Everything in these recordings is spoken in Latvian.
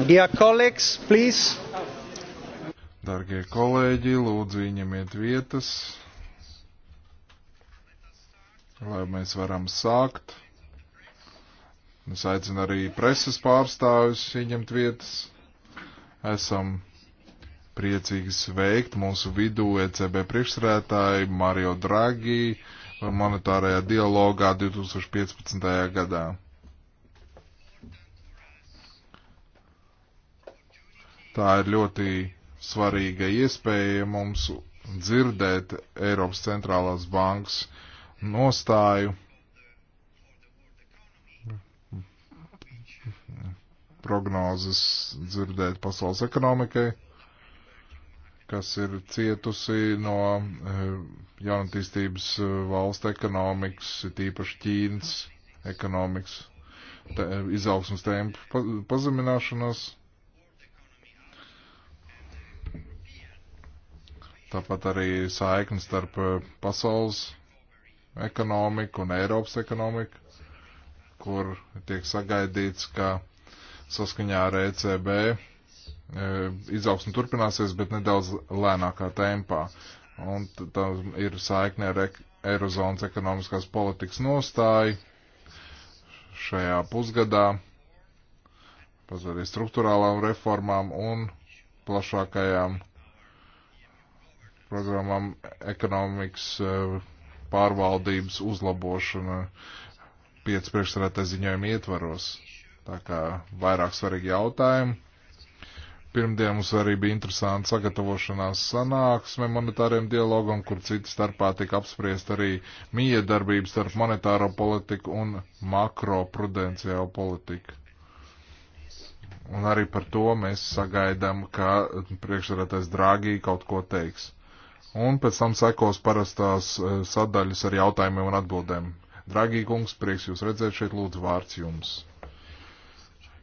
Dear colleagues, please. Dargie kolēģi, lūdzu, ieņemiet vietas, lai mēs varam sākt. Es aicinu arī preses pārstāvis ieņemt vietas. Esam priecīgi sveikt mūsu vidū ECB priekšsrētāju Mario Draghi monetārajā dialogā 2015. gadā. Tā ir ļoti svarīga iespēja mums dzirdēt Eiropas centrālās bankas nostāju prognozes dzirdēt pasaules ekonomikai, kas ir cietusi no eh, jaunatīstības eh, valsts ekonomikas, tīpaši Ķīnas ekonomikas, eh, izaugsmas tēmu pazemināšanos. Tāpat arī saiknes starp eh, pasaules ekonomiku un Eiropas ekonomiku, kur tiek sagaidīts, ka saskaņā ar ECB eh, izaugsme turpināsies, bet nedaudz lēnākā tempā. Un tā ir saikne ar Eirozonas ekonomiskās politikas nostāju šajā pusgadā, pats arī struktūrālām reformām un plašākajām programmām ekonomikas eh, pārvaldības uzlabošana piec priekšsarētā ziņojuma ietvaros. Tā kā vairāk svarīgi jautājumi. Pirmdien mums arī bija interesanti sagatavošanās sanāksme monetāriem dialogam, kur cita starpā tika apspriest arī miedarbības starp monetāro politiku un makroprudenciālo politiku. Un arī par to mēs sagaidām, ka priekšsarētais Dragī kaut ko teiks. Un pēc tam sekos parastās e, sadaļas ar jautājumiem un atbildēm. Dragī kungs, prieks jūs redzēt šeit, lūdzu vārds jums.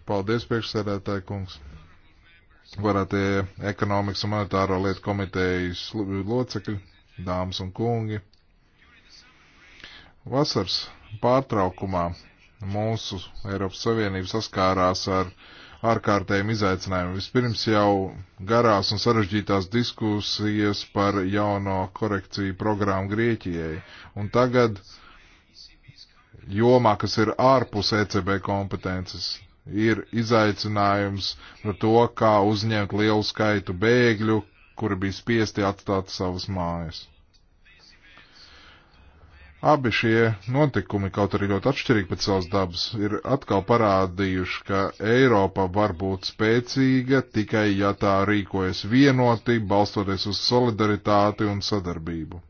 Paldies, priekšsēdētāji kungs. Varētie ekonomikas un monetāro lietu komitejas locekļi, dāmas un kungi. Vasaras pārtraukumā mūsu Eiropas Savienība saskārās ar uh, ārkārtējiem izaicinājumiem. Vispirms jau garās un sarežģītās diskusijas par jauno korekciju programmu Grieķijai. Un tagad jomā, kas ir ārpus ECB kompetences, ir izaicinājums par to, kā uzņemt lielu skaitu bēgļu, kuri bija spiesti atstāt savas mājas. Abi šie notikumi, kaut arī ļoti atšķirīgi pēc savas dabas, ir atkal parādījuši, ka Eiropa var būt spēcīga tikai, ja tā rīkojas vienoti, balstoties uz solidaritāti un sadarbību.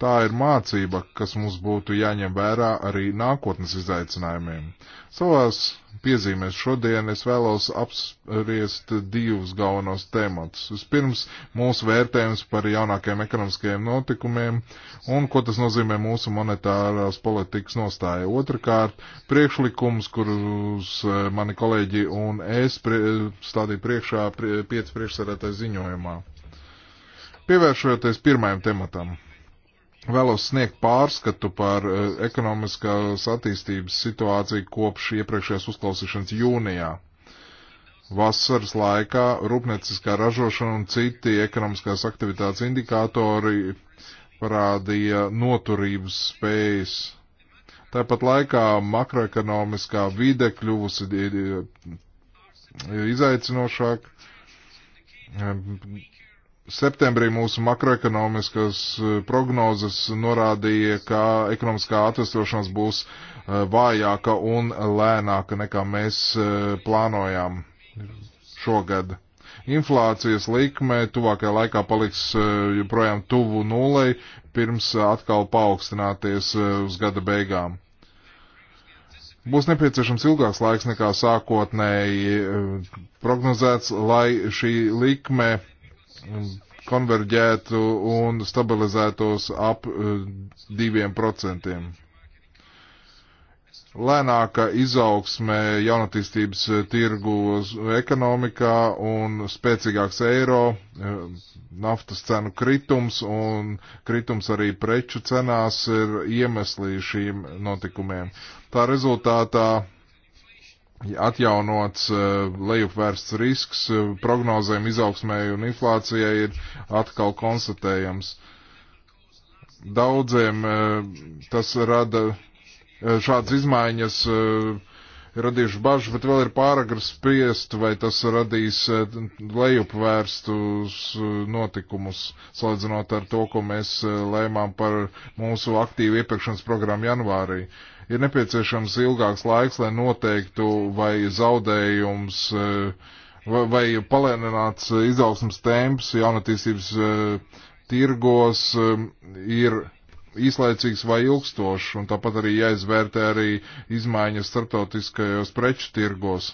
Tā ir mācība, kas mums būtu jāņem vērā arī nākotnes izaicinājumiem. Savās piezīmēs šodien es vēlos apspriest divus galvenos tēmatus. Vispirms mūsu vērtējums par jaunākajiem ekonomiskajiem notikumiem un ko tas nozīmē mūsu monetārās politikas nostāja. Otrakārt, priekšlikums, kurus eh, mani kolēģi un es prie, stādīju priekšā pie, piec priekšsarētai ziņojumā. Pievēršoties pirmajam tematam Vēlos sniegt pārskatu par e, ekonomiskās attīstības situāciju kopš iepriekšējās uzklausīšanas jūnijā. Vasaras laikā rūpnieciskā ražošana un citi ekonomiskās aktivitātes indikātori parādīja noturības spējas. Tāpat laikā makroekonomiskā vide kļuvusi e, e, izaicinošāk Septembrī mūsu makroekonomiskās eh, prognozes norādīja, ka ekonomiskā atvestošanās būs eh, vājāka un lēnāka nekā mēs eh, plānojām šogad. Inflācijas likme tuvākajā laikā paliks joprojām tuvu nulei, pirms atkal paaugstināties uz gada beigām. Būs nepieciešams ilgāks laiks nekā sākotnēji prognozēts, lai šī likme konverģētu un stabilizētos ap eh, diviem procentiem. Lēnāka izaugsme jaunatīstības eh, tirgu ekonomikā un spēcīgāks eiro, eh, naftas cenu kritums un kritums arī preču cenās ir iemesli šīm notikumiem. Tā rezultātā atjaunots eh, lejupvērsts risks eh, prognozēm izaugsmēji un inflācijai ir atkal konstatējams. Daudziem eh, tas rada šādas izmaiņas radījuši bažu, bet vēl ir pāragri spriest, vai tas radīs lejupvērstus notikumus, salīdzinot ar to, ko mēs lēmām par mūsu aktīvu iepirkšanas programmu janvārī. Uh, ir nepieciešams ilgāks laiks, lai noteiktu, vai zaudējums eh, vai palēnināts izaugsmas temps jaunatīstības eh, tirgos eh, ir īslaicīgs vai ilgstošs, un tāpat arī jāizvērtē arī izmaiņas starptautiskajos preču tirgos.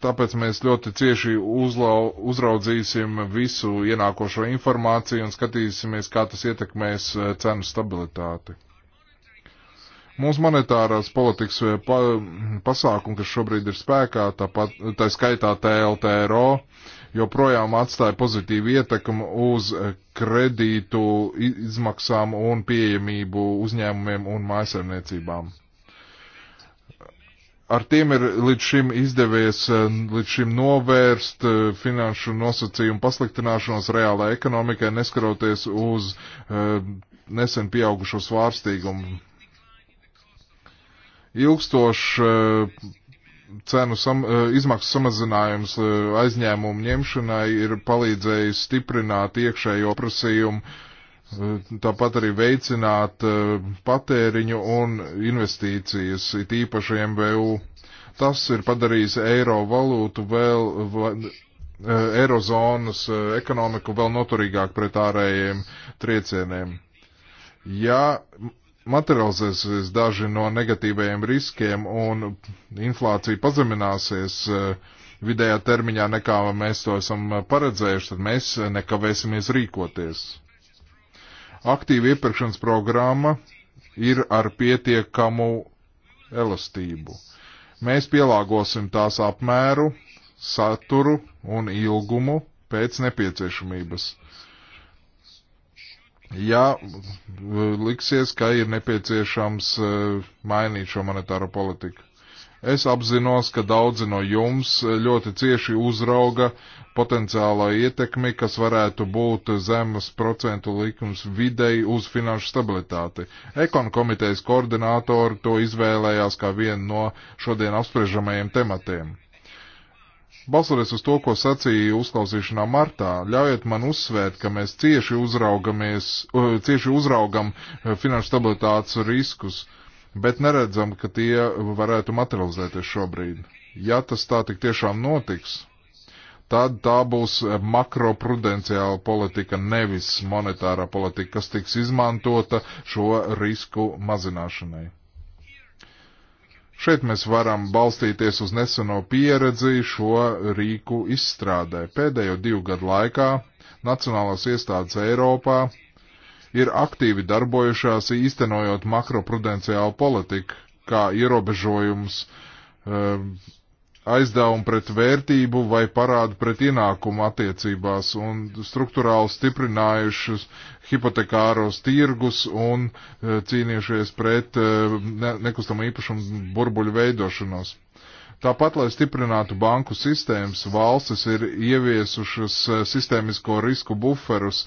Tāpēc mēs ļoti cieši uzlau, uzraudzīsim visu ienākošo informāciju un skatīsimies, kā tas ietekmēs cenu stabilitāti. Mūsu monetārās politikas eh, pa, pasākumi, kas šobrīd ir spēkā, tāpat, tā skaitā TLTRO, joprojām atstāja pozitīvu ietekmu uz eh, kredītu izmaksām un pieejamību uzņēmumiem un mājasemniecībām. Ar tiem ir līdz šim izdevies eh, līdz šim novērst finanšu nosacījumu pasliktināšanos reālai ekonomikai, neskaroties uz nesen pieaugušo svārstīgumu ilgstošs eh, cenu sam, eh, izmaksu samazinājums eh, aizņēmumu ņemšanai ir palīdzējis stiprināt iekšējo prasījumu, tāpat arī veicināt patēriņu un investīcijas, it īpaši MVU. Tas ir padarījis eiro valūtu vēl, eirozonas ekonomiku vēl noturīgāk pret ārējiem triecieniem. Ja materializēsies daži no negatīvajiem riskiem un inflācija pazemināsies e, vidējā termiņā nekā mēs to esam paredzējuši, tad mēs nekavēsimies rīkoties. Aktīva iepirkšanas programma ir ar pietiekamu elastību. Mēs pielāgosim tās apmēru, saturu un ilgumu pēc nepieciešamības ja eh, liksies, ka ir nepieciešams eh, mainīt šo monetāro politiku. Es apzinos, ka daudzi no jums eh, ļoti cieši uzrauga potenciālo ietekmi, kas varētu būt zemes procentu likums videi uz finanšu stabilitāti. Ekon komitejas koordinātori to izvēlējās kā vienu no šodien apspriežamajiem tematiem. Balsoties uz to, ko sacīju uzklausīšanā martā, ļaujiet man uzsvērt, ka mēs cieši, cieši uzraugam e, finanšu stabilitātes riskus, bet neredzam, ka tie varētu materializēties šobrīd. Ja tas tā tik tiešām notiks, tad tā būs makroprudenciāla politika, nevis monetārā politika, kas tiks izmantota šo risku mazināšanai. Šeit mēs varam balstīties uz neseno pieredzi šo rīku izstrādē. Pēdējo divu gadu laikā nacionālās iestādes Eiropā ir aktīvi darbojušās īstenojot makroprudenciālu politiku kā ierobežojums um, aizdevumu pret vērtību vai parādu pret ienākumu attiecībās un struktūrāli stiprinājušas hipotekāros tirgus un e, cīnījušies pret e, nekustamo īpašumu burbuļu veidošanos. Tāpat, lai stiprinātu banku sistēmas, valstis ir ieviesušas e, sistēmisko risku buferus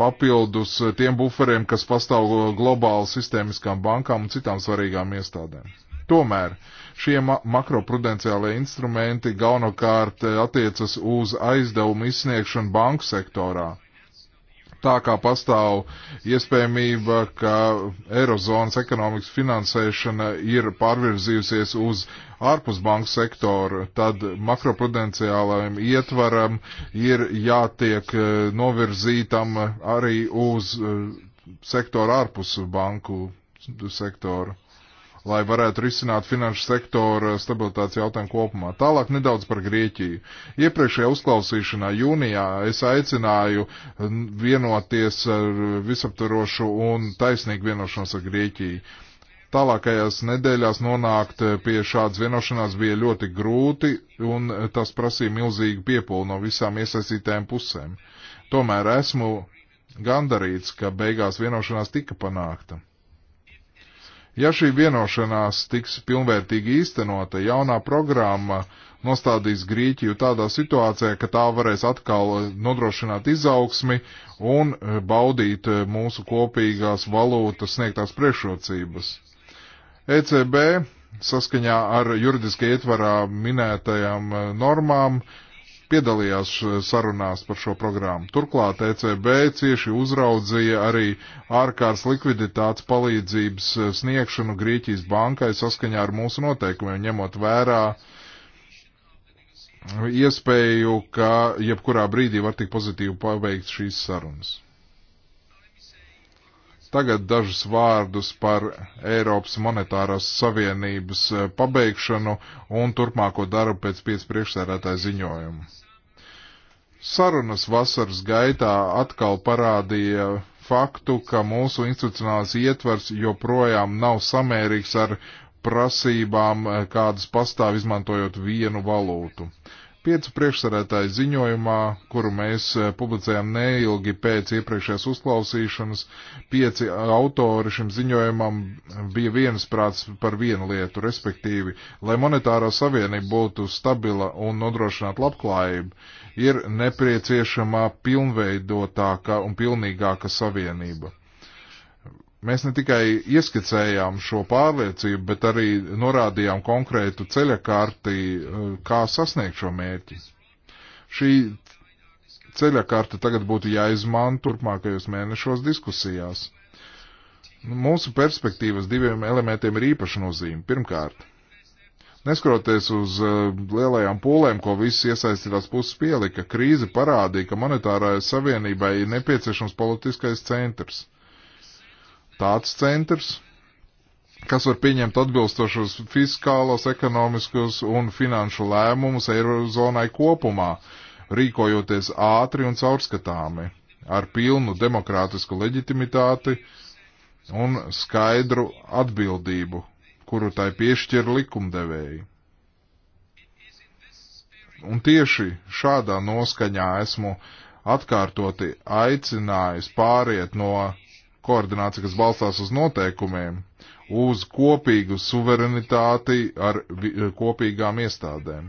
papildus tiem buferiem, kas pastāv globāli sistēmiskām bankām un citām svarīgām iestādēm. Tomēr Šie ma makroprudenciālie instrumenti galvenokārt eh, attiecas uz aizdevumu izsniegšanu banku sektorā. Tā kā pastāv iespējamība, ka Eirozonas ekonomikas finansēšana ir pārvirzījusies uz ārpusbanku sektoru, tad makroprudenciālajiem ietvaram ir jātiek eh, novirzītam arī uz eh, sektoru ārpus banku sektoru lai varētu risināt finanšu sektora stabilitātes jautājumu kopumā. Tālāk nedaudz par Grieķiju. Iepriekšējā uzklausīšanā jūnijā es aicināju vienoties ar visaptarošu un taisnīgu vienošanos ar Grieķiju. Tālākajās nedēļās nonākt pie šādas vienošanās bija ļoti grūti, un tas prasīja milzīgu piepūli no visām iesaistītēm pusēm. Tomēr esmu gandarīts, ka beigās vienošanās tika panākta. Ja šī vienošanās tiks pilnvērtīgi īstenota, jaunā programma nostādīs Grieķiju tādā situācijā, ka tā varēs atkal nodrošināt izaugsmi un eh, baudīt eh, mūsu kopīgās valūtas sniegtās priekšrocības. ECB saskaņā ar juridiskajā ietvarā minētajām eh, normām piedalījās eh, sarunās par šo programmu. Turklāt ECB cieši uzraudzīja arī ārkārtas likviditātes palīdzības eh, sniegšanu Grieķijas bankai saskaņā ar mūsu noteikumiem, ņemot vērā iespēju, ka jebkurā brīdī var tik pozitīvi paveikt šīs sarunas. Tagad dažus vārdus par Eiropas monetārās savienības eh, pabeigšanu un turpmāko darbu pēc 5 priekšsēdētāja ziņojuma. Sarunas vasaras gaitā atkal parādīja faktu, ka mūsu institucionālās ietvers joprojām nav samērīgs ar prasībām, eh, kādas pastāv izmantojot vienu valūtu. Piecu priekšsarētāju ziņojumā, kuru mēs eh, publicējām neilgi pēc iepriekšējās uzklausīšanas, pieci autori šim ziņojumam bija viensprāts par vienu lietu, respektīvi, lai monetārā savienība būtu stabila un nodrošinātu labklājību, ir nepieciešama pilnveidotāka un pilnīgāka savienība. Mēs ne tikai ieskicējām šo pārliecību, bet arī norādījām konkrētu ceļakārti, eh, kā sasniegt šo mērķi. Šī ceļakārta tagad būtu jāizmanto turpmākajos mēnešos diskusijās. Nu, mūsu perspektīvas diviem elementiem ir īpaša nozīme. Pirmkārt, neskroties uz eh, lielajām pūlēm, ko visas iesaistītās puses pielika, krīze parādīja, ka monetārai savienībai ir nepieciešams politiskais centrs tāds centrs, kas var pieņemt atbilstošos fiskālos, ekonomiskos un finanšu lēmumus Eirozonai kopumā, rīkojoties ātri un caurskatāmi, ar pilnu demokrātisku leģitimitāti un skaidru atbildību, kuru tai piešķir likumdevēji. Un tieši šādā noskaņā esmu atkārtoti aicinājis pāriet no koordinācija, kas balstās uz noteikumiem, uz kopīgu suverenitāti ar kopīgām iestādēm.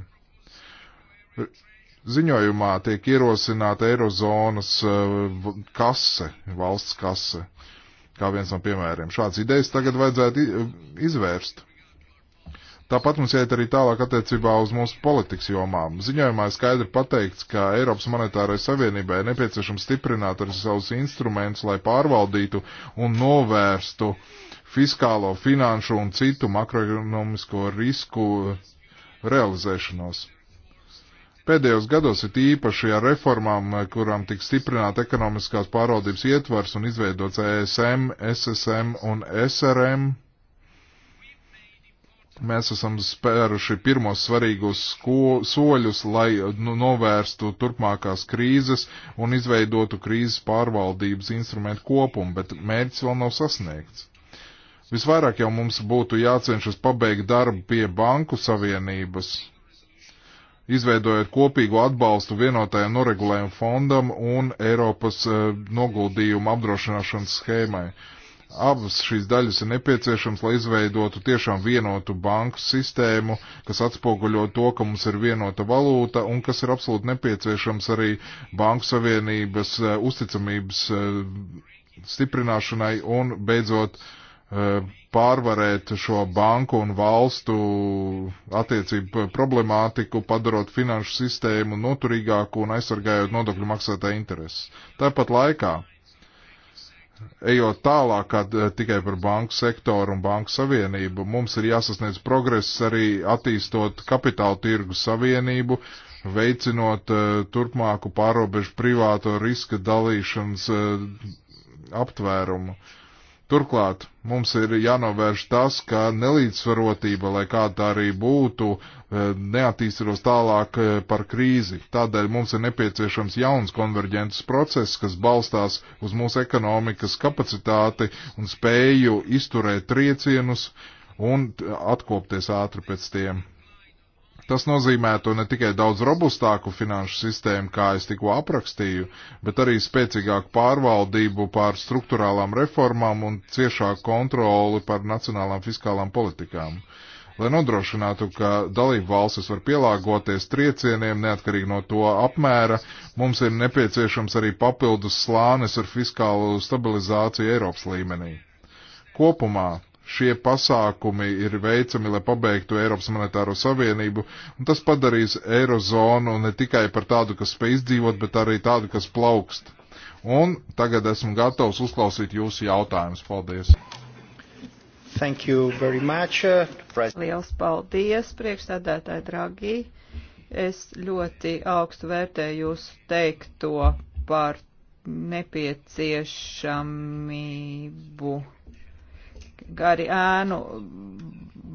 Ziņojumā tiek ierosināta Eirozonas eh, kase, valsts kase, kā viens no piemēriem. Šāds idejas tagad vajadzētu izvērst. Tāpat mums iet arī tālāk attiecībā uz mūsu politikas jomām. Ziņojumā skaidri pateikts, ka Eiropas monetārai savienībai nepieciešams stiprināt arī savus instrumentus, lai pārvaldītu un novērstu fiskālo, finanšu un citu makroekonomisko risku realizēšanos. Pēdējos gados ir īpaši ar reformām, kurām tik stiprināta ekonomiskās pārvaldības ietvars un izveidots ESM, SSM un SRM Mēs esam spēruši pirmos svarīgos soļus, lai nu, novērstu turpmākās krīzes un izveidotu krīzes pārvaldības instrumentu kopumu, bet mērķis vēl nav sasniegts. Visvairāk jau mums būtu jācenšas pabeigt darbu pie banku savienības, izveidojot kopīgu atbalstu vienotajam noregulējumu fondam un Eiropas uh, noguldījumu apdrošināšanas schēmai. Uh, Abas šīs daļas ir nepieciešams, lai izveidotu tiešām vienotu banku sistēmu, kas atspoguļo to, ka mums ir vienota valūta un kas ir absolūti nepieciešams arī banku savienības uh, uzticamības uh, stiprināšanai un beidzot uh, pārvarēt šo banku un valstu attiecību problemātiku, padarot finanšu sistēmu noturīgāku un aizsargājot nodokļu maksātāju intereses. Tāpat laikā ejot tālāk, kad eh, tikai par banku sektoru un banku savienību, mums ir jāsasniedz progress arī attīstot kapitāla tirgu savienību, veicinot uh, turpmāku pārobežu privāto riska dalīšanas uh, aptvērumu. Uh, Turklāt mums ir jānovērš tas, ka nelīdzsvarotība, lai kā tā arī būtu, e, neattīstītos tālāk e, par krīzi. Tādēļ mums ir nepieciešams jauns konverģents process, kas balstās uz mūsu ekonomikas kapacitāti un spēju izturēt triecienus un atkopties ātri pēc tiem. Tas nozīmētu ne tikai daudz robustāku finanšu sistēmu, kā es tikko aprakstīju, bet arī spēcīgāku pārvaldību pār struktūrālām reformām un ciešāku kontroli par nacionālām fiskālām politikām. Lai nodrošinātu, ka dalību valstis var pielāgoties triecieniem neatkarīgi no to apmēra, mums ir nepieciešams arī papildus slānis ar fiskālu stabilizāciju Eiropas līmenī. Kopumā šie pasākumi ir veicami, lai pabeigtu Eiropas monetāro savienību, un tas padarīs eirozonu ne tikai par tādu, kas spēj izdzīvot, bet arī tādu, kas plaukst. Un tagad esmu gatavs uzklausīt jūsu jautājumus. Paldies! Thank you very much. Uh, Liels paldies, priekšsēdētāji, dragi. Es ļoti augstu vērtēju jūsu teikto par nepieciešamību arī ēnu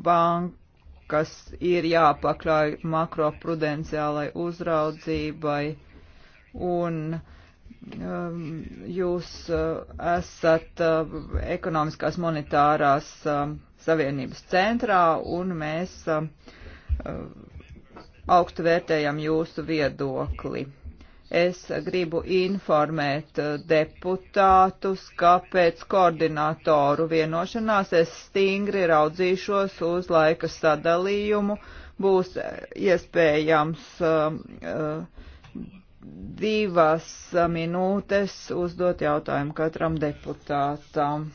bankas ir jāpakļauj makroprudenciālai uzraudzībai un um, jūs uh, esat uh, ekonomiskās monetārās uh, savienības centrā un mēs um, uh, augstu vērtējam jūsu viedokli. Es gribu informēt eh, deputātus, ka pēc koordinātoru vienošanās es stingri raudzīšos uz laika sadalījumu. Būs eh, iespējams um, eh, divas minūtes uzdot jautājumu katram deputātam.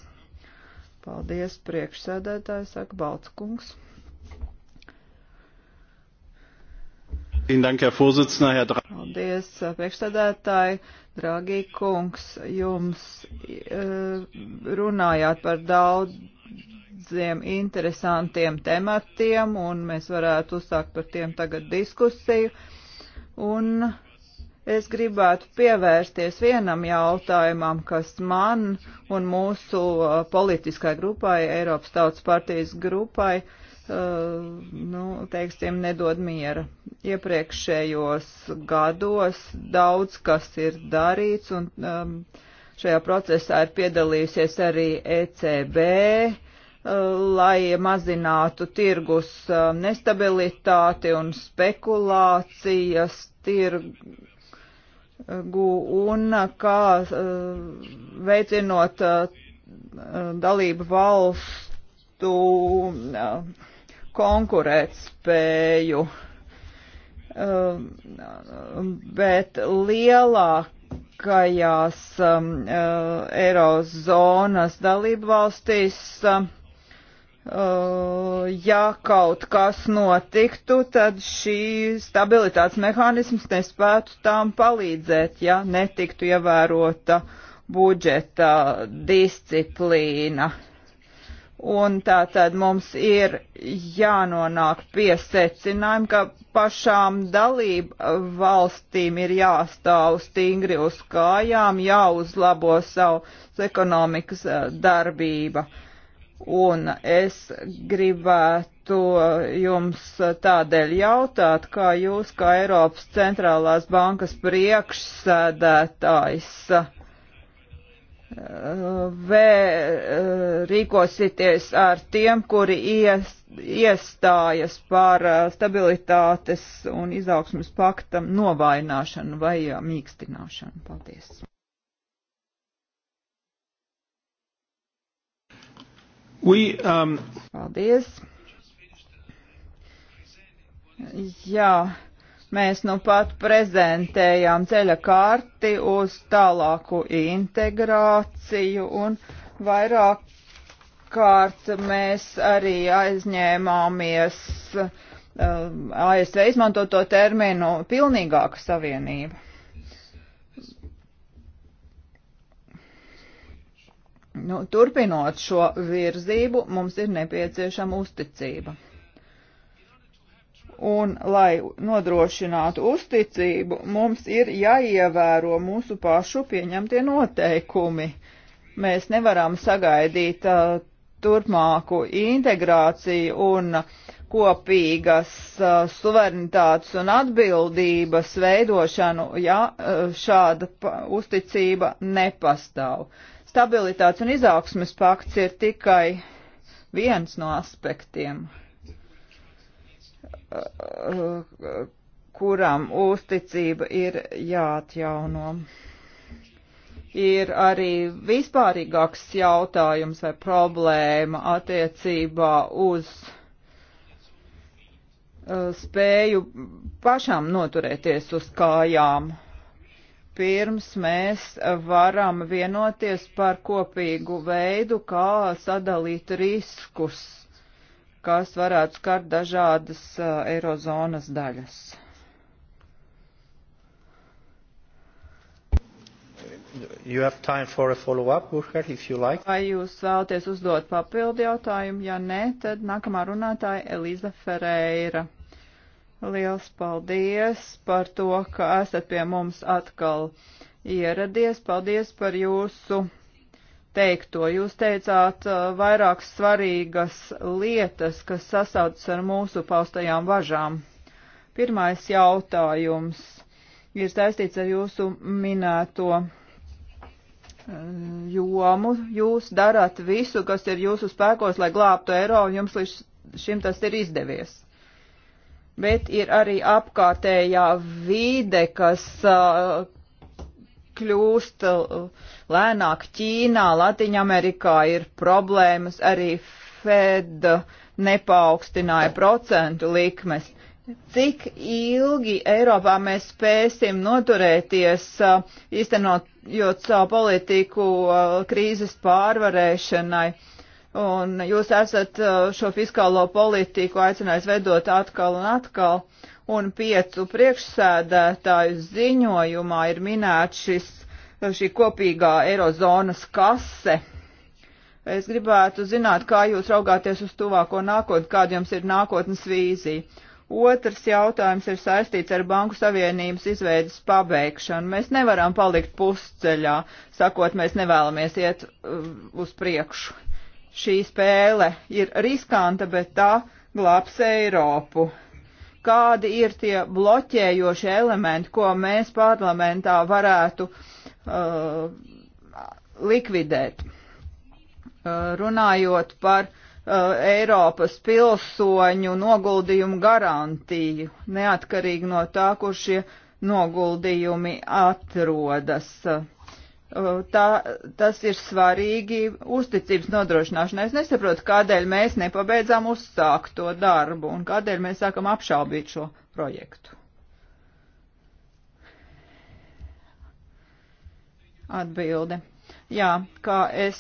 Paldies, priekšsēdētājs, saka Balts kungs. Paldies, priekšstādātāji, draugi kungs, jums e, runājāt par daudziem interesantiem tematiem, un mēs varētu uzsākt par tiem tagad diskusiju. Un es gribētu pievērsties vienam jautājumam, kas man un mūsu e, politiskai grupai, Eiropas Tautas partijas grupai, uh, Uh, nu, teiksim, nedod miera. Iepriekšējos gados daudz kas ir darīts, un um, šajā procesā ir piedalījusies arī ECB, uh, lai mazinātu tirgus uh, nestabilitāti un spekulācijas tirgu un kā veicinot dalību valstu konkurētspēju. Um, bet lielākajās um, uh, Eirozonas dalību valstīs um, uh, ja kaut kas notiktu, tad šī stabilitātes mehānisms nespētu tām palīdzēt, ja netiktu ievērota budžeta disciplīna. Uh, Un tā tad mums ir jānonāk pie secinājuma, ka pašām dalību valstīm ir jāstāv stingri uz kājām, jāuzlabo savas ekonomikas eh, darbība. Un es gribētu jums tādēļ jautāt, kā jūs, kā Eiropas centrālās bankas priekšsēdētājs, uh, vē, eh, rīkosieties ar tiem, kuri ies, iestājas par eh, stabilitātes un izaugsmas paktam novaināšanu vai eh, mīkstināšanu. Paldies! We, um... Paldies! Jā. Mēs nu pat prezentējām ceļa karti uz tālāku integrāciju un vairāk kārt mēs arī aizņēmāmies uh, eh, ASV izmantot to terminu pilnīgāka savienība. Nu, turpinot šo virzību, mums ir nepieciešama uzticība un, lai nodrošinātu uzticību, mums ir jāievēro mūsu pašu pieņemtie noteikumi. Mēs nevaram sagaidīt uh, turpmāku integrāciju un kopīgas uh, suverenitātes un atbildības veidošanu, ja uh, šāda uzticība nepastāv. Stabilitātes un izaugsmes pakts ir tikai viens no aspektiem kuram uzticība ir jāatjauno. Ir arī vispārīgāks jautājums vai problēma attiecībā uz uh, spēju pašām noturēties uz kājām, pirms mēs varam vienoties par kopīgu veidu, kā sadalīt riskus kas varētu skart dažādas eirozonas daļas. You have time for a follow-up, Burkhard, if you like. Vai jūs vēlaties uzdot papildu jautājumu? Ja nē, tad nākamā runātāja Elīza Ferreira. Liels paldies par to, ka esat pie mums atkal ieradies. Paldies par jūsu teikto. Jūs teicāt uh, vairākas svarīgas lietas, kas sasaucas ar mūsu paustajām važām. Pirmais jautājums ir saistīts ar jūsu minēto uh, jomu. Jūs darat visu, kas ir jūsu spēkos, lai glābtu eiro, un jums līdz šim tas ir izdevies bet ir arī apkārtējā vīde, kas uh, kļūst uh, lēnāk Ķīnā, Latviņamerikā ir problēmas, arī Fed nepaukstināja procentu likmes. Cik ilgi Eiropā mēs spēsim noturēties, uh, īstenojot savu politiku uh, krīzes pārvarēšanai? Un jūs esat šo fiskālo politiku aicinājis veidot atkal un atkal un piecu priekšsēdētāju ziņojumā ir minēts šis, šī kopīgā Eirozonas kase. Es gribētu zināt, kā jūs raugāties uz tuvāko nākotni, kāda jums ir nākotnes vīzija. Otrs jautājums ir saistīts ar Banku Savienības izveidas pabeigšanu. Mēs nevaram palikt pusceļā, sakot, mēs nevēlamies iet uh, uz priekšu. Šī spēle ir riskanta, bet tā glābs Eiropu kādi ir tie bloķējošie elementi, ko mēs parlamentā varētu uh, likvidēt. Uh, runājot par uh, Eiropas pilsoņu noguldījumu garantiju, neatkarīgi no tā, kur šie noguldījumi atrodas. Uh, Uh, tā, tas ir svarīgi uzticības nodrošināšanai. Es nesaprotu, kādēļ mēs nepabeidzām uzsākt to darbu un kādēļ mēs sākam apšaubīt šo projektu. Atbilde. Jā, kā es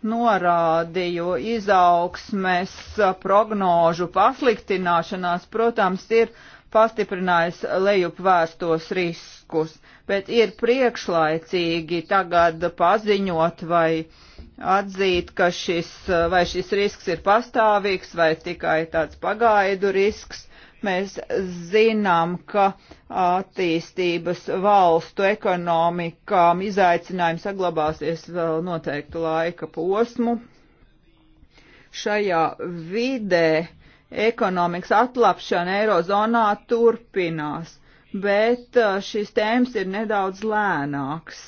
norādīju, izaugsmes prognožu pasliktināšanās, protams, ir pastiprinājis lejupvērstos riskus. Uh, bet ir priekšlaicīgi tagad paziņot vai atzīt, ka šis, vai šis risks ir pastāvīgs vai tikai tāds pagaidu risks. Mēs zinām, ka attīstības valstu ekonomikām izaicinājumi saglabāsies vēl noteiktu laika posmu. Šajā vidē ekonomikas atlapšana Eirozonā turpinās bet uh, šis tēms ir nedaudz lēnāks.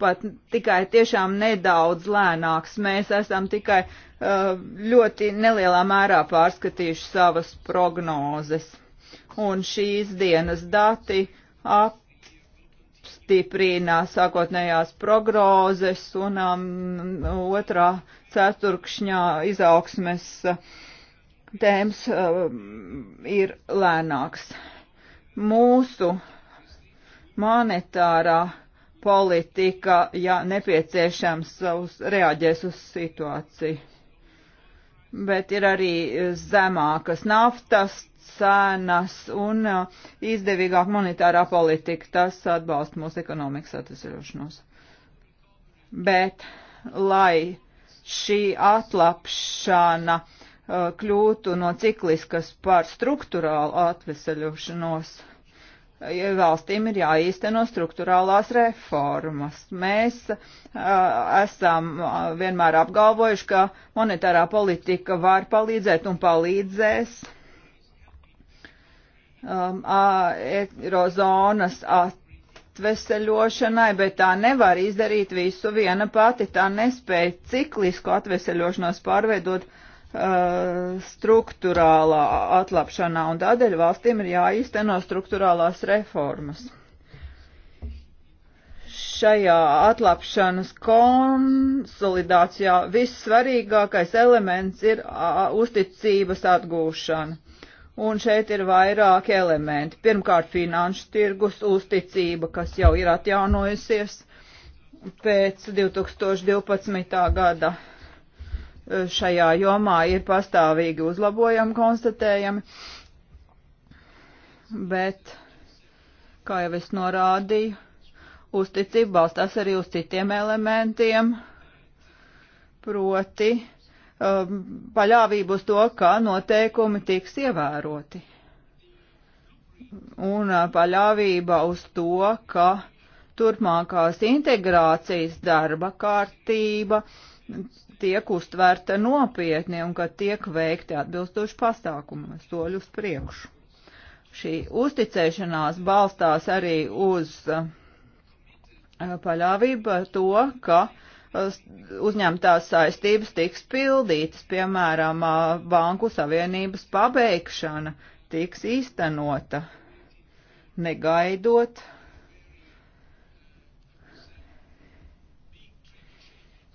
Pat tikai tiešām nedaudz lēnāks. Mēs esam tikai uh, ļoti nelielā mērā pārskatījuši savas prognozes. Un šīs dienas dati apstiprina sākotnējās prognozes un um, otrā ceturkšņā izaugsmes uh, tēms um, ir lēnāks mūsu monetārā politika, ja nepieciešams, uz, reaģēs uz situāciju. Bet ir arī zemākas naftas cenas un uh, izdevīgāk monetārā politika. Tas atbalsta mūsu ekonomikas atvesaļošanos. Bet, lai šī atlapšana Uh, kļūtu no cikliskas par struktūrālu atveseļošanos. Valstīm ir jāīsteno struktūrālās reformas. Mēs a, uh, esam uh, vienmēr apgalvojuši, ka monetārā politika var palīdzēt un palīdzēs um, eirozonas atveseļošanai, bet tā nevar izdarīt visu viena pati, tā nespēja ciklisku atveseļošanos pārveidot Uh, struktūrālā atlapšanā, un tādēļ valstīm ir jāīsteno struktūrālās reformas. Šajā atlapšanas konsolidācijā vissvarīgākais elements ir uzticības atgūšana. Un šeit ir vairāki elementi. Pirmkārt, finanšu tirgus uzticība, kas jau ir atjaunojusies pēc 2012. gada šajā jomā ir pastāvīgi uzlabojami konstatējami, bet, kā jau es norādīju, uzticība balstās arī uz citiem elementiem, proti um, paļāvību uz to, kā noteikumi tiks ievēroti. Un uh, paļāvība uz to, ka turpmākās integrācijas darba kārtība tiek uztvērta nopietni un ka tiek veikti atbilstoši pasākumi soļus priekšu. Šī uzticēšanās balstās arī uz eh, paļāvību to, ka eh, uzņemtās saistības tiks pildītas, piemēram, eh, Banku Savienības pabeigšana tiks īstenota, negaidot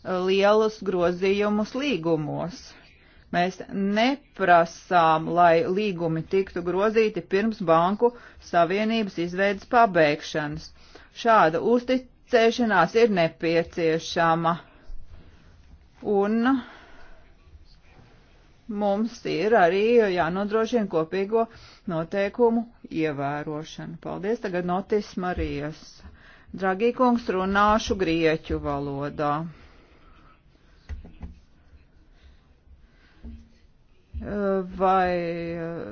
lielus grozījumus līgumos. Mēs neprasām, lai līgumi tiktu grozīti pirms banku savienības izveidas pabeigšanas. Šāda uzticēšanās ir nepieciešama. Un mums ir arī jānodrošina kopīgo noteikumu ievērošana. Paldies, tagad notis Marijas. Dragī kungs, runāšu grieķu valodā. vai eh,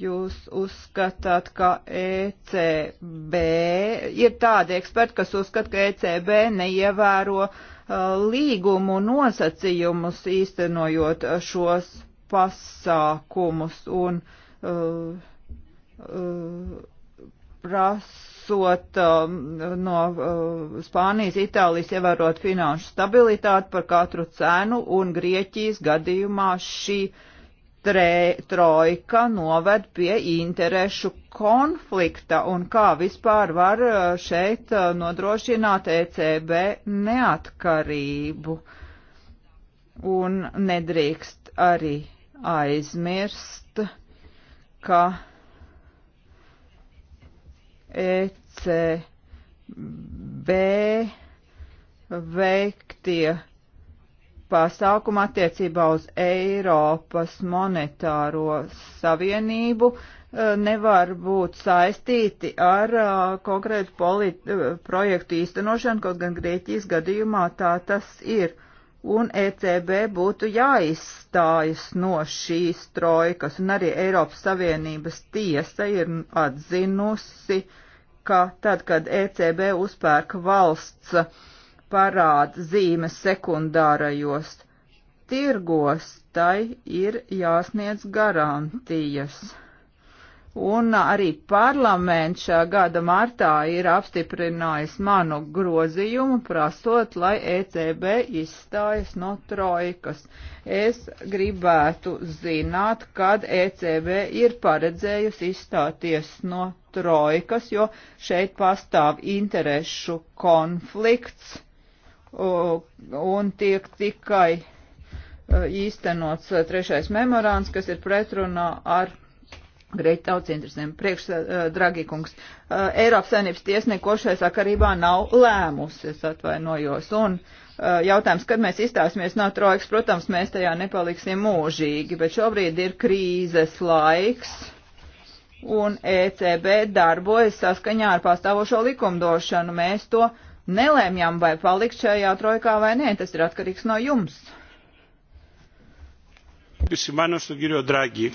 jūs uzskatāt, ka ECB ir tādi eksperti, kas uzskata, ka ECB neievēro uh, līgumu nosacījumus īstenojot eh, šos pasākumus un uh, uh, pras prasot um, no uh, Spānijas, Itālijas ievērot finanšu stabilitāti par katru cenu, un Grieķijas gadījumā šī tre, trojka noved pie interešu konflikta, un kā vispār var uh, šeit uh, nodrošināt ECB neatkarību. Un nedrīkst arī aizmirst, ka ECB veiktie pasākumi attiecībā uz Eiropas monetāro savienību e, nevar būt saistīti ar e, konkrētu politi, e, projektu īstenošanu, kaut gan Grieķijas gadījumā tā tas ir. Un ECB būtu jāizstājas no šīs trojkas, un arī Eiropas Savienības tiesa ir atzinusi uh, ka tad, kad ECB uzpērk valsts parāda zīmes sekundārajos tirgos, tai ir jāsniedz garantijas. Un arī parlaments šā gada martā ir apstiprinājis manu grozījumu, prasot, lai ECB izstājas no trojkas. Es gribētu zināt, kad ECB ir paredzējusi izstāties no trojkas, jo šeit pastāv interešu konflikts un tiek tikai e, īstenots e, trešais memorāns, kas ir pretrunā ar Grieķu tautas interesēm. Priekš, uh, eh, dragi kungs, uh, Eiropas saimnības tiesnieku košai sakarībā nav lēmusi, es atvainojos. Un uh, jautājums, kad mēs izstāsimies no troikas, protams, mēs tajā nepaliksim mūžīgi, bet šobrīd ir krīzes laiks. Un ECB darbojas saskaņā ar pastāvošo likumdošanu. Mēs to nelēmjam, vai palikt šajā trojkā vai nē. Tas ir atkarīgs no jums. Jūs mani uz to Dragi.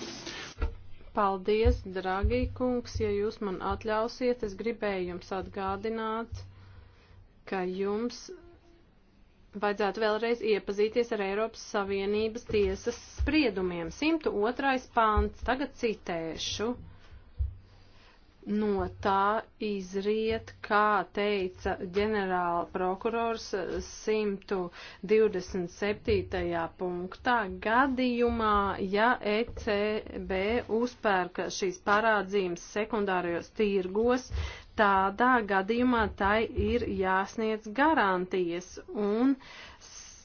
Paldies, dragī kungs, ja jūs man atļausiet, es gribēju jums atgādināt, ka jums vajadzētu vēlreiz iepazīties ar Eiropas Savienības tiesas spriedumiem. 102. pāns, tagad citēšu. No tā izriet, kā teica ģenerāla prokurors 127. punktā, gadījumā, ja ECB uzpērka šīs parādzīmes sekundārajos tirgos, tādā gadījumā tai ir jāsniedz garantijas un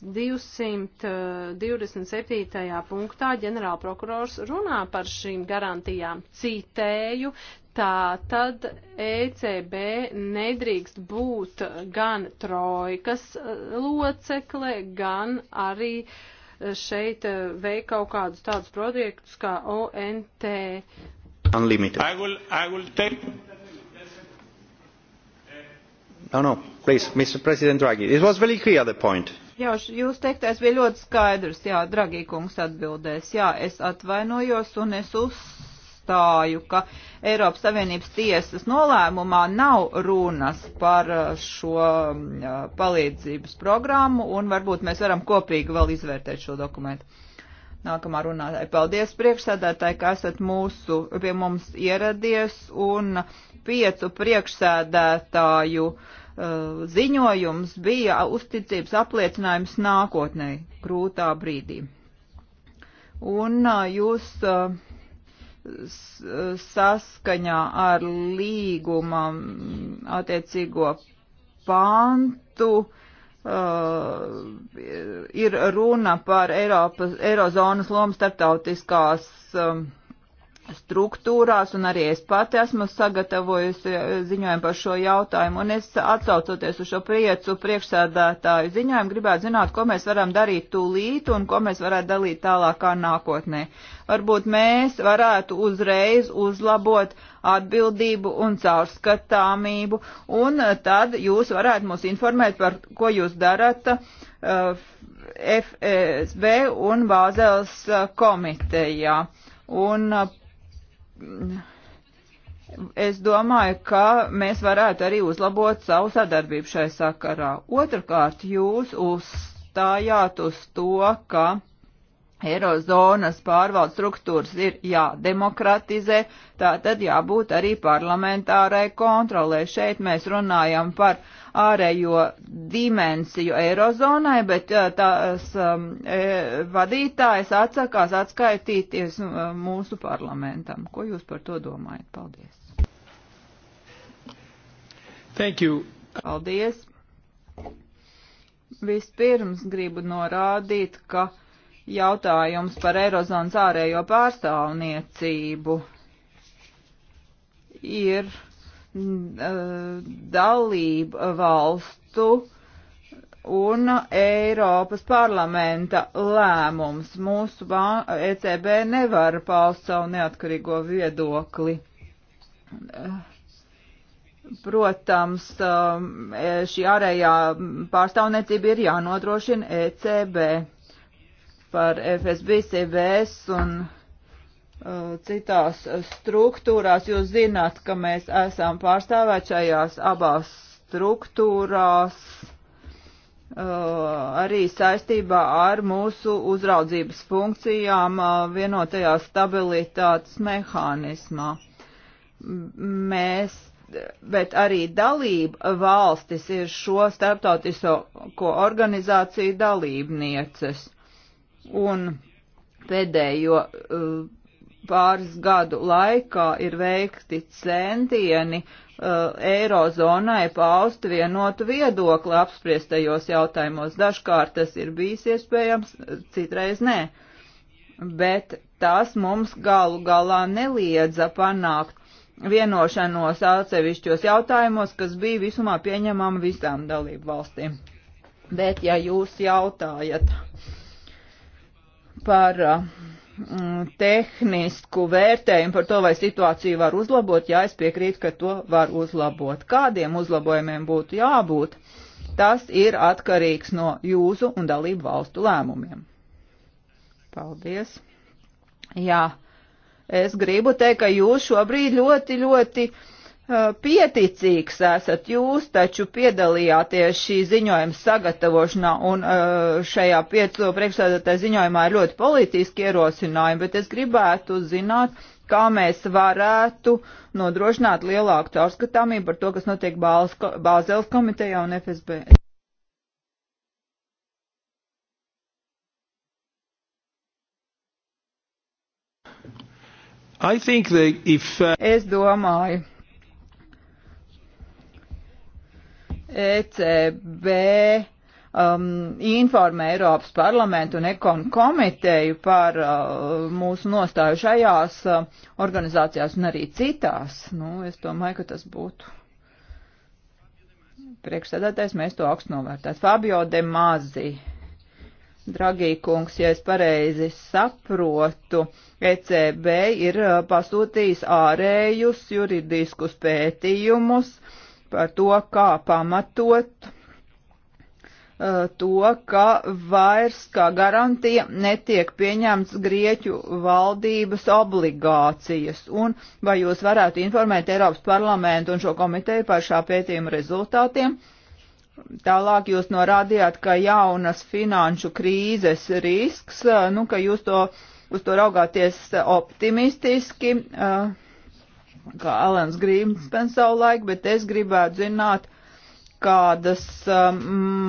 227. punktā ģenerālprokurors runā par šīm garantijām. Citēju, Tā tad ECB nedrīkst būt gan trojkas eh, locekle, gan arī eh, šeit eh, veikt kaut kādus tādus projektus kā ONT. Unlimited. I will, I will take... No, no, please, Mr. President Draghi, it was very clear the point. Jā, jūs teiktais bija ļoti skaidrs, jā, Dragī kungs atbildēs, jā, es atvainojos un es uz uzstāju, ka Eiropas Savienības tiesas nolēmumā nav runas par uh, šo um, uh, palīdzības programmu, un varbūt mēs varam kopīgi vēl izvērtēt šo dokumentu. Nākamā runātāja. Paldies priekšsēdētāji, ka esat mūsu pie mums ieradies un piecu priekšsēdētāju uh, ziņojums bija uzticības apliecinājums nākotnē, grūtā brīdī. Un uh, jūs uh, saskaņā ar līguma attiecīgo pantu uh, ir runa par Eiropas, Eirozonas lomu starptautiskās um, uh, struktūrās, un arī es pati esmu sagatavojusi eh, ziņojumu par šo jautājumu, un es atsaucoties uz šo priecu priekšsēdētāju ziņojumu, gribētu zināt, ko mēs varam darīt tūlīt un ko mēs varētu dalīt tālākā nākotnē. Varbūt mēs varētu uzreiz uzlabot atbildību un caurskatāmību, un eh, tad jūs varētu mūs informēt par, ko jūs darat eh, FSB e un Bāzels komitejā. Un es domāju, ka mēs varētu arī uzlabot savu sadarbību šai sakarā. Otrakārt, jūs uzstājāt uz to, ka Eirozonas pārvaldes struktūras ir jādemokratizē, tā tad jābūt arī parlamentārai kontrolē. Šeit mēs runājam par uh, ārējo dimensiju Eirozonai, bet uh, tās um, e, vadītājs atsakās atskaitīties uh, mūsu parlamentam. Ko jūs par to domājat? Paldies! Thank you. Paldies! Vispirms gribu norādīt, ka jautājums par Eirozonas ārējo pārstāvniecību ir dalību valstu un Eiropas parlamenta lēmums. Mūsu ECB nevar paust savu neatkarīgo viedokli. Protams, um, e, šī ārējā pārstāvniecība ir jānodrošina ECB par FSB, CBS un Uh, citās struktūrās. Jūs zināt, ka mēs esam pārstāvēt šajās abās struktūrās uh, arī saistībā ar mūsu uzraudzības funkcijām uh, vienotajā stabilitātes mehānismā. Mēs, bet arī dalība valstis ir šo starptautisko organizāciju dalībnieces. Un pēdējo uh, pāris gadu laikā ir veikti centieni uh, eirozonai paust vienotu viedokli apspriestajos jautājumos. Dažkārt tas ir bijis iespējams, citreiz nē. Bet tas mums galu galā neliedza panākt vienošanos atsevišķos jautājumos, kas bija visumā pieņemama visām dalību valstīm. Bet ja jūs jautājat par uh, Mm, tehnisku vērtējumu par to, vai situāciju var uzlabot, jā, es piekrītu, ka to var uzlabot. Kādiem uzlabojumiem būtu jābūt, tas ir atkarīgs no jūsu un dalību valstu lēmumiem. Paldies. Jā, es gribu teikt, ka jūs šobrīd ļoti, ļoti uh, pieticīgs esat jūs, taču piedalījāties šī ziņojuma sagatavošanā, un šajā piecu priekšsēdētāja ziņojumā ir ļoti politiski ierosinājumi, bet es gribētu zināt, kā mēs varētu nodrošināt lielāku caurskatāmību par to, kas notiek Bāzeles komitejā un FSB. I think that if, uh... Es domāju, ECB um, informē Eiropas parlamentu un ekonu komiteju par uh, mūsu nostāju šajās uh, organizācijās un arī citās. Nu, es domāju, ka tas būtu priekšsēdētājs, mēs to augstu novērtētu. Fabio de Mazi. Dragī kungs, ja es pareizi saprotu, ECB ir uh, pasūtījis ārējus juridiskus pētījumus, uh, par to, kā pamatot uh, to, ka vairs kā garantija netiek pieņemts Grieķu valdības obligācijas. Un vai jūs varētu informēt Eiropas parlamentu un šo komiteju par šā pētījuma rezultātiem? Tālāk jūs norādījāt, ka jaunas finanšu krīzes risks, uh, nu, ka jūs to, uz to raugāties optimistiski. Uh, kā Alans Grīmpens savulaik, bet es gribētu zināt, kādas um,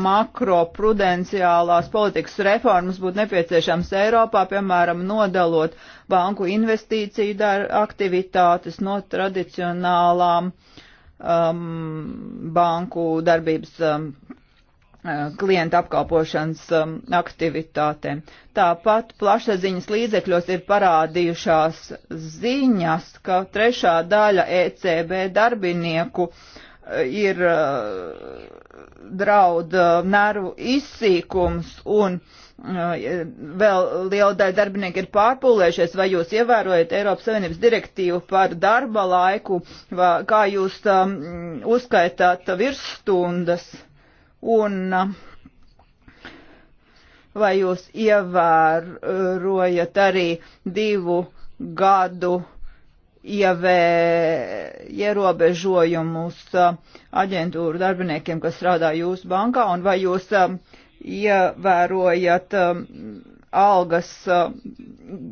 makroprudenciālās politikas reformas būtu nepieciešams Eiropā, piemēram, nodalot banku investīciju aktivitātes no tradicionālām um, banku darbības um, Uh, klienta apkalpošanas um, aktivitātēm. Tāpat plašsaziņas līdzekļos ir parādījušās ziņas, ka trešā daļa ECB darbinieku uh, ir uh, drauda nervu izsīkums un vēl liela daļa darbinieku ir pārpūlējušies, vai jūs ievērojat Eiropas Savienības direktīvu par darba laiku, kā jūs um, uzskaitāt virsstundas? un uh, vai jūs ievērojat arī divu gadu ievē, ierobežojumus uh, aģentūru darbiniekiem, kas strādā jūsu bankā, un vai jūs um, ievērojat um, algas um,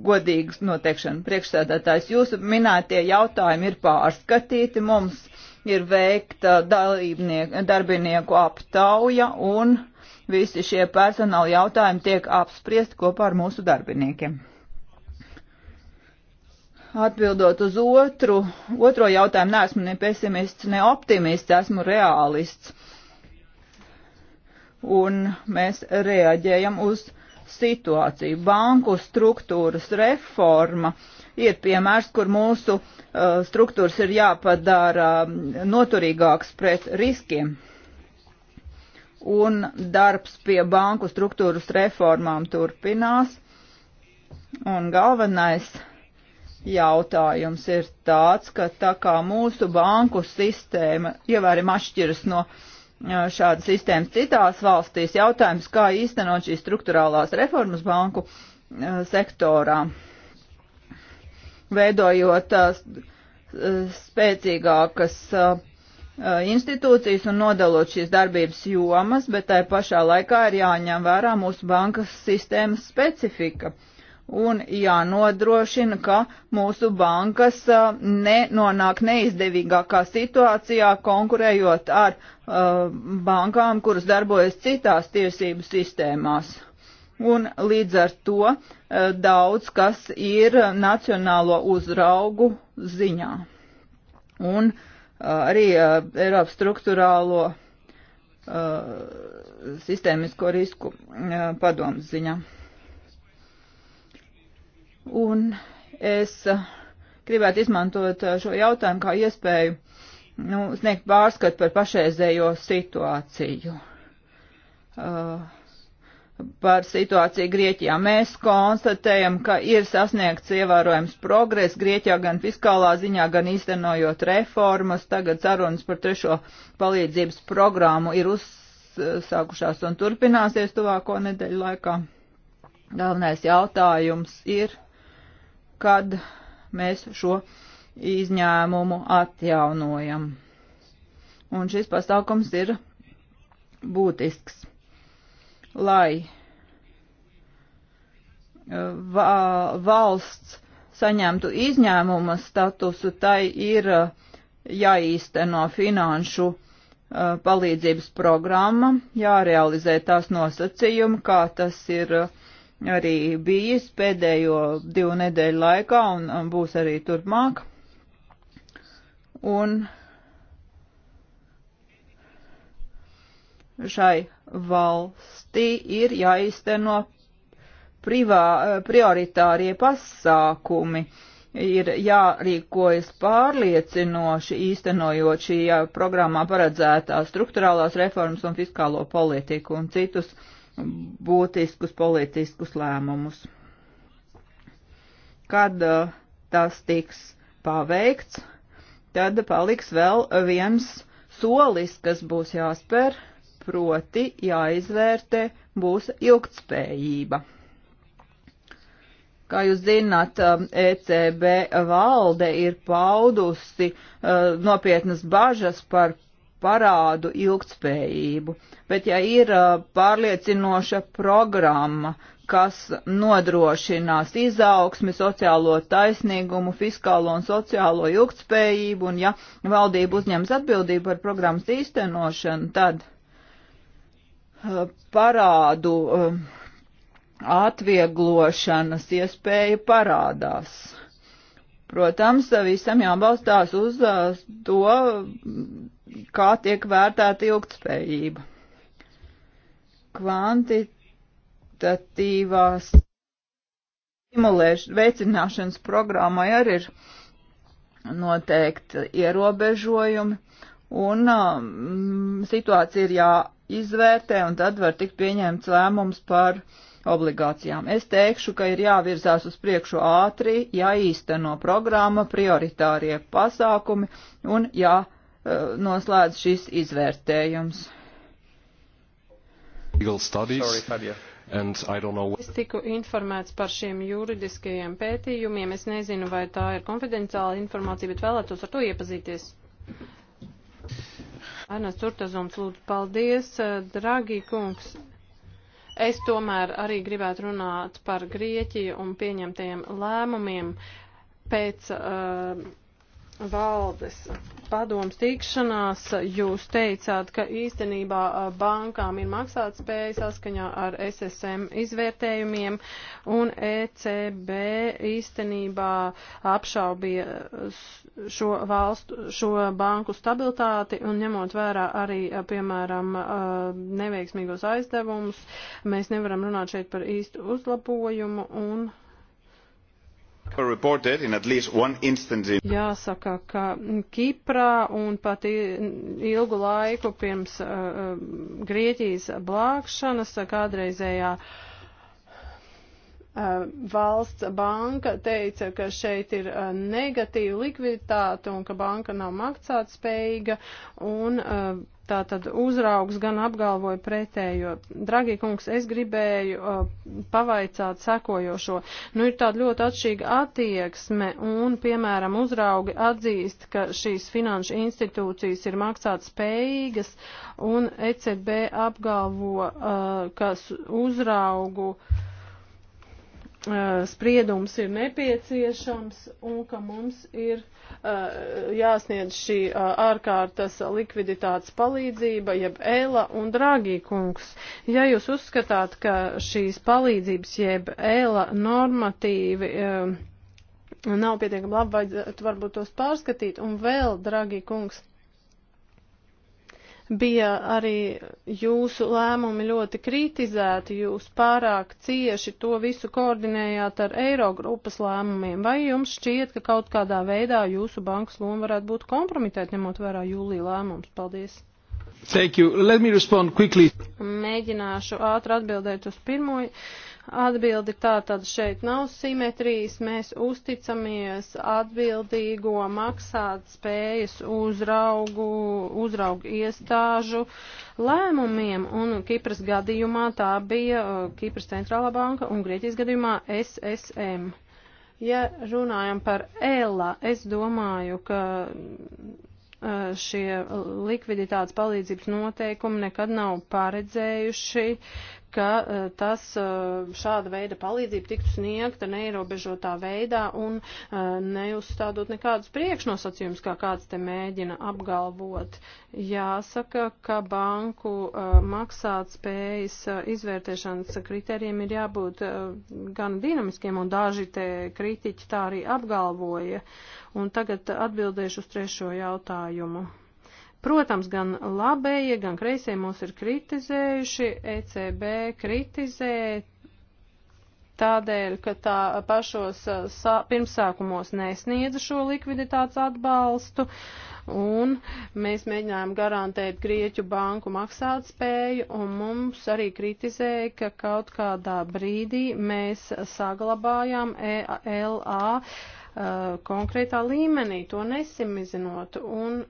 godīgas noteikšanu priekšsēdētājs. Jūsu minētie jautājumi ir pārskatīti, mums ir veikta darbinieku aptauja un visi šie personāla jautājumi tiek apspriesti kopā ar mūsu darbiniekiem. Atbildot uz otru, otro jautājumu, neesmu ne pesimists, ne optimists, esmu realists. Un mēs reaģējam uz situāciju. Banku struktūras reforma uh, ir piemērs, kur mūsu uh, struktūras ir jāpadara um, noturīgāks pret riskiem. Un darbs pie banku struktūras reformām turpinās. Un galvenais jautājums ir tāds, ka tā kā mūsu banku sistēma ievērima atšķiras no uh, šādas sistēmas citās valstīs, jautājums, kā īstenot šīs struktūrālās reformas banku uh, sektorā veidojot uh, spēcīgākas uh, uh, institūcijas un nodalot šīs darbības jomas, bet tai pašā laikā ir jāņem vērā mūsu bankas sistēmas specifika un jānodrošina, ka mūsu bankas nenonāk neizdevīgākā situācijā konkurējot ar uh, bankām, kuras darbojas citās tiesību sistēmās un līdz ar to eh, daudz kas ir nacionālo uzraugu ziņā. Un eh, arī eh, Eiropas struktūrālo sistēmisko risku padomas ziņā. Un es gribētu izmantot šo jautājumu kā iespēju nu, sniegt pārskatu par pašreizējo situāciju. Uh, par situāciju Grieķijā. Mēs konstatējam, ka ir sasniegts ievērojams progress Grieķijā gan fiskālā ziņā, gan īstenojot reformas. Tagad sarunas par trešo palīdzības programmu ir uzsākušās un turpināsies tuvāko nedēļu laikā. Galvenais jautājums ir, kad mēs šo izņēmumu atjaunojam. Un šis pasākums ir būtisks lai eh, valsts saņemtu izņēmuma statusu, tai ir eh, jāīsteno finanšu eh, palīdzības programma, jārealizē tās nosacījumi, kā tas ir arī bijis pēdējo divu nedēļu laikā un būs arī turpmāk. Un šai valstī ir jāizteno privā, prioritārie pasākumi, ir jārīkojas pārliecinoši īstenojot šī programmā paredzētās struktūrālās reformas un fiskālo politiku un citus būtiskus politiskus lēmumus. Kad uh, tas tiks paveikts, tad paliks vēl viens solis, kas būs jāspēr proti jāizvērtē būs ilgtspējība. Kā jūs zināt, um, ECB valde ir paudusi uh, nopietnas bažas par parādu ilgtspējību, bet ja ir uh, pārliecinoša programma, kas nodrošinās izaugsmi, sociālo taisnīgumu, fiskālo un sociālo ilgtspējību, un ja valdība uzņems atbildību par programmas īstenošanu, tad Uh, parādu um, atvieglošanas iespēja parādās. Protams, visam jābalstās uz uh, to, kā tiek vērtēta ilgtspējība. Kvantitatīvās veicināšanas programmai arī ir noteikti ierobežojumi, un um, situācija ir jā izvērtē, un tad var tikt pieņemts lēmums par obligācijām. Es teikšu, ka ir jāvirzās uz priekšu ātri, jāīsteno programma, prioritārie pasākumi un jānoslēdz e, šis izvērtējums. Sorry, Know... Es tiku informēts par šiem juridiskajiem pētījumiem. Es nezinu, vai tā ir konfidenciāla informācija, bet vēlētos ar to iepazīties. Ernests Urtazums, lūdzu, paldies, dragi kungs. Es tomēr arī gribētu runāt par Grieķiju un pieņemtajiem lēmumiem pēc. Uh, valdes padoms tikšanās jūs teicāt, ka īstenībā bankām ir maksātspēja saskaņā ar SSM izvērtējumiem, un ECB īstenībā apšaubīja šo, valstu, šo banku stabilitāti, un ņemot vērā arī, piemēram, neveiksmīgos aizdevumus, mēs nevaram runāt šeit par īstu uzlabojumu, un Jāsaka, ka Kiprā un pat ilgu laiku pirms uh, uh Grieķijas blākšanas uh, kādreizējā uh, valsts banka teica, ka šeit ir uh, negatīva likviditāte un ka banka nav maksātspējīga un uh, tātad uzraugs gan apgalvoja pretējo. Dragi kungs, es gribēju uh, pavaicāt sekojošo. Nu, ir tāda ļoti atšķīga attieksme un, piemēram, uzraugi atzīst, ka šīs finanšu institūcijas ir maksāt spējīgas un ECB apgalvo, uh, ka uzraugu uh, Uh, spriedums ir nepieciešams un ka mums ir uh, jāsniedz šī uh, ārkārtas likviditātes palīdzība, jeb ēla un dragī kungs. Ja jūs uzskatāt, ka šīs palīdzības jeb ēla normatīvi nav pietiekami labi, vajadzētu varbūt tos pārskatīt un vēl, dragī kungs, bija arī jūsu lēmumi ļoti kritizēti, jūs pārāk cieši to visu koordinējāt ar Eirogrupas lēmumiem. Vai jums šķiet, ka kaut kādā veidā jūsu bankas loma varētu būt kompromitēt, ņemot vērā jūlija lēmums? Paldies! Thank you. Let me respond quickly. Mēģināšu ātri atbildēt uz pirmo Atbildi tā tad šeit nav simetrijas, mēs uzticamies atbildīgo maksāt spējas uzraugu, uzraugu iestāžu lēmumiem, un Kipras gadījumā tā bija uh, Kipras centrālā banka un Grieķijas gadījumā SSM. Ja runājam par ELA, es domāju, ka uh, šie likviditātes palīdzības noteikumi nekad nav paredzējuši, ka e, tas e, šāda veida palīdzība tiktu sniegta neierobežotā veidā un e, neuzstādot nekādus priekšnosacījumus, kā kāds te mēģina apgalvot. Jāsaka, ka banku maksāt spējas izvērtēšanas kritērijiem ir jābūt gan dinamiskiem, un daži te kritiķi tā arī apgalvoja. Un tagad atbildēšu uz trešo jautājumu. Protams, gan labējie, gan kreisie mūs ir kritizējuši, ECB kritizē tādēļ, ka tā pašos sā, pirmsākumos nesniedza šo likviditātes atbalstu, un mēs mēģinājām garantēt Grieķu banku maksāt spēju, un mums arī kritizēja, ka kaut kādā brīdī mēs saglabājām ELA uh, konkrētā līmenī, to nesimizinot, un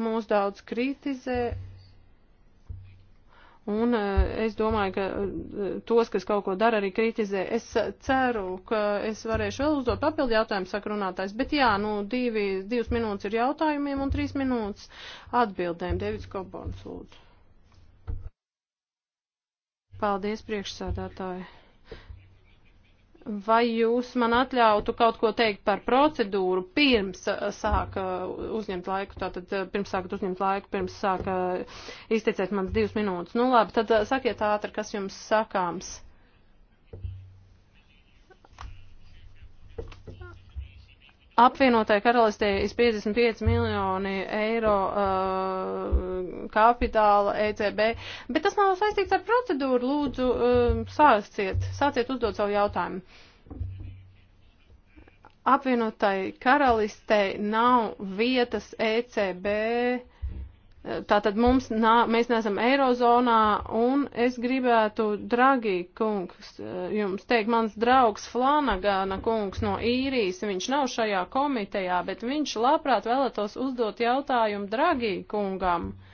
mūs daudz kritizē. Un e, es domāju, ka e, tos, kas kaut ko dara, arī kritizē. Es e, ceru, ka es varēšu vēl uzdot papildu jautājumu, saka runātājs. Bet jā, nu, divi, divas minūtes ir jautājumiem un trīs minūtes atbildēm. Devits Kobons, lūdzu. Paldies, priekšsādātāji. Vai jūs man atļautu kaut ko teikt par procedūru pirms uh, sāka uh, uzņemt laiku, tātad uh, pirms sākat uzņemt laiku, pirms sāka izteicēt mans divas minūtes? Nu labi, tad sakiet ātri, kas jums sakāms. Apvienotāja karalistē ir 55 miljoni eiro uh, kapitāla ECB, bet tas nav saistīts ar procedūru. Lūdzu, uh, sāciet, sāciet uzdot savu jautājumu. Apvienotāja karalistē nav vietas ECB. Uh, Tātad mums, nā, mēs neesam eirozonā, un es gribētu, dragi kungs, jums teikt, mans draugs Flanagana kungs no īrijas, viņš nav šajā komitejā, bet viņš labprāt vēlētos uzdot jautājumu dragi kungam. Uh,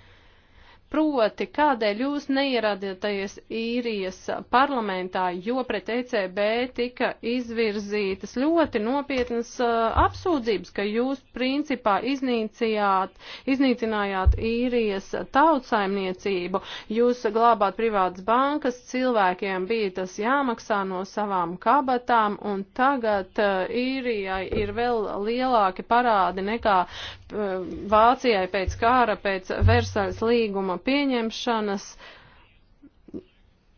Proti, kādēļ jūs neieradāties īrijas parlamentā, jo pret ECB tika izvirzītas ļoti nopietnas uh, apsūdzības, ka jūs principā iznīcinājāt īrijas tautsaimniecību, jūs glābāt privātas bankas, cilvēkiem bija tas jāmaksā no savām kabatām, un tagad uh, īrijai ir vēl lielāki parādi nekā uh, Vācijai pēc kāra, pēc Versaļas līguma pieņemšanas.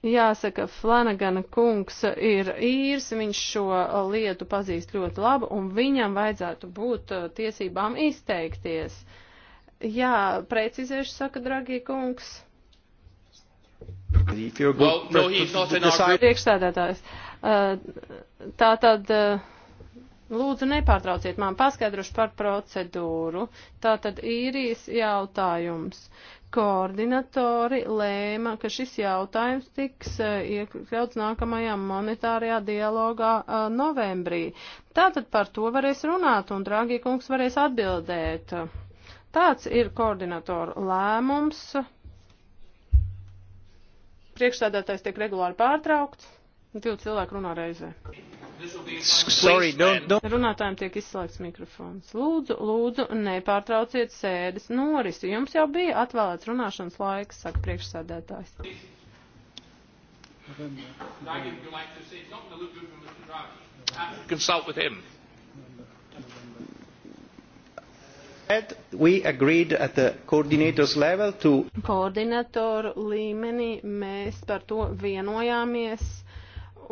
Jāsaka, Flanagana kungs ir īrs, viņš šo lietu pazīst ļoti labi, un viņam vajadzētu būt uh, tiesībām izteikties. Jā, precizēšu, saka, dragie kungs. Well, no, our... Priekšstādātājs. Uh, tā tad. Uh, lūdzu, nepārtrauciet man, paskaidrošu par procedūru. Tātad īrijas jautājums koordinatori lēma, ka šis jautājums tiks eh, iekļauts nākamajā monetārajā dialogā eh, novembrī. Tātad par to varēs runāt un Dragi kungs varēs atbildēt. Tāds ir koordinatoru lēmums. Priekšstādātais tiek regulāri pārtraukts. Divi cilvēki runā reizē. Sorry, don't, don't. Runātājiem tiek izslēgts mikrofons. Lūdzu, lūdzu, nepārtrauciet sēdes norisi. Jums jau bija atvēlēts runāšanas laiks, saka priekšsēdētājs. Consult with him. We agreed at the coordinators level to. Koordinatoru līmenī mēs par to vienojāmies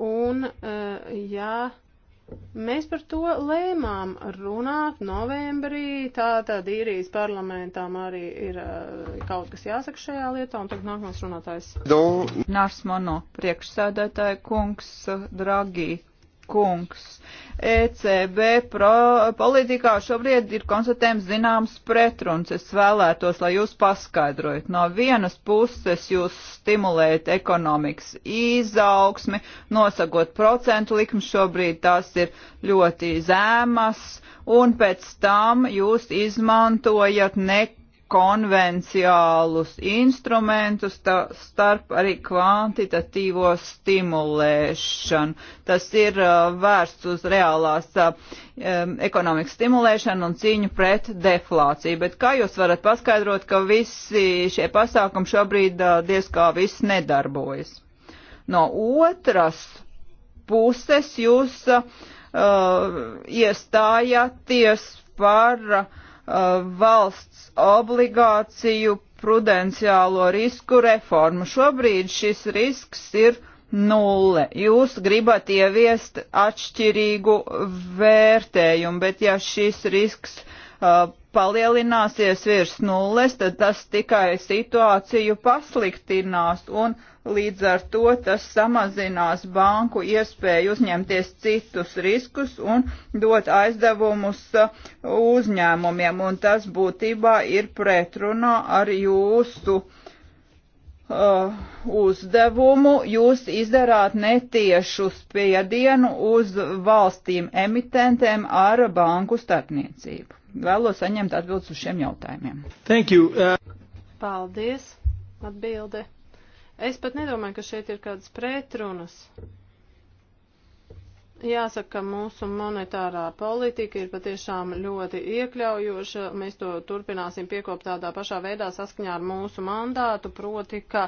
Un, uh, jā, mēs par to lēmām runāt novembrī, tā tad īrijas parlamentām arī ir uh, kaut kas jāsaka šajā lietā, un tagad nākamais runātājs. Nārs Mono, priekšsēdētāja kungs, eh, dragi kungs. ECB pro, politikā šobrīd ir konstatējums zināms pretruns. Es vēlētos, lai jūs paskaidrojat. No vienas puses jūs stimulējat ekonomikas izaugsmi, nosakot procentu likmi, šobrīd tās ir ļoti zēmas, un pēc tam jūs izmantojat nekā konvenciālus instrumentus, tā, starp arī kvantitatīvo stimulēšanu. Tas ir uh, vērsts uz reālās uh, um, ekonomikas stimulēšanu un cīņu pret deflāciju. Bet kā jūs varat paskaidrot, ka visi šie pasākumi šobrīd uh, diezkā viss nedarbojas? No otras puses jūs uh, iestājaties par uh, Uh, valsts obligāciju prudenciālo risku reformu. Šobrīd šis risks ir nulle. Jūs gribat ieviest atšķirīgu vērtējumu, bet ja šis risks uh, palielināsies virs nulles, tad tas tikai situāciju pasliktinās un līdz ar to tas samazinās banku iespēju uzņemties citus riskus un dot aizdevumus uh, uzņēmumiem, un tas būtībā ir pretrunā ar jūsu uh, uzdevumu. Jūs izdarāt netiešu spiedienu uz valstīm emitentēm ar banku starpniecību vēlos saņemt atbildes uz šiem jautājumiem. Thank you. Uh... Paldies. Atbilde. Es pat nedomāju, ka šeit ir kādas pretrunas. Jāsaka, ka mūsu monetārā politika ir patiešām ļoti iekļaujoša. Mēs to turpināsim piekopt tādā pašā veidā saskaņā ar mūsu mandātu, proti, ka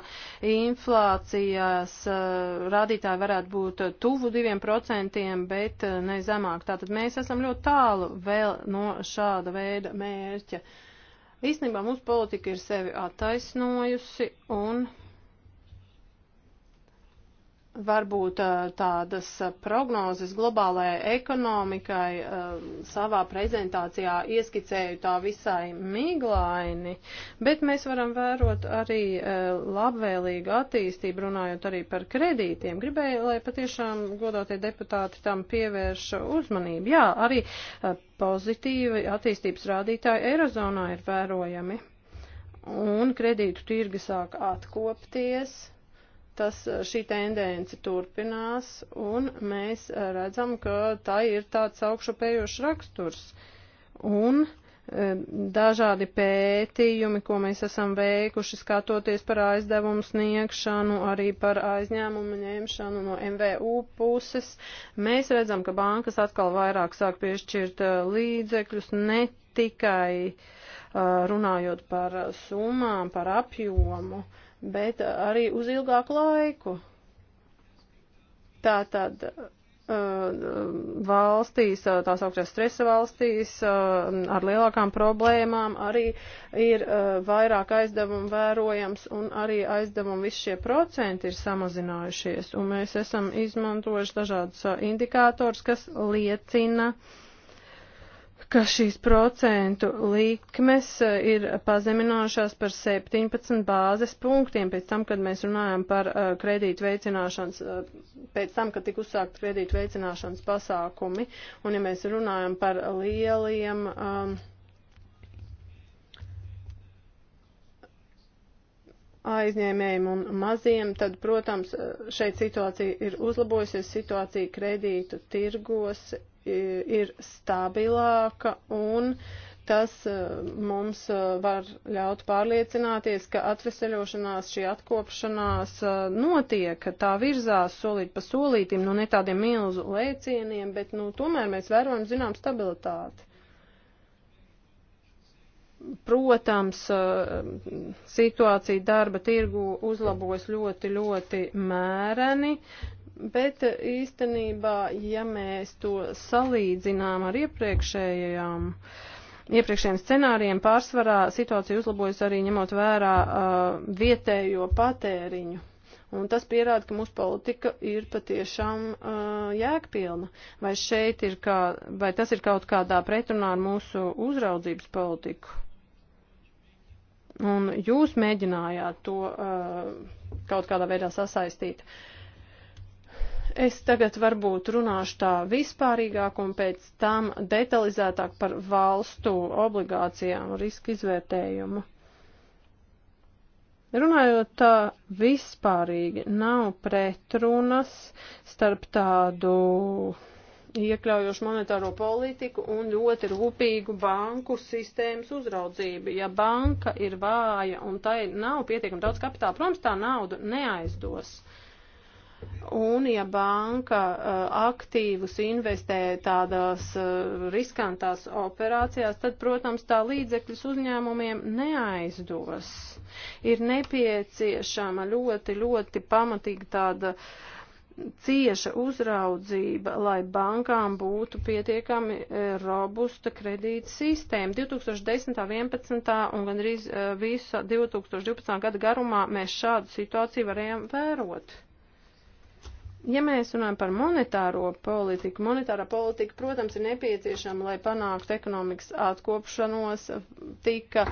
inflācijas eh, rādītāji varētu būt tuvu diviem procentiem, bet eh, ne zemāk. Tātad mēs esam ļoti tālu vēl no šāda veida mērķa. Īstenībā mūsu politika ir sevi attaisnojusi un varbūt tādas prognozes globālajai ekonomikai savā prezentācijā ieskicēju tā visai miglaini, bet mēs varam vērot arī labvēlīgu attīstību, runājot arī par kredītiem. Gribēju, lai patiešām godotie deputāti tam pievērš uzmanību. Jā, arī pozitīvi attīstības rādītāji Eirozonā ir vērojami. Un kredītu tirgi sāk atkopties tas, eh, šī tendence turpinās, un mēs eh, redzam, ka tā ir tāds augšupējošs raksturs. Un eh, dažādi pētījumi, ko mēs esam veikuši, skatoties par aizdevumu sniegšanu, arī par aizņēmumu ņemšanu no MVU puses, mēs redzam, ka bankas atkal vairāk sāk piešķirt līdzekļus ne tikai runājot par summām, par apjomu, uh, bet uh, arī uz ilgāku laiku. Tātad uh, valstīs, uh, tās augstās stresa valstīs, ar lielākām problēmām arī ir vairāk aizdevumu vērojams un arī aizdevumu visi šie procenti ir samazinājušies. Un mēs esam izmantojuši dažādus indikātors, kas liecina, uh, ka šīs procentu likmes eh, ir pazeminājušās par 17 bāzes punktiem pēc tam, kad mēs runājam par uh, kredītu veicināšanas, uh, pēc tam, kad tika uzsākt kredītu veicināšanas pasākumi, un ja mēs runājam par lieliem. Um, aizņēmējiem un maziem, tad, protams, šeit situācija ir uzlabojusies, situācija kredītu tirgos ir stabilāka un tas e, mums e, var ļaut pārliecināties, ka atveseļošanās, šī atkopšanās e, notiek, tā virzās solīt pa solītim, nu ne tādiem milzu lēcieniem, bet nu tomēr mēs vērojam zinām stabilitāti. Protams, situācija darba tirgu uzlabojas ļoti, ļoti mēreni, Bet īstenībā, ja mēs to salīdzinām ar iepriekšējām, iepriekšējiem scenārijiem, pārsvarā situācija uzlabojas arī ņemot vērā uh, vietējo patēriņu. Un tas pierāda, ka mūsu politika ir patiešām uh, jēgpilna. Vai, ir kā, vai tas ir kaut kādā pretrunā ar mūsu uzraudzības politiku? Un jūs mēģinājāt to uh, kaut kādā veidā sasaistīt. Uh, Es tagad varbūt runāšu tā vispārīgāk un pēc tam detalizētāk par valstu obligācijām un riska izvērtējumu. Runājot tā vispārīgi, nav pretrunas starp tādu iekļaujošu monetāro politiku un ļoti rūpīgu banku sistēmas uzraudzību. Ja banka ir vāja un tai nav pietiekami daudz kapitāla, protams, tā naudu neaizdos. Un, ja banka uh, aktīvus investē tādās uh, riskantās operācijās, tad, protams, tā līdzekļus uzņēmumiem neaizdos. Ir nepieciešama ļoti, ļoti pamatīga tāda cieša uzraudzība, lai bankām būtu pietiekami eh, robusta kredīta sistēma. 2010. 11. un gandrīz visa 2012. gada garumā mēs šādu situāciju varējām vērot. Ja mēs runājam par monetāro politiku, monetārā politika, protams, ir nepieciešama, lai panāktu ekonomikas atkopšanos, tika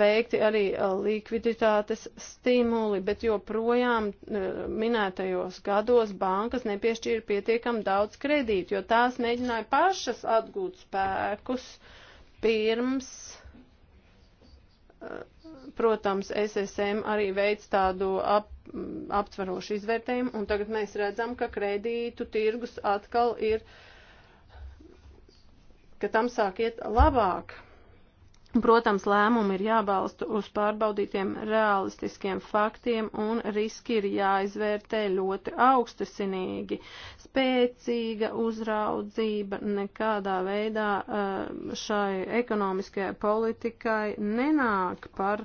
veikti arī likviditātes stimuli, bet joprojām e, minētajos gados bankas nepiešķīra pietiekam daudz kredītu, jo tās mēģināja pašas atgūt spēkus pirms. Uh, Protams, SSM arī veids tādu ap, aptvarošu izvērtējumu, un tagad mēs redzam, ka kredītu tirgus atkal ir, ka tam sāk iet labāk. Protams, lēmumi ir jābalsta uz pārbaudītiem realistiskiem faktiem un riski ir jāizvērtē ļoti augstasinīgi. Spēcīga uzraudzība nekādā veidā eh, šai ekonomiskajai politikai nenāk par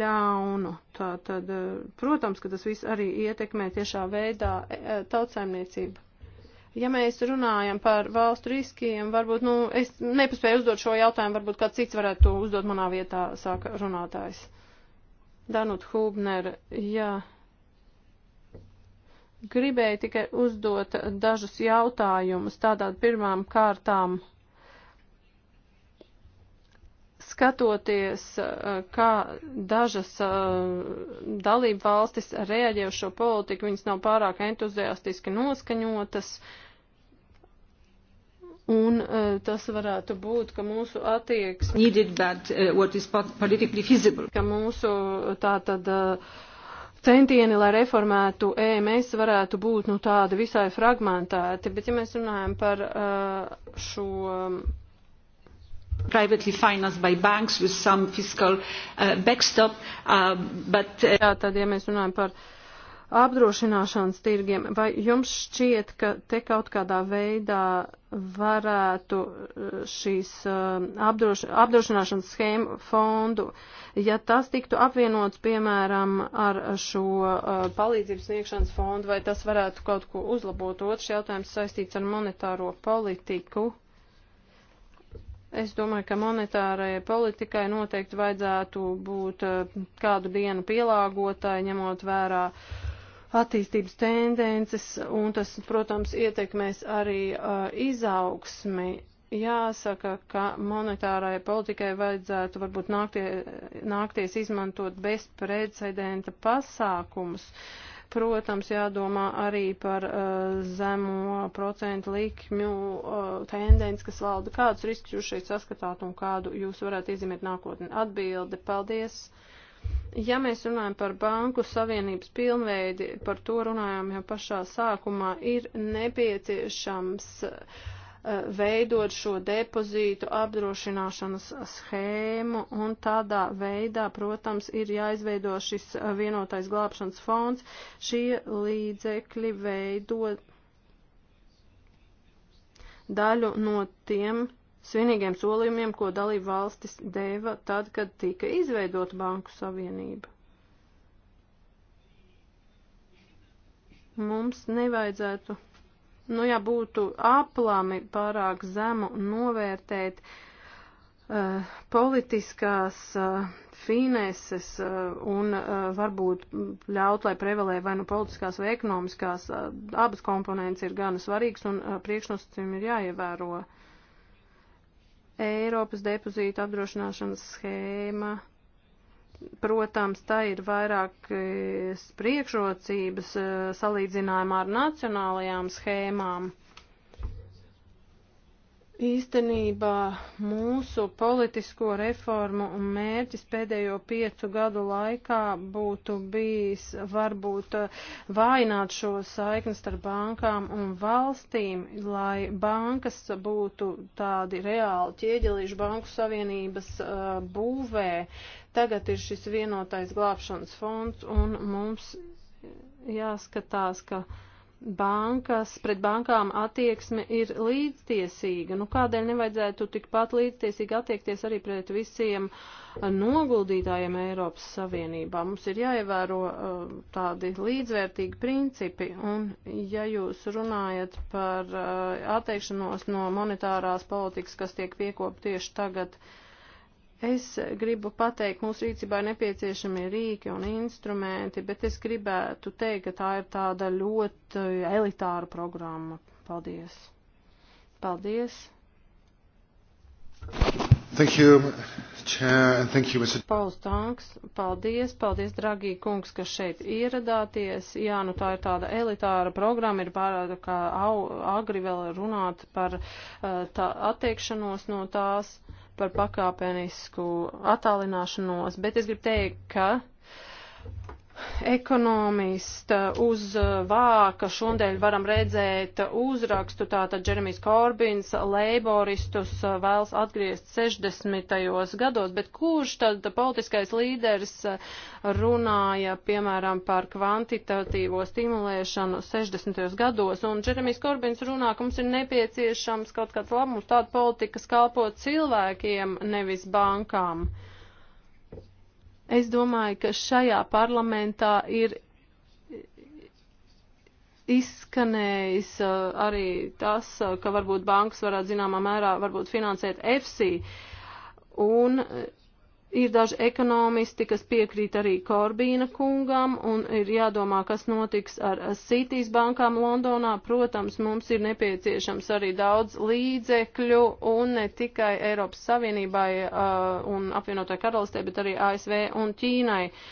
ļaunu. Tātad, eh, protams, ka tas viss arī ietekmē tiešā veidā eh, tautsēmniecību. Ja mēs runājam par valstu riskiem, varbūt, nu, es nepaspēju uzdot šo jautājumu, varbūt kāds cits varētu to uzdot manā vietā, saka runātājs. Danut Hūbner, jā. Gribēju tikai uzdot dažus jautājumus tādām pirmām kārtām skatoties, kā dažas eh, dalību valstis reaģē uz šo politiku, viņas nav pārāk entuziastiski noskaņotas, uh, Un uh, tas varētu būt, ka mūsu attieksme, needed, but, uh, what is politically feasible, ka mūsu tā tad uh, centieni, lai reformētu EMS, varētu būt nu tādi visai fragmentēti, bet ja mēs runājam par uh, šo privately financed by banks with some fiscal uh, backstop, uh, but. Uh, Jā, tad, ja mēs runājam par uh, apdrošināšanas tirgiem, vai jums šķiet, ka te kaut kādā veidā varētu uh, šīs uh, apdroš apdrošināšanas schēmu fondu, ja tas tiktu apvienots, piemēram, ar šo uh, palīdzības sniegšanas fondu, vai tas varētu kaut ko uzlabot? Otrs jautājums saistīts ar monetāro politiku. Es domāju, ka monetārajai politikai noteikti vajadzētu būt kādu dienu pielāgotai, ņemot vērā uh, attīstības tendences, un tas, protams, ietekmēs arī uh, izaugsmi. Jāsaka, ka monetārai politikai vajadzētu varbūt nāktie, nākties izmantot bezprecedenta pasākumus. Protams, jādomā arī par uh, zemo procentu likmju uh, tendenci, kas valda. Kādus riskus jūs šeit saskatāt un kādu jūs varētu iezīmēt nākotni? Atbilde. Paldies! Uh, Ja mēs runājam par banku savienības pilnveidi, par to runājām jau pašā sākumā, ir nepieciešams uh, veidot šo depozītu apdrošināšanas schēmu un tādā veidā, protams, ir jāizveido šis vienotais glābšanas fonds. Šie līdzekļi veido daļu no tiem svinīgiem solījumiem, ko dalība valstis deva tad, kad tika izveidota Banku Savienība. Mums nevajadzētu, nu jā, būtu aplami pārāk zemu novērtēt uh, politiskās uh, eh, finanses eh, un varbūt ļaut, lai prevalē vai nu politiskās vai ekonomiskās, abas komponents ir gana svarīgs un priekšnosacījumi ir jāievēro. Eiropas depozīta apdrošināšanas schēma. Protams, tā ir vairāk e, priekšrocības e, salīdzinājumā ar nacionālajām schēmām. Īstenībā mūsu politisko reformu mērķis pēdējo piecu gadu laikā būtu bijis varbūt vājināt šo saikni starp bankām un valstīm, lai bankas būtu tādi reāli ķieģelīši banku savienības uh, būvē. Tagad ir šis vienotais glābšanas fonds un mums jāskatās, ka. Uh, bankas, pret bankām attieksme ir līdztiesīga. Nu, kādēļ nevajadzētu tikpat līdztiesīgi attiekties arī pret visiem noguldītājiem Eiropas Savienībā? Mums ir jāievēro uh, tādi līdzvērtīgi principi, un ja jūs runājat par uh, atteikšanos no monetārās politikas, kas tiek piekop tieši tagad, uh, Es gribu pateikt, mūsu rīcībā ir nepieciešami rīki un instrumenti, bet es gribētu teikt, ka tā ir tāda ļoti elitāra programma. Paldies. Paldies. Thank you, Chair, and thank you, Mr. Pauls Tanks, paldies, paldies, dragī kungs, ka šeit ieradāties. Jā, nu tā ir tāda elitāra programma, ir pārāk kā au, agri vēl runāt par uh, tā attiekšanos no tās. Uh, par pakāpenisku attālināšanos, bet es gribu teikt, ka ekonomista uh, uz vāka šodien varam redzēt uzrakstu, tātad Džeremijs Korbins leiboristus uh, vēlas atgriezt 60. gados, bet kurš tad politiskais līderis uh, runāja, piemēram, par kvantitatīvo stimulēšanu 60. gados, un Džeremijs Korbins runā, ka mums ir nepieciešams kaut kāds labums, tāda politika kalpot cilvēkiem, nevis bankām. Es domāju, ka šajā parlamentā ir izskanējis uh, arī tas, uh, ka varbūt bankas varētu zināmā mērā varbūt finansēt EFSI. Un uh, Ir daži ekonomisti, kas piekrīt arī Korbīna kungam, un ir jādomā, kas notiks ar Citīs bankām Londonā. Protams, mums ir nepieciešams arī daudz līdzekļu, un ne tikai Eiropas Savienībai uh, un apvienotai karalistē, bet arī ASV un Ķīnai. Uh,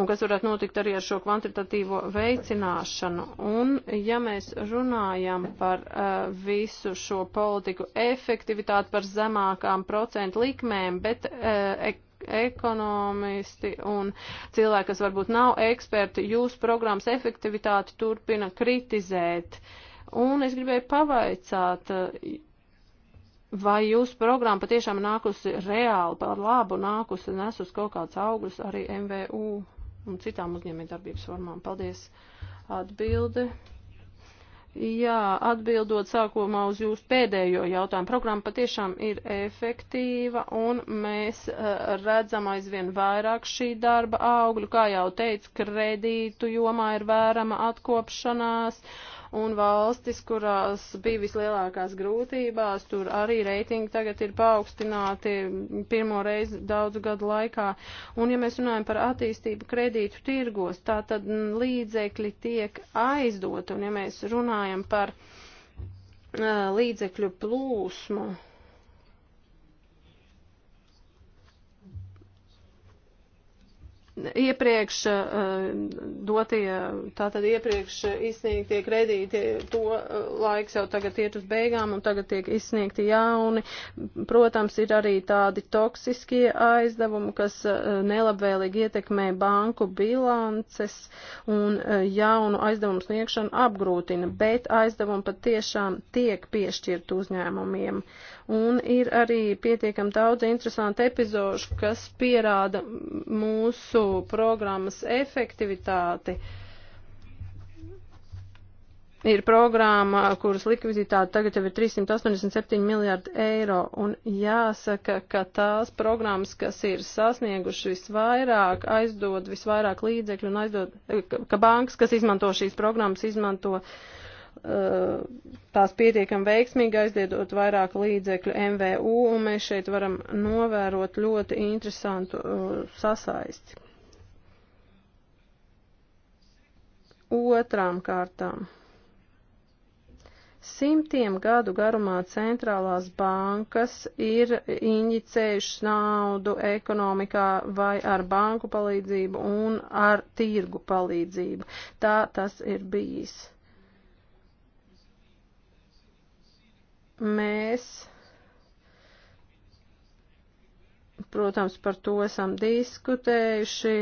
un kas varētu notikt arī ar šo kvantitatīvo veicināšanu. Un, ja mēs runājam par uh, visu šo politiku efektivitāti, par zemākām procentu likmēm, bet uh, ekonomisti un cilvēki, kas varbūt nav eksperti, jūsu programmas efektivitāti turpina kritizēt. Un es gribēju pavaicāt, vai jūsu programma patiešām nākusi reāli par labu, nākusi nesus kaut kāds augus arī MVU un citām uzņēmējdarbības formām. Paldies! Atbilde. Jā, atbildot sākumā uz jūsu pēdējo jautājumu, programma patiešām ir efektīva un mēs eh, redzam aizvien vairāk šī darba augļu. Kā jau teicu, kredītu jomā ir vērama atkopšanās. Uh, un valstis, kurās bija vislielākās grūtībās, tur arī reitingi tagad ir paaugstināti pirmo reizi daudzu gadu laikā. Un ja mēs runājam par attīstību kredītu tirgos, tā tad līdzekļi tiek aizdot, un ja mēs runājam par uh, līdzekļu plūsmu, iepriekš eh, dotie, tātad iepriekš izsniegtie kredīti, to eh, laiks jau tagad iet uz beigām un tagad tiek izsniegti jauni. Protams, ir arī tādi toksiskie aizdevumi, kas eh, nelabvēlīgi ietekmē banku bilances un jaunu aizdevumu sniegšanu apgrūtina, bet aizdevumi patiešām tiek piešķirt uzņēmumiem. Uh, un ir arī pietiekam daudz interesanti epizožu, kas pierāda mūsu programmas efektivitāti. Ir programma, kuras likviditāte tagad jau ir 387 miljārdi eiro, un jāsaka, ka tās programmas, kas ir sasnieguši visvairāk, aizdod visvairāk līdzekļu un aizdod, ka bankas, kas izmanto šīs programmas, izmanto uh, Uh, tās pietiekam veiksmīgi aizdiedot vairāk līdzekļu MVU, un mēs šeit varam novērot ļoti interesantu uh, sasaisti. Otrām kārtām. Simtiem gadu garumā centrālās bankas ir injicējušas naudu ekonomikā vai ar banku palīdzību un ar tirgu palīdzību. Tā tas ir bijis. mēs, protams, par to esam diskutējuši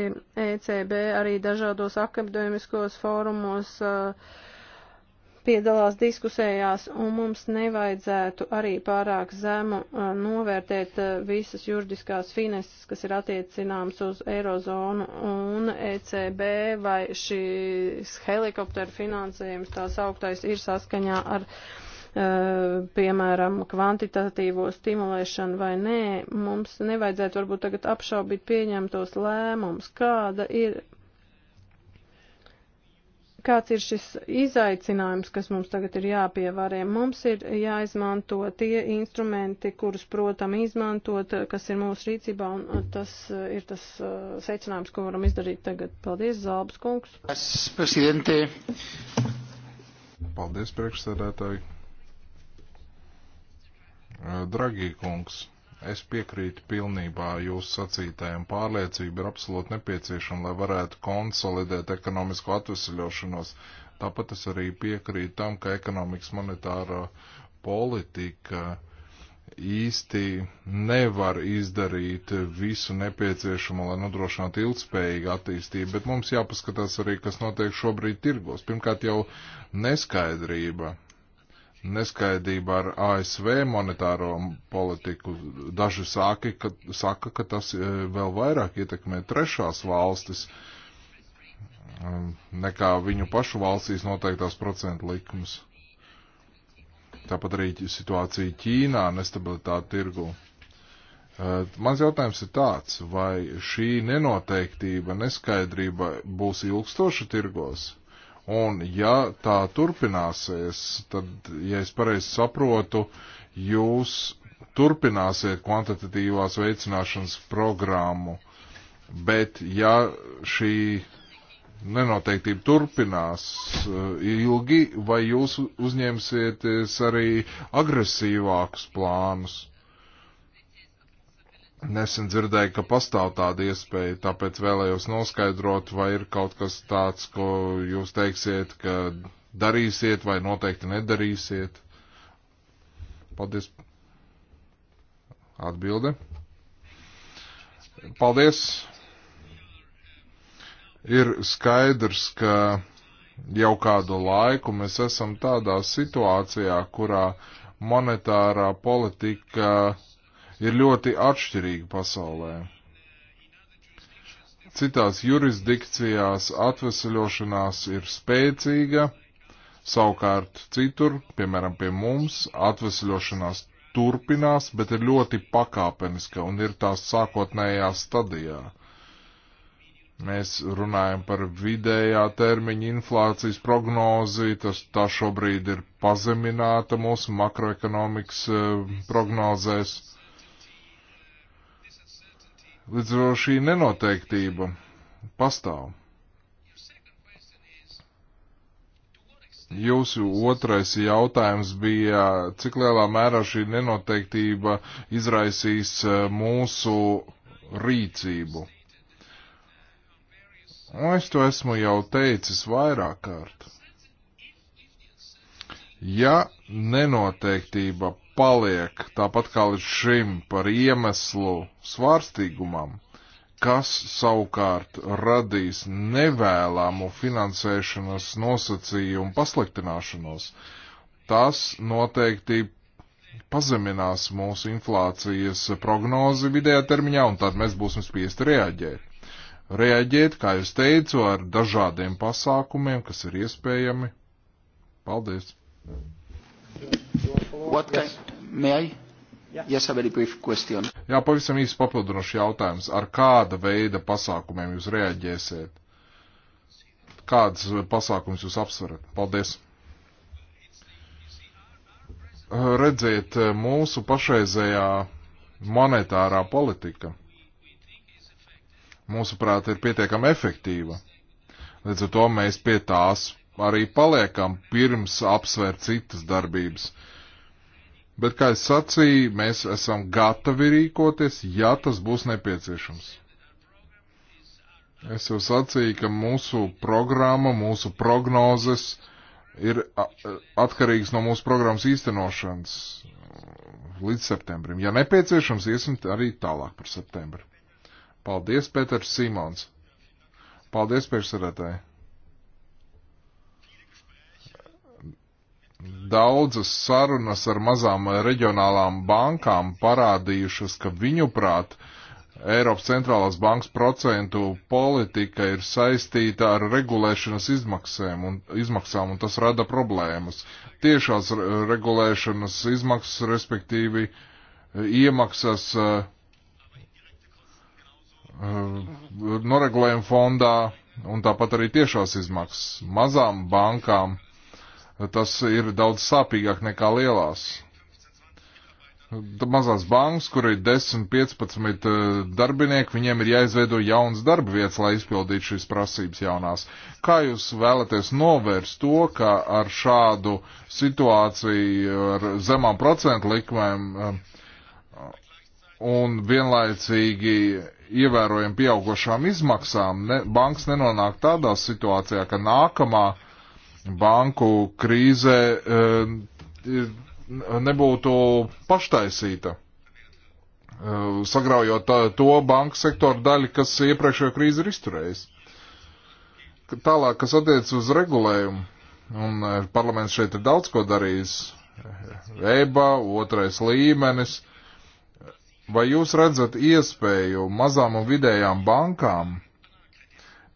ECB arī dažādos akadēmiskos fórumos. Uh, piedalās diskusējās, un mums nevajadzētu arī pārāk zemu uh, novērtēt uh, visas juridiskās finanses, kas ir attiecināmas uz Eirozonu un ECB, vai šīs helikoptera finansējums tās augtais ir saskaņā ar uh, Eh, piemēram, kvantitatīvo stimulēšanu vai nē, mums nevajadzētu varbūt tagad apšaubīt pieņemtos lēmumus, kāda ir kāds ir šis izaicinājums, kas mums tagad ir jāpievārē. Mums ir jāizmanto tie instrumenti, kurus, protam, izmantot, kas ir mūsu rīcībā, un eh, tas eh, ir tas secinājums, ko varam izdarīt tagad. Paldies, Zalbas kungs. Paldies, priekšsēdētāji. Eh, Dragī kungs, es piekrītu pilnībā jūsu sacītājiem. Pārliecība ir absolūti nepieciešama, lai varētu konsolidēt ekonomisko atvesļošanos. Tāpat es arī piekrītu tam, ka ekonomikas monetāra politika īsti nevar izdarīt visu nepieciešamo, lai nodrošinātu ilgspējīgu attīstību, bet mums jāpaskatās arī, kas notiek šobrīd tirgos. Pirmkārt jau neskaidrība neskaidrība ar ASV monetāro politiku. Daži sāki, ka, saka, ka tas e, vēl vairāk ietekmē trešās valstis um, nekā viņu pašu valstīs noteiktās procentu likums. Tāpat arī situācija Ķīnā, nestabilitāte tirgu. E, mans jautājums ir tāds, vai šī nenoteiktība, neskaidrība būs ilgstoša tirgos? Un ja tā turpināsies, tad, ja es pareizi saprotu, jūs turpināsiet kvantitatīvās veicināšanas programmu, bet ja šī nenoteiktība turpinās eh, ilgi, vai jūs uzņemsieties arī agresīvākus plānus? Nesen dzirdēju, ka pastāv tāda iespēja, tāpēc vēlējos noskaidrot, vai ir kaut kas tāds, ko jūs teiksiet, ka darīsiet vai noteikti nedarīsiet. Paldies. Atbilde. Paldies. Ir skaidrs, ka jau kādu laiku mēs esam tādā situācijā, kurā monetārā politika uh, ir ļoti atšķirīga pasaulē. Citās jurisdikcijās atvesaļošanās ir spēcīga, savukārt citur, piemēram, pie mums, atvesaļošanās turpinās, bet ir ļoti pakāpeniska un ir tās sākotnējā stadijā. Mēs runājam par vidējā termiņa inflācijas prognozi, tas tā šobrīd ir pazemināta mūsu makroekonomikas eh, prognozēs. Līdz ar to šī nenoteiktība pastāv. Jūsu otrais jautājums bija, cik lielā mērā šī nenoteiktība izraisīs eh, mūsu rīcību. Un es to esmu jau teicis vairāk kārt. Ja nenoteiktība paliek tāpat kā līdz šim par iemeslu svārstīgumam, kas savukārt radīs nevēlamu finansēšanas nosacījumu pasliktināšanos, tas noteikti pazeminās mūsu inflācijas prognozi vidējā termiņā, un tad mēs būsim spiesti reaģēt. Reaģēt, kā jūs teicu, ar dažādiem pasākumiem, kas ir iespējami. Paldies! Mm. What can, may I? Yes, a very brief question. Jā, pavisam īsi papildinošs jautājums. Ar kāda veida pasākumiem jūs reaģēsiet? Kādas pasākums jūs apsverat? Paldies. Redziet, mūsu pašreizējā monetārā politika, mūsuprāt, ir pietiekami efektīva. Līdz ar to mēs pie tās arī paliekam pirms apsvērt citas darbības. Bet, kā es sacīju, mēs esam gatavi rīkoties, ja tas būs nepieciešams. Es jau sacīju, ka mūsu programma, mūsu prognozes ir atkarīgas no mūsu programmas īstenošanas līdz septembrim. Ja nepieciešams, iesim arī tālāk par septembri. Paldies, Pēters Simons. Paldies, priekšsēdētāji. Daudzas sarunas ar mazām eh, reģionālām bankām parādījušas, ka viņuprāt Eiropas centrālās bankas procentu politika ir saistīta ar regulēšanas izmaksēm un, izmaksām, un tas rada problēmas. Tiešās regulēšanas izmaksas, respektīvi eh, iemaksas uh, noregulējuma fondā un tāpat arī tiešās izmaksas mazām bankām tas ir daudz sāpīgāk nekā lielās. Mazās bankas, kur ir 10-15 eh, darbinieki, viņiem ir jāizveido jauns darba vietas, lai izpildītu šīs prasības jaunās. Kā jūs vēlaties novērst to, ka ar šādu situāciju, ar zemām procentu likmēm eh, un vienlaicīgi ievērojami pieaugošām izmaksām, ne, banks nenonāk tādā situācijā, ka nākamā uh, banku krīze eh, nebūtu paštaisīta, eh, sagraujot eh, to banku sektoru daļu, kas iepriekšējo krīzi ir izturējis. Tālāk, kas attiec uz regulējumu, un parlaments šeit ir daudz ko darījis, EBA, otrais līmenis, vai jūs redzat iespēju mazām un vidējām bankām,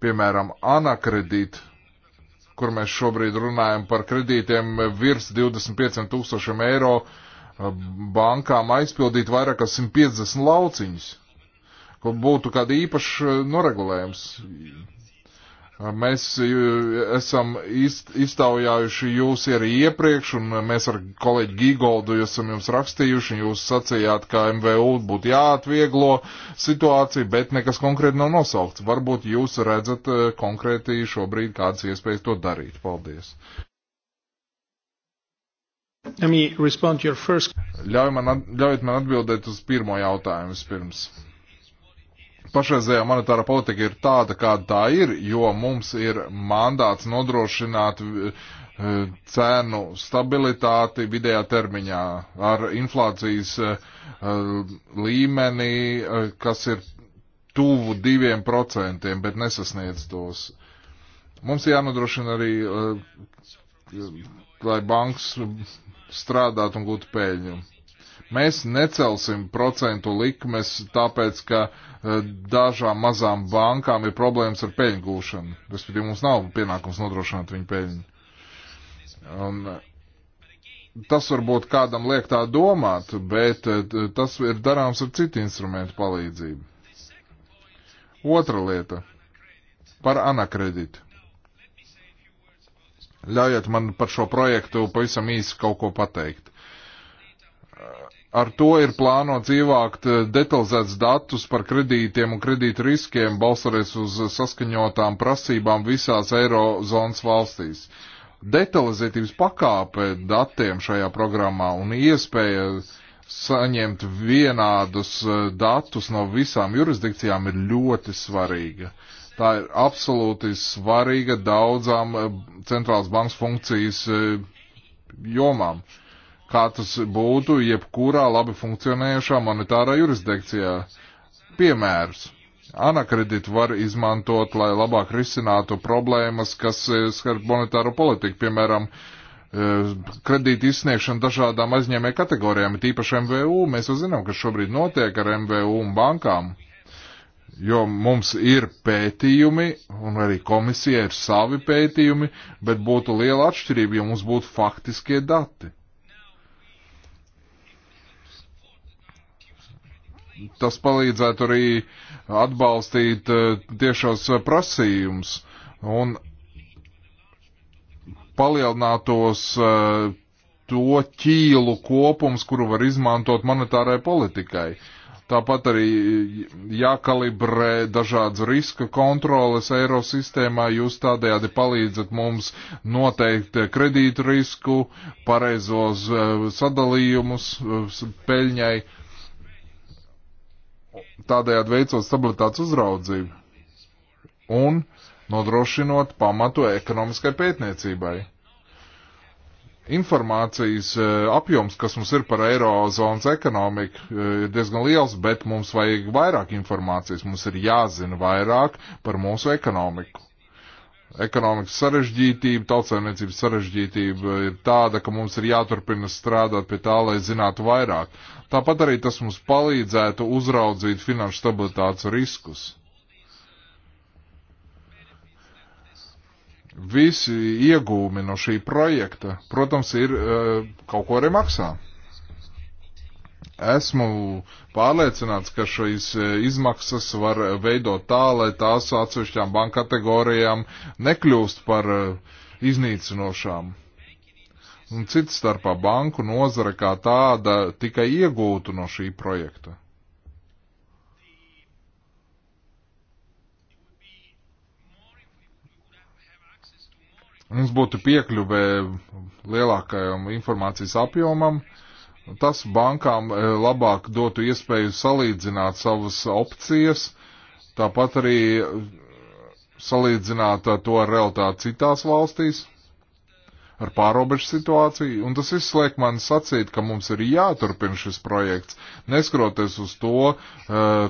piemēram, anakredīt kur mēs šobrīd runājam par kredītiem virs 25 tūkstošiem eiro eh, bankām aizpildīt vairāk kā 150 lauciņus, kur būtu kāda īpaša eh, noregulējums. Mēs eh, esam iztaujājuši jūs arī iepriekš, un mēs ar kolēģi Gigoldu esam jums rakstījuši, un jūs sacījāt, ka MVU būtu jāatvieglo situāciju, bet nekas konkrēti nav nosaukts. Varbūt jūs redzat eh, konkrēti šobrīd kādas iespējas to darīt. Paldies! Let me respond to your first. Ļauj man, at, ļaujiet man atbildēt uz pirmo jautājumu vispirms pašreizējā monetārā politika ir tāda, kāda tā ir, jo mums ir mandāts nodrošināt eh, cēnu stabilitāti vidējā termiņā ar inflācijas eh, līmeni, eh, kas ir tuvu diviem procentiem, bet nesasniedz tos. Mums jānodrošina arī, lai banks strādātu un gūtu pēļņu. Mēs necelsim procentu likmes tāpēc, ka e, dažām mazām bankām ir problēmas ar peļņu gūšanu. Respektīvi, mums nav pienākums nodrošināt viņu peļņu. Un e, tas varbūt kādam liek tā domāt, bet e, tas ir darāms ar citu instrumentu palīdzību. Otra lieta - par anakreditu. Ļaujiet man par šo projektu pavisam īsi kaut ko pateikt. Ar to ir plānots ievākt eh, detalizēts datus par kredītiem un kredītu riskiem, balsoties uz eh, saskaņotām prasībām visās Eirozonas valstīs. Detalizētības pakāpe datiem šajā programmā un iespēja saņemt vienādus eh, datus no visām jurisdikcijām ir ļoti svarīga. Tā ir absolūti svarīga daudzām centrālas bankas funkcijas jomām. Uh, kā tas būtu jebkurā labi funkcionējušā monetārā jurisdikcijā. Piemērs. Anakreditu var izmantot, lai labāk risinātu problēmas, kas eh, skar monetāro politiku, piemēram, eh, kredīti izsniegšanu dažādām aizņēmē kategorijām, tīpaši MVU. Mēs jau zinām, kas šobrīd notiek ar MVU un bankām, jo mums ir pētījumi, un arī komisija ir savi pētījumi, bet būtu liela atšķirība, ja mums būtu faktiskie dati. tas palīdzētu arī atbalstīt eh, tiešos eh, prasījums un palielinātos eh, to ķīlu kopums, kuru var izmantot monetārai politikai. Tāpat arī jākalibrē dažādas riska kontroles eiro sistēmā. Jūs tādējādi palīdzat mums noteikt kredītu risku, pareizos sadalījumus peļņai. Uh, tādējādi veicot stabilitātes uzraudzību un nodrošinot pamatu ekonomiskai pētniecībai. Informācijas e, apjoms, kas mums ir par eirozonas ekonomiku, e, ir diezgan liels, bet mums vajag vairāk informācijas. Mums ir jāzina vairāk par mūsu ekonomiku ekonomikas sarežģītība, tautsēmniecības sarežģītība ir tāda, ka mums ir jāturpina strādāt pie tā, lai zinātu vairāk. Tāpat arī tas mums palīdzētu uzraudzīt finanšu stabilitātes riskus. Visi iegūmi no šī projekta, protams, ir eh, kaut ko arī maksā. Esmu pārliecināts, ka šīs e, izmaksas var veidot tā, lai tās atsevišķām banka kategorijām nekļūst par e, iznīcinošām. Un cits starpā banku nozare kā tāda tikai iegūtu no šī projekta. Mums būtu piekļuvē lielākajam informācijas apjomam, uh, Tas bankām e, labāk dotu iespēju salīdzināt savas opcijas, tāpat arī salīdzināt to ar realitāti citās valstīs, ar pārobežu situāciju, un tas viss liek man sacīt, ka mums ir jāturpina šis projekts, neskroties uz to, e,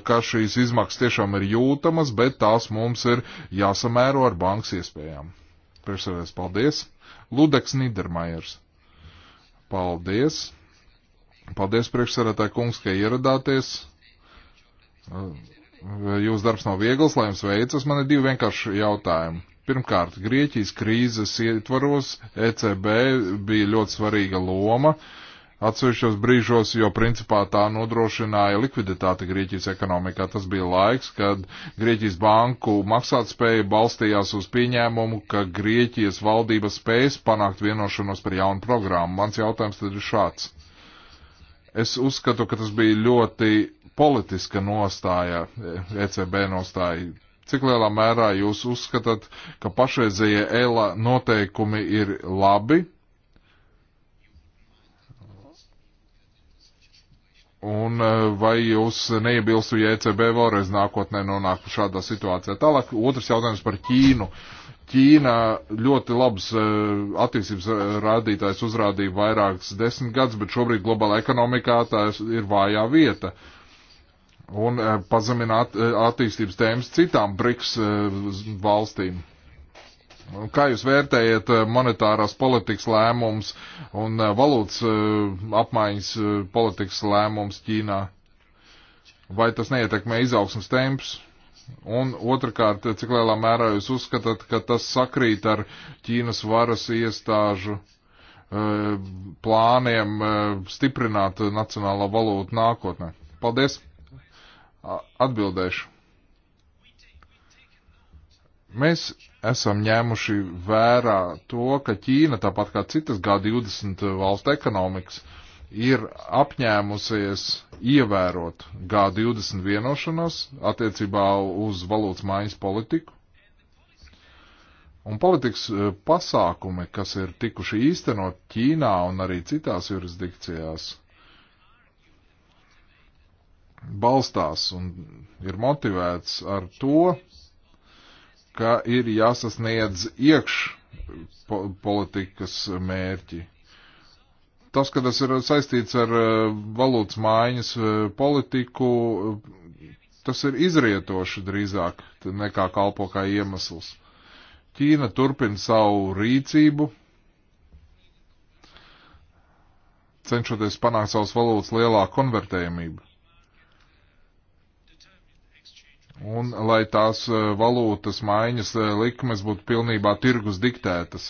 ka šīs izmaksas tiešām ir jūtamas, bet tās mums ir jāsamēro ar bankas iespējām. Priekšsēdēs, paldies! Ludeks Nidermajers. Paldies! Paldies, priekšsarētāji kungs, ka ieradāties. Jūsu darbs nav viegls, lai jums veicas. Man ir divi vienkārši jautājumi. Pirmkārt, Grieķijas krīzes ietvaros ECB bija ļoti svarīga loma atsevišķos brīžos, jo principā tā nodrošināja likviditāti Grieķijas ekonomikā. Tas bija laiks, kad Grieķijas banku maksātspēja balstījās uz pieņēmumu, ka Grieķijas valdība spēs panākt vienošanos par jaunu programmu. Mans jautājums tad ir šāds. Es uzskatu, ka tas bija ļoti politiska nostāja, ECB nostāja. Cik lielā mērā jūs uzskatāt, ka pašreizējie ELA noteikumi ir labi Un e, vai jūs neiebilstu, ja ECB vēlreiz nākotnē nonāk šādā situācijā? Tālāk, otrs jautājums par Ķīnu. Ķīna ļoti labs e, attīstības rādītājs uzrādīja vairākas desmit gadus, bet šobrīd globāla ekonomikā tā ir vājā vieta. Un e, pazemināt attīstības tēmas citām BRICS valstīm. Kā jūs vērtējat eh, monetārās politikas lēmums un eh, valūtas eh, apmaiņas politikas lēmums Ķīnā? Vai tas neietekmē izaugsmas tempus? Un otrkārt, cik lielā mērā jūs uzskatāt, ka tas sakrīt ar Ķīnas varas iestāžu plāniem stiprināt nacionālo valūtu nākotnē? Paldies! Atbildēšu Mēs esam ņēmuši vērā to, ka Ķīna, tāpat kā citas G20 valstu ekonomikas, ir apņēmusies ievērot G20 vienošanos attiecībā uz valūtas mājas politiku. Un politikas eh, pasākumi, kas ir tikuši īstenot Ķīnā un arī citās jurisdikcijās, balstās un ir motivēts ar to, ka ir jāsasniedz iekš politikas mērķi. Tas, ka tas ir saistīts ar e, valūtas mājiņas e, politiku, e, tas ir izrietoši drīzāk nekā kalpo kā iemesls. Ķīna turpina savu rīcību, cenšoties panākt savas valūtas lielā konvertējumību. un lai tās eh, valūtas maiņas eh, likmes būtu pilnībā tirgus diktētas.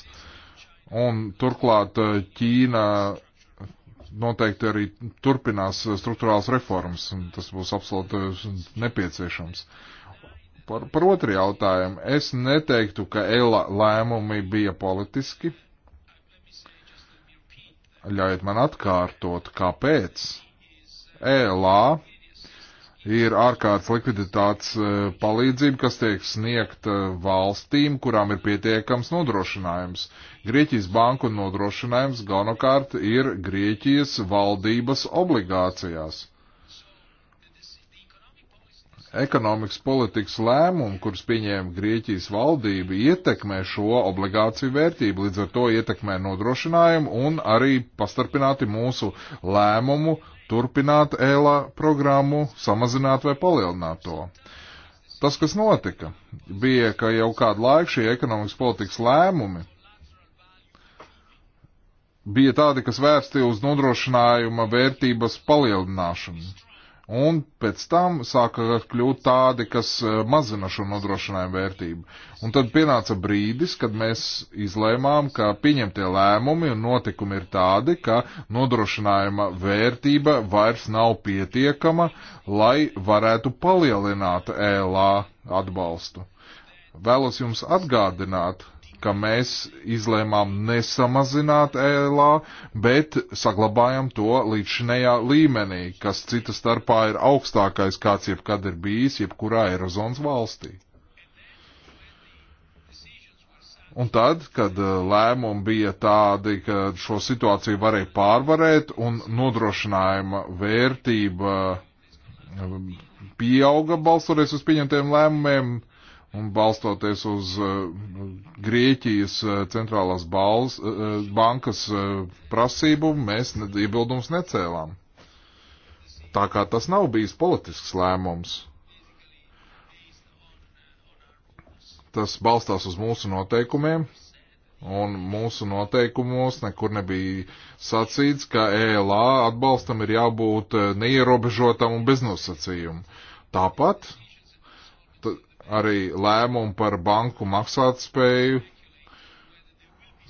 Un turklāt eh, Ķīna noteikti arī turpinās struktūrāls reformas, un tas būs absolūti nepieciešams. Par, par otru jautājumu, es neteiktu, ka ELA lēmumi bija politiski. Ļaujiet man atkārtot, kāpēc ELA ir ārkārtas likviditātes e, palīdzība, kas tiek sniegta valstīm, kurām ir pietiekams nodrošinājums. Grieķijas banku nodrošinājums galvenokārt ir Grieķijas valdības obligācijās. Ekonomikas politikas lēmumu, kurus pieņēma Grieķijas valdība, ietekmē šo obligāciju vērtību, līdz ar to ietekmē nodrošinājumu un arī pastarpināti mūsu lēmumu turpināt ēlā programmu, samazināt vai palielināt to. Tas, kas notika, bija, ka jau kādu laiku šie ekonomikas politikas lēmumi bija tādi, kas vērsti uz nodrošinājuma vērtības palielināšanu un pēc tam sāka kļūt tādi, kas eh, mazina šo nodrošinājumu vērtību. Un tad pienāca brīdis, kad mēs izlēmām, ka pieņemtie lēmumi un notikumi ir tādi, ka nodrošinājuma vērtība vairs nav pietiekama, lai varētu palielināt ELA atbalstu. Vēlos jums atgādināt, ka mēs izlēmām nesamazināt ELA, bet saglabājam to līdzšinējā līmenī, kas cita starpā ir augstākais, kāds jebkad ir bijis jebkurā Eirozonas valstī. Un tad, kad uh, lēmumi bija tādi, ka šo situāciju varēja pārvarēt un nodrošinājuma vērtība um, pieauga balsoties uz pieņemtiem lēmumiem, un balstoties uz eh, nu, Grieķijas eh, centrālās bals, eh, bankas prasību, mēs iebildums necēlām. Tā kā tas nav bijis politisks lēmums. Tas balstās uz mūsu noteikumiem, un mūsu noteikumos nekur nebija sacīts, ka ELA atbalstam ir jābūt neierobežotam un beznosacījumu. Tāpat arī lēmumu par banku maksātspēju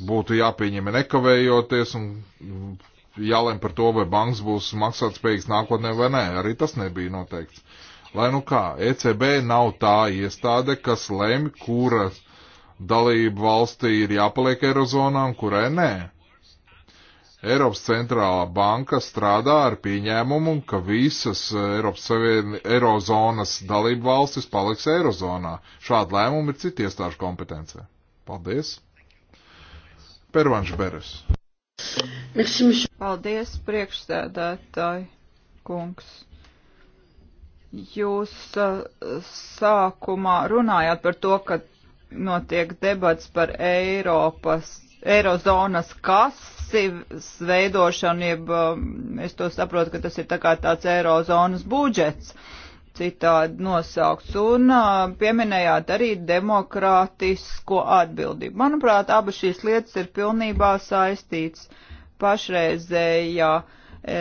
būtu jāpieņem nekavējoties un jālem par to, vai banks būs maksātspējīgs nākotnē vai nē. Arī tas nebija noteikts. Lai nu kā, ECB nav tā iestāde, kas lemj, kuras dalību valstī ir jāpaliek Eirozonā un kurai nē. Eiropas centrālā banka strādā ar pieņēmumu, ka visas eh, Eiropas savien, Eirozonas dalību valstis paliks Eirozonā. Šāda lēmuma ir citu iestāžu kompetencē. Paldies! Pervanš Beres. Paldies, priekšsēdētāji, kungs. Jūs eh, sākumā runājāt par to, ka notiek debats par Eiropas eirozonas kasi veidošanu, jeb um, es to saprotu, ka tas ir tā kā tāds eirozonas budžets citādi nosaukts, un uh, pieminējāt arī demokrātisko atbildību. Manuprāt, abas šīs lietas ir pilnībā saistīts pašreizējā e,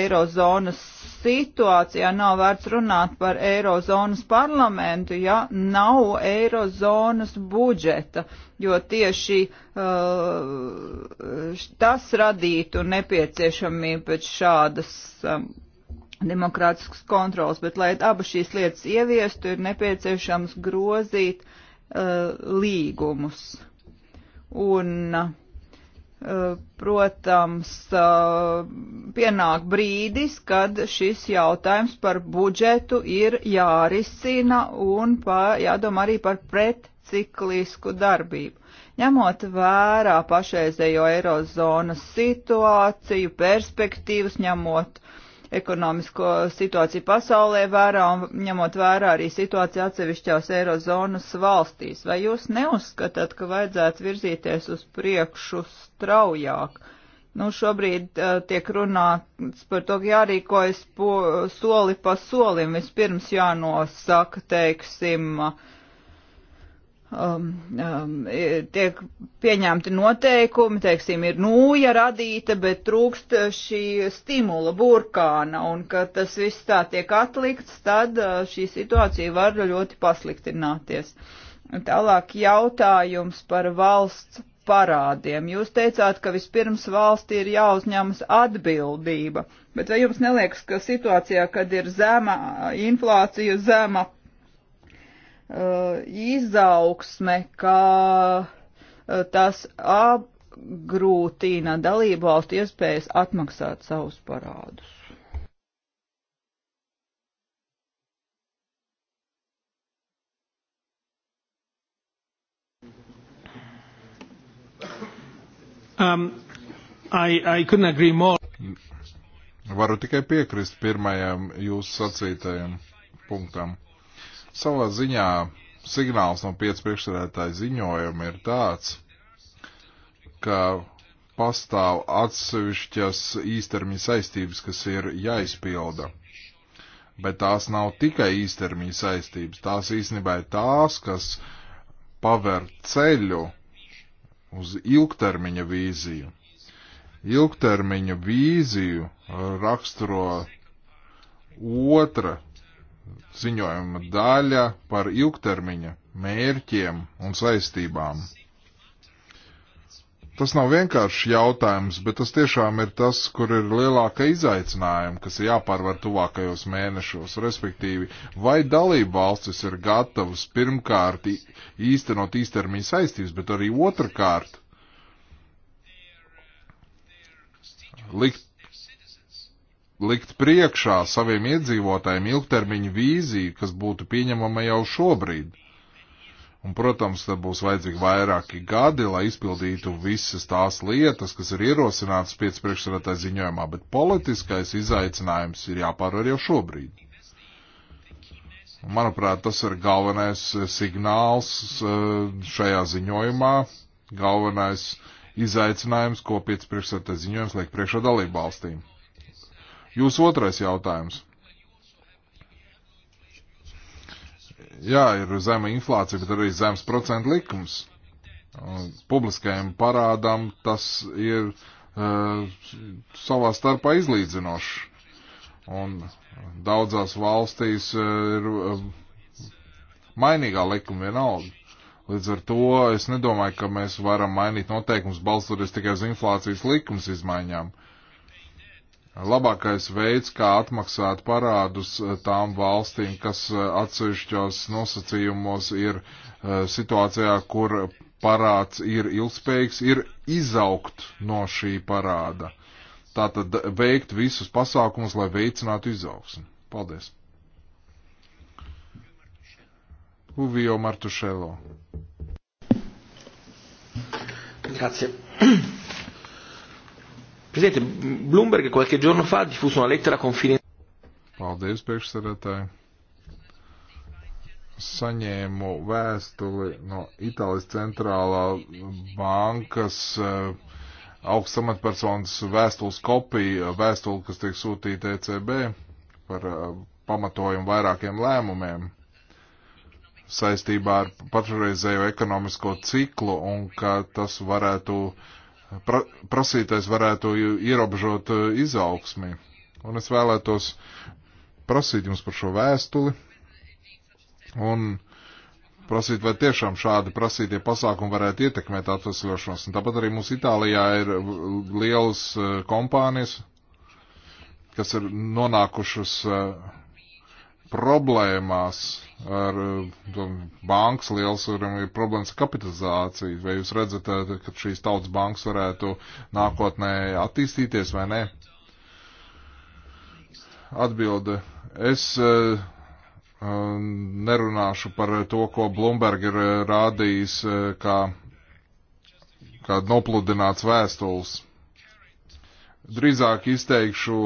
eirozonas situācijā. Nav vērts runāt par eirozonas parlamentu, ja nav eirozonas budžeta. Uh, jo tieši uh, tas radītu nepieciešamību pēc šādas um, demokrātiskas kontrolas, bet lai abas šīs lietas ieviestu, ir nepieciešams grozīt uh, līgumus. Un, uh, protams, uh, pienāk brīdis, kad šis jautājums par budžetu ir jārisina un pa, jādomā arī par pret ciklisku darbību. Ņemot vērā pašreizējo eirozonas situāciju, perspektīvas, ņemot ekonomisko situāciju pasaulē vērā un ņemot vērā arī situāciju atsevišķās eirozonas valstīs. Vai jūs neuzskatāt, ka vajadzētu virzīties uz priekšu straujāk? Nu, šobrīd uh, tiek runāts par to, ka jārīkojas po, soli pa solim. Vispirms jānosaka, teiksim, uh, um, um, e, tiek pieņemti noteikumi, teiksim, ir nūja radīta, bet trūkst šī stimula burkāna, un kad tas viss tā tiek atlikts, tad uh, šī situācija var ļoti pasliktināties. Tālāk jautājums par valsts parādiem. Jūs teicāt, ka vispirms valstī ir jāuzņemas atbildība, bet vai jums neliekas, ka situācijā, kad ir zema inflācija, zema Uh, izaugsme, kā uh, tas apgrūtina dalību valstu iespējas atmaksāt savus parādus. Um, I, I couldn't agree more. Varu tikai piekrist pirmajam jūsu sacītajam punktam. Savā ziņā signāls no piec priekšsēdētāja ziņojuma ir tāds, ka pastāv atsevišķas īstermiņa saistības, kas ir jāizpilda. Bet tās nav tikai īstermiņa saistības, tās īstenībā ir tās, kas paver ceļu uz ilgtermiņa vīziju. Ilgtermiņa vīziju raksturo otra ziņojuma daļa par ilgtermiņa mērķiem un saistībām. Tas nav vienkārši jautājums, bet tas tiešām ir tas, kur ir lielāka izaicinājuma, kas ir jāpārvar tuvākajos mēnešos, respektīvi, vai dalība valstis ir gatavas pirmkārt īstenot īstermiņa saistības, bet arī otrkārt likt likt priekšā saviem iedzīvotājiem ilgtermiņu vīziju, kas būtu pieņemama jau šobrīd. Un, protams, tad būs vajadzīgi vairāki gadi, lai izpildītu visas tās lietas, kas ir ierosinātas pēc priekšsarātāja ziņojumā, bet politiskais izaicinājums ir jāpārvar jau šobrīd. Un, manuprāt, tas ir galvenais eh, signāls eh, šajā ziņojumā, galvenais izaicinājums, ko pēc priekšsarātāja ziņojums liek priekšā dalību valstīm. Jūs otrais jautājums. Jā, ir zema inflācija, bet arī zems procentu likums. Publiskajam parādam tas ir uh, savā starpā izlīdzinošs. Un daudzās valstīs eh, ir uh, mainīgā likuma vienalga. Līdz ar to es nedomāju, ka mēs varam mainīt noteikumus balstoties tikai uz inflācijas likums izmaiņām. Uh, labākais veids, kā atmaksāt parādus eh, tām valstīm, kas eh, atsevišķos nosacījumos ir eh, situācijā, kur parāds ir ilgspējīgs, ir izaugt no šī parāda. Tātad veikt visus pasākumus, lai veicinātu izaugsmu. Paldies! Uvio Martušelo. Grazie. Presidente, Bloomberg qualche giorno fa ha diffuso una lettera confidenziale. Paldies, priekšsēdētāji. Saņēmu vēstuli no Itālijas centrālā bankas eh, augstamatpersonas vēstules kopiju, eh, vēstuli, kas tiek sūtīta ECB par eh, pamatojumu vairākiem lēmumiem saistībā ar patreizējo ekonomisko ciklu un ka tas varētu uh, pra, prasītais varētu ierobežot e, izaugsmi. Un es vēlētos prasīt jums par šo vēstuli un prasīt, vai tiešām šādi prasītie pasākumi varētu ietekmēt atvesļošanos. Un tāpat arī mums Itālijā ir lielas e, kompānijas, kas ir nonākušas uh, problēmās ar um, bankas lielsuram, ir problēmas ar kapitalizāciju. Vai jūs redzat, uh, ka šīs tautas bankas varētu nākotnē attīstīties vai nē? Atbilde. Es uh, um, nerunāšu par to, ko Blumberg ir uh, rādījis uh, kā, kā nopludināts vēstules. Drīzāk izteikšu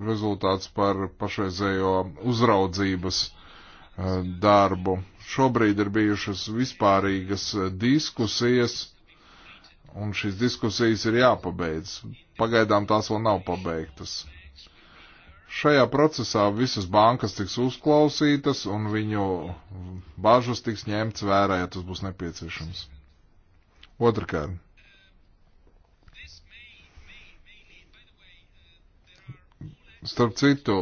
rezultāts par pašreizējo uzraudzības eh, darbu. Šobrīd ir bijušas vispārīgas eh, diskusijas, un šīs diskusijas ir jāpabeidz. Pagaidām tās vēl nav pabeigtas. Šajā procesā visas bankas tiks uzklausītas, un viņu bažas tiks ņemts vērā, ja tas būs nepieciešams. Otrakārt Starp citu,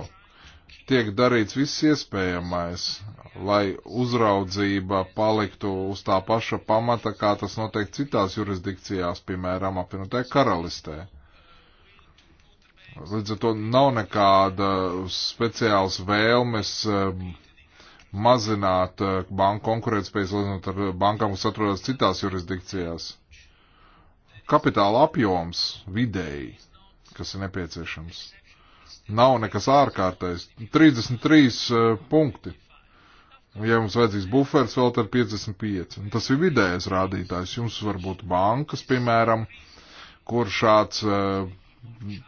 tiek darīts viss iespējamais, lai uzraudzība paliktu uz tā paša pamata, kā tas notiek citās jurisdikcijās, piemēram, apvienotē karalistē. Līdz ar to nav nekāda speciāls vēlmes um, mazināt uh, banku konkurētspējas, līdzinot ar bankām, kas atrodas citās jurisdikcijās. Kapitāla apjoms vidēji, kas ir nepieciešams. Nav nekas ārkārtējs. 33 uh, punkti. Ja mums vajadzīgs bufers, vēl tad 55. Un tas ir vidējais rādītājs. Jums var būt bankas, piemēram, kur šāds uh,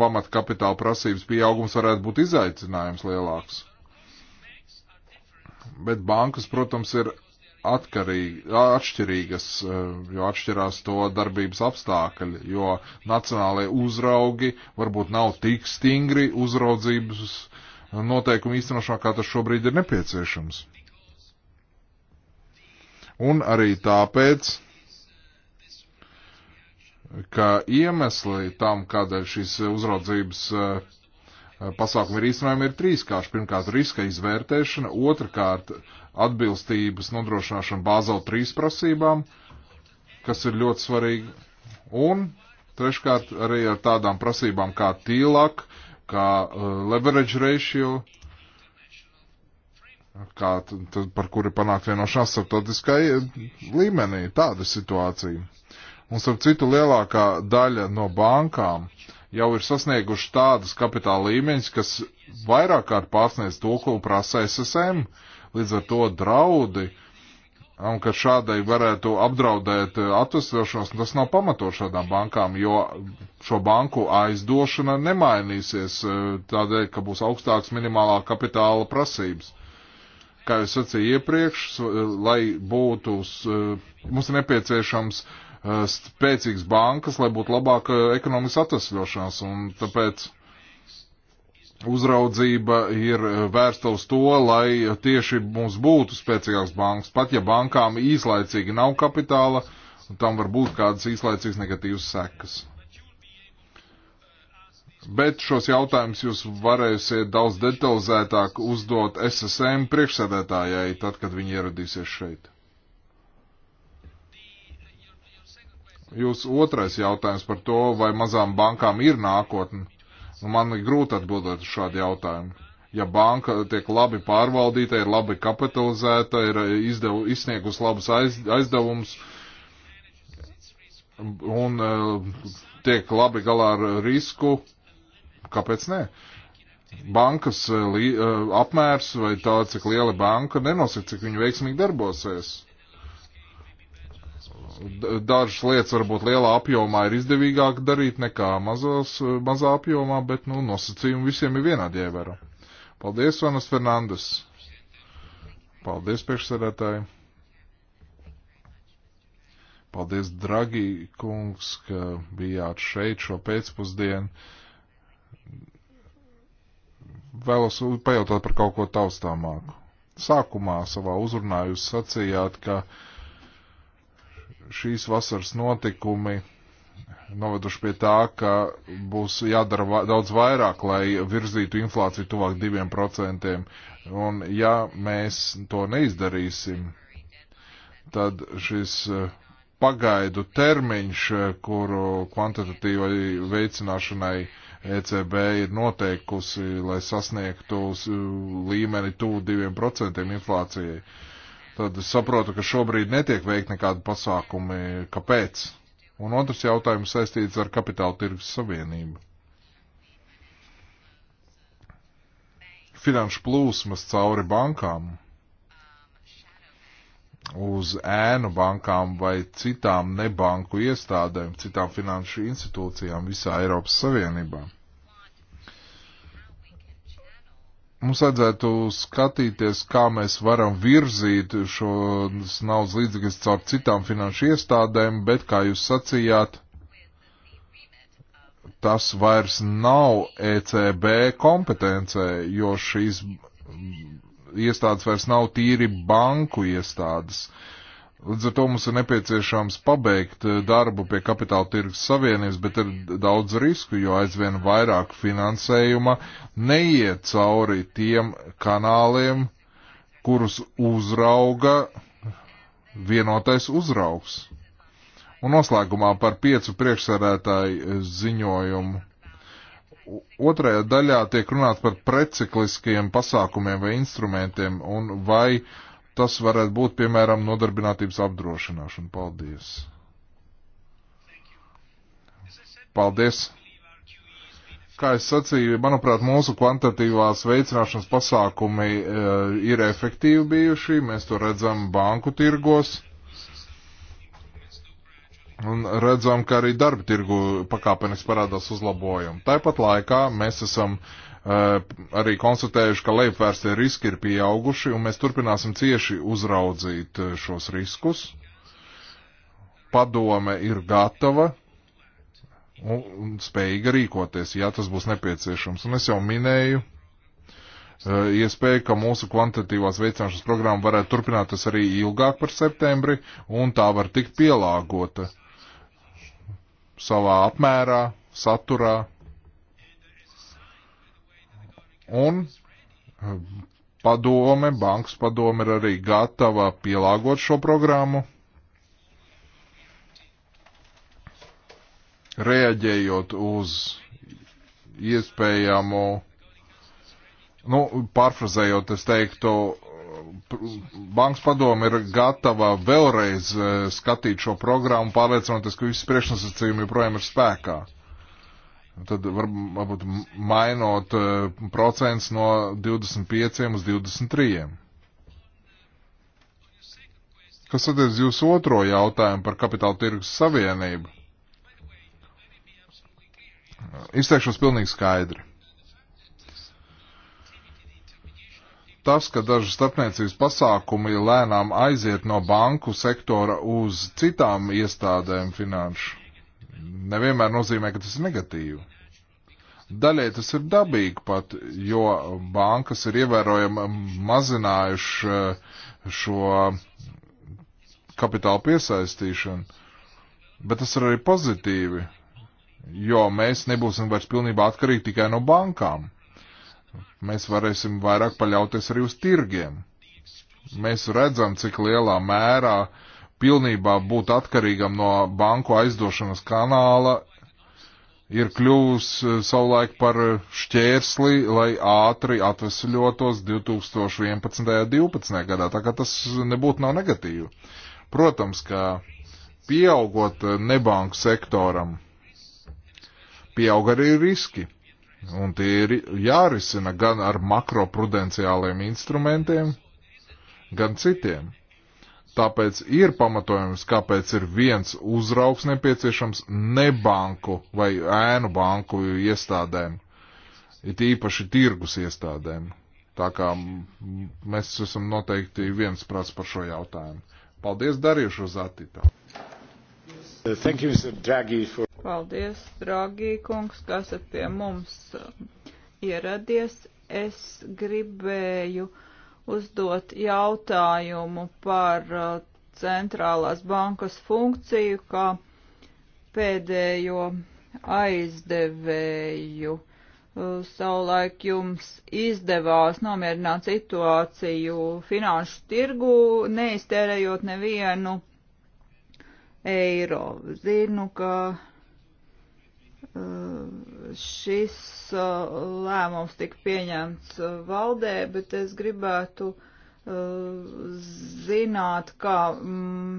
pamatkapitāla prasības pieaugums varētu būt izaicinājums lielāks. Bet bankas, protams, ir atkarīgi, atšķirīgas, eh, jo atšķirās to darbības apstākļi, jo nacionālajie uzraugi varbūt nav tik stingri uzraudzības noteikumu īstenošanā, kā tas šobrīd ir nepieciešams. Un arī tāpēc, ka iemesli tam, kādēļ šīs uzraudzības eh, Eh, pasākumi ir īstenojami, ir trīskārši. Pirmkārt, riska izvērtēšana, otrkārt, atbilstības nodrošināšana bāzau trīs prasībām, kas ir ļoti svarīgi, un treškārt arī ar tādām prasībām kā tīlāk, kā eh, leverage ratio, kā tad, par kuri panākt vienošanās starptautiskai eh, līmenī, tāda situācija. Un starp citu lielākā daļa no bankām uh, jau ir sasnieguši tādas kapitāla līmeņas, kas vairāk kārt pārsniedz to, ko prasa SSM, līdz ar to draudi, un ka šādai varētu apdraudēt eh, atvesļošanos, tas nav pamatot šādām bankām, jo šo banku aizdošana nemainīsies eh, tādēļ, ka būs augstāks minimālā kapitāla prasības. Kā jau sacīju iepriekš, eh, lai būtu, mums ir nepieciešams uh, Eh, spēcīgas bankas, lai būtu labāka ekonomikas atvesļošanās. Un tāpēc uzraudzība ir eh, vērsta uz to, lai tieši mums būtu spēcīgāks bankas. Pat ja bankām īslaicīgi nav kapitāla, tam var būt kādas īslaicīgas negatīvas sekas. Bet šos jautājumus jūs varēsiet daudz detalizētāk uzdot SSM priekšsēdētājai, tad, kad viņi ieradīsies šeit. Jūs otrais jautājums par to, vai mazām bankām ir nākotne. Nu, man ir grūti atbildēt uz šādu jautājumu. Ja banka tiek labi pārvaldīta, ir labi kapitalizēta, ir eh, izdev, izsniegus labus aiz, aizdevumus un eh, tiek labi galā ar risku, kāpēc ne? Bankas eh, li, apmērs vai tā, cik liela banka nenosaka, cik viņa veiksmīgi darbosies dažas lietas varbūt lielā apjomā ir izdevīgāk darīt nekā mazos, mazā apjomā, bet nu, nosacījumi visiem ir vienādi jāievēro. Paldies, Vanas Fernandes. Paldies, priekšsēdētāji. Paldies, Dragi kungs, ka bijāt šeit šo pēcpusdienu. Vēlos pajautāt par kaut ko taustāmāku. Sākumā savā uzrunā jūs sacījāt, ka uh, šīs vasaras notikumi noveduši pie tā, ka būs jādara va daudz vairāk, lai virzītu inflāciju tuvāk diviem procentiem. Un ja mēs to neizdarīsim, tad šis e, pagaidu termiņš, e, kuru kvantitatīvai veicināšanai ECB ir noteikusi, lai sasniegtu līmeni tuvu diviem procentiem inflācijai. Uh, tad saprotu, ka šobrīd netiek veikt nekādi pasākumi. Kāpēc? Un otrs jautājums saistīts ar kapitāla tirgus savienību. Finanšu plūsmas cauri bankām uz ēnu bankām vai citām nebanku iestādēm, citām finanšu institūcijām visā Eiropas Savienībā. Mums vajadzētu skatīties, kā mēs varam virzīt šos naudas līdzekļus caur citām finanšu iestādēm, bet, kā jūs sacījāt, tas vairs nav ECB kompetencē, jo šīs iestādes vairs nav tīri banku iestādes. Uh, Līdz ar to mums ir nepieciešams pabeigt eh, darbu pie kapitāla tirgus savienības, bet ir daudz risku, jo aizvien vairāk finansējuma neiet cauri tiem kanāliem, kurus uzrauga vienotais uzraugs. Un noslēgumā par piecu priekšsēdētāju eh, ziņojumu. Otrajā daļā tiek runāts par precikliskiem pasākumiem vai instrumentiem un vai uh, tas varētu būt, piemēram, nodarbinātības apdrošināšana. Paldies! Paldies! Kā es sacīju, manuprāt, mūsu kvantitīvās veicināšanas pasākumi e, ir efektīvi bijuši. Mēs to redzam banku tirgos. Un redzam, ka arī darba tirgu pakāpeniski parādās uzlabojumi. Tāpat laikā mēs esam uh, Eh, arī konstatējuši, ka lejupvērstie riski ir pieauguši, un mēs turpināsim cieši uzraudzīt eh, šos riskus. Padome ir gatava un spējīga rīkoties, ja tas būs nepieciešams. Un es jau minēju eh, iespēju, ka mūsu kvantitīvās veicināšanas programma varētu turpināties arī ilgāk par septembri, un tā var tikt pielāgota savā apmērā, saturā Un eh, padome, bankas padome ir arī gatava pielāgot šo programmu, reaģējot uz iespējamo, nu, pārfrazējot, es teiktu, Bankas padome ir gatava vēlreiz eh, skatīt šo programmu, pārliecinoties, ka visas priekšnosacījumi joprojām ir spēkā. Uh, Tad varbūt mainot eh, procents no 25 uz 23. Kas tad ir jūsu otro jautājumu par kapitāla tirgus savienību? Izteikšos pilnīgi skaidri. Tas, ka daži starpniecības pasākumi lēnām aiziet no banku sektora uz citām iestādēm finanšu, nevienmēr nozīmē, ka tas ir negatīvi. Daļai tas ir dabīgi pat, jo bankas ir ievērojami mazinājuši eh, šo kapitāla piesaistīšanu, bet tas ir arī pozitīvi, jo mēs nebūsim vairs pilnībā atkarīgi tikai no bankām. Mēs varēsim vairāk paļauties arī uz tirgiem. Mēs redzam, cik lielā mērā uh, pilnībā būt atkarīgam no banku aizdošanas kanāla ir kļuvis eh, savulaik par eh, šķērsli, lai ātri atvesļotos 2011. un 2012. gadā. Tā kā tas nebūtu nav negatīvi. Protams, ka pieaugot eh, nebanku sektoram, pieaug arī riski. Un tie ir jārisina gan ar makroprudenciāliem instrumentiem, gan citiem. Tāpēc ir pamatojums, kāpēc ir viens uzraugs nepieciešams ne banku vai ēnu banku iestādēm, it īpaši tirgus iestādēm. Tā kā mēs esam noteikti viens prats par šo jautājumu. Paldies, Darījušu Zatītā. Thank you, Mr. Draghi, for... Paldies, Draghi kungs, ka esat pie mums uh, ieradies. Es gribēju uh, uzdot jautājumu par uh, centrālās bankas funkciju kā pēdējo aizdevēju. Uh, savulaik jums izdevās nomierināt situāciju finanšu tirgu, neiztērējot nevienu eiro. Zinu, ka Eh, šis eh, lēmums tika pieņemts eh, valdē, bet es gribētu zināt, kā mm,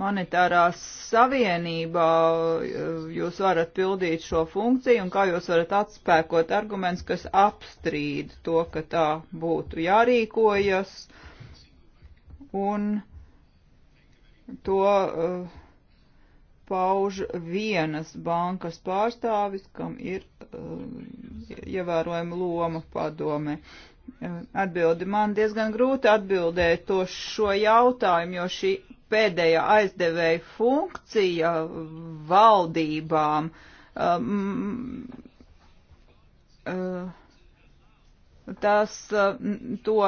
monetārā savienībā jūs varat pildīt šo funkciju un kā jūs varat atspēkot arguments, kas apstrīd to, ka tā būtu jārīkojas un to uh, pauž vienas bankas pārstāvis, kam ir uh, ievērojama loma padome. Uh, atbildi man diezgan grūti atbildēt to šo jautājumu, jo šī pēdējā aizdevēja funkcija valdībām um, uh, tas to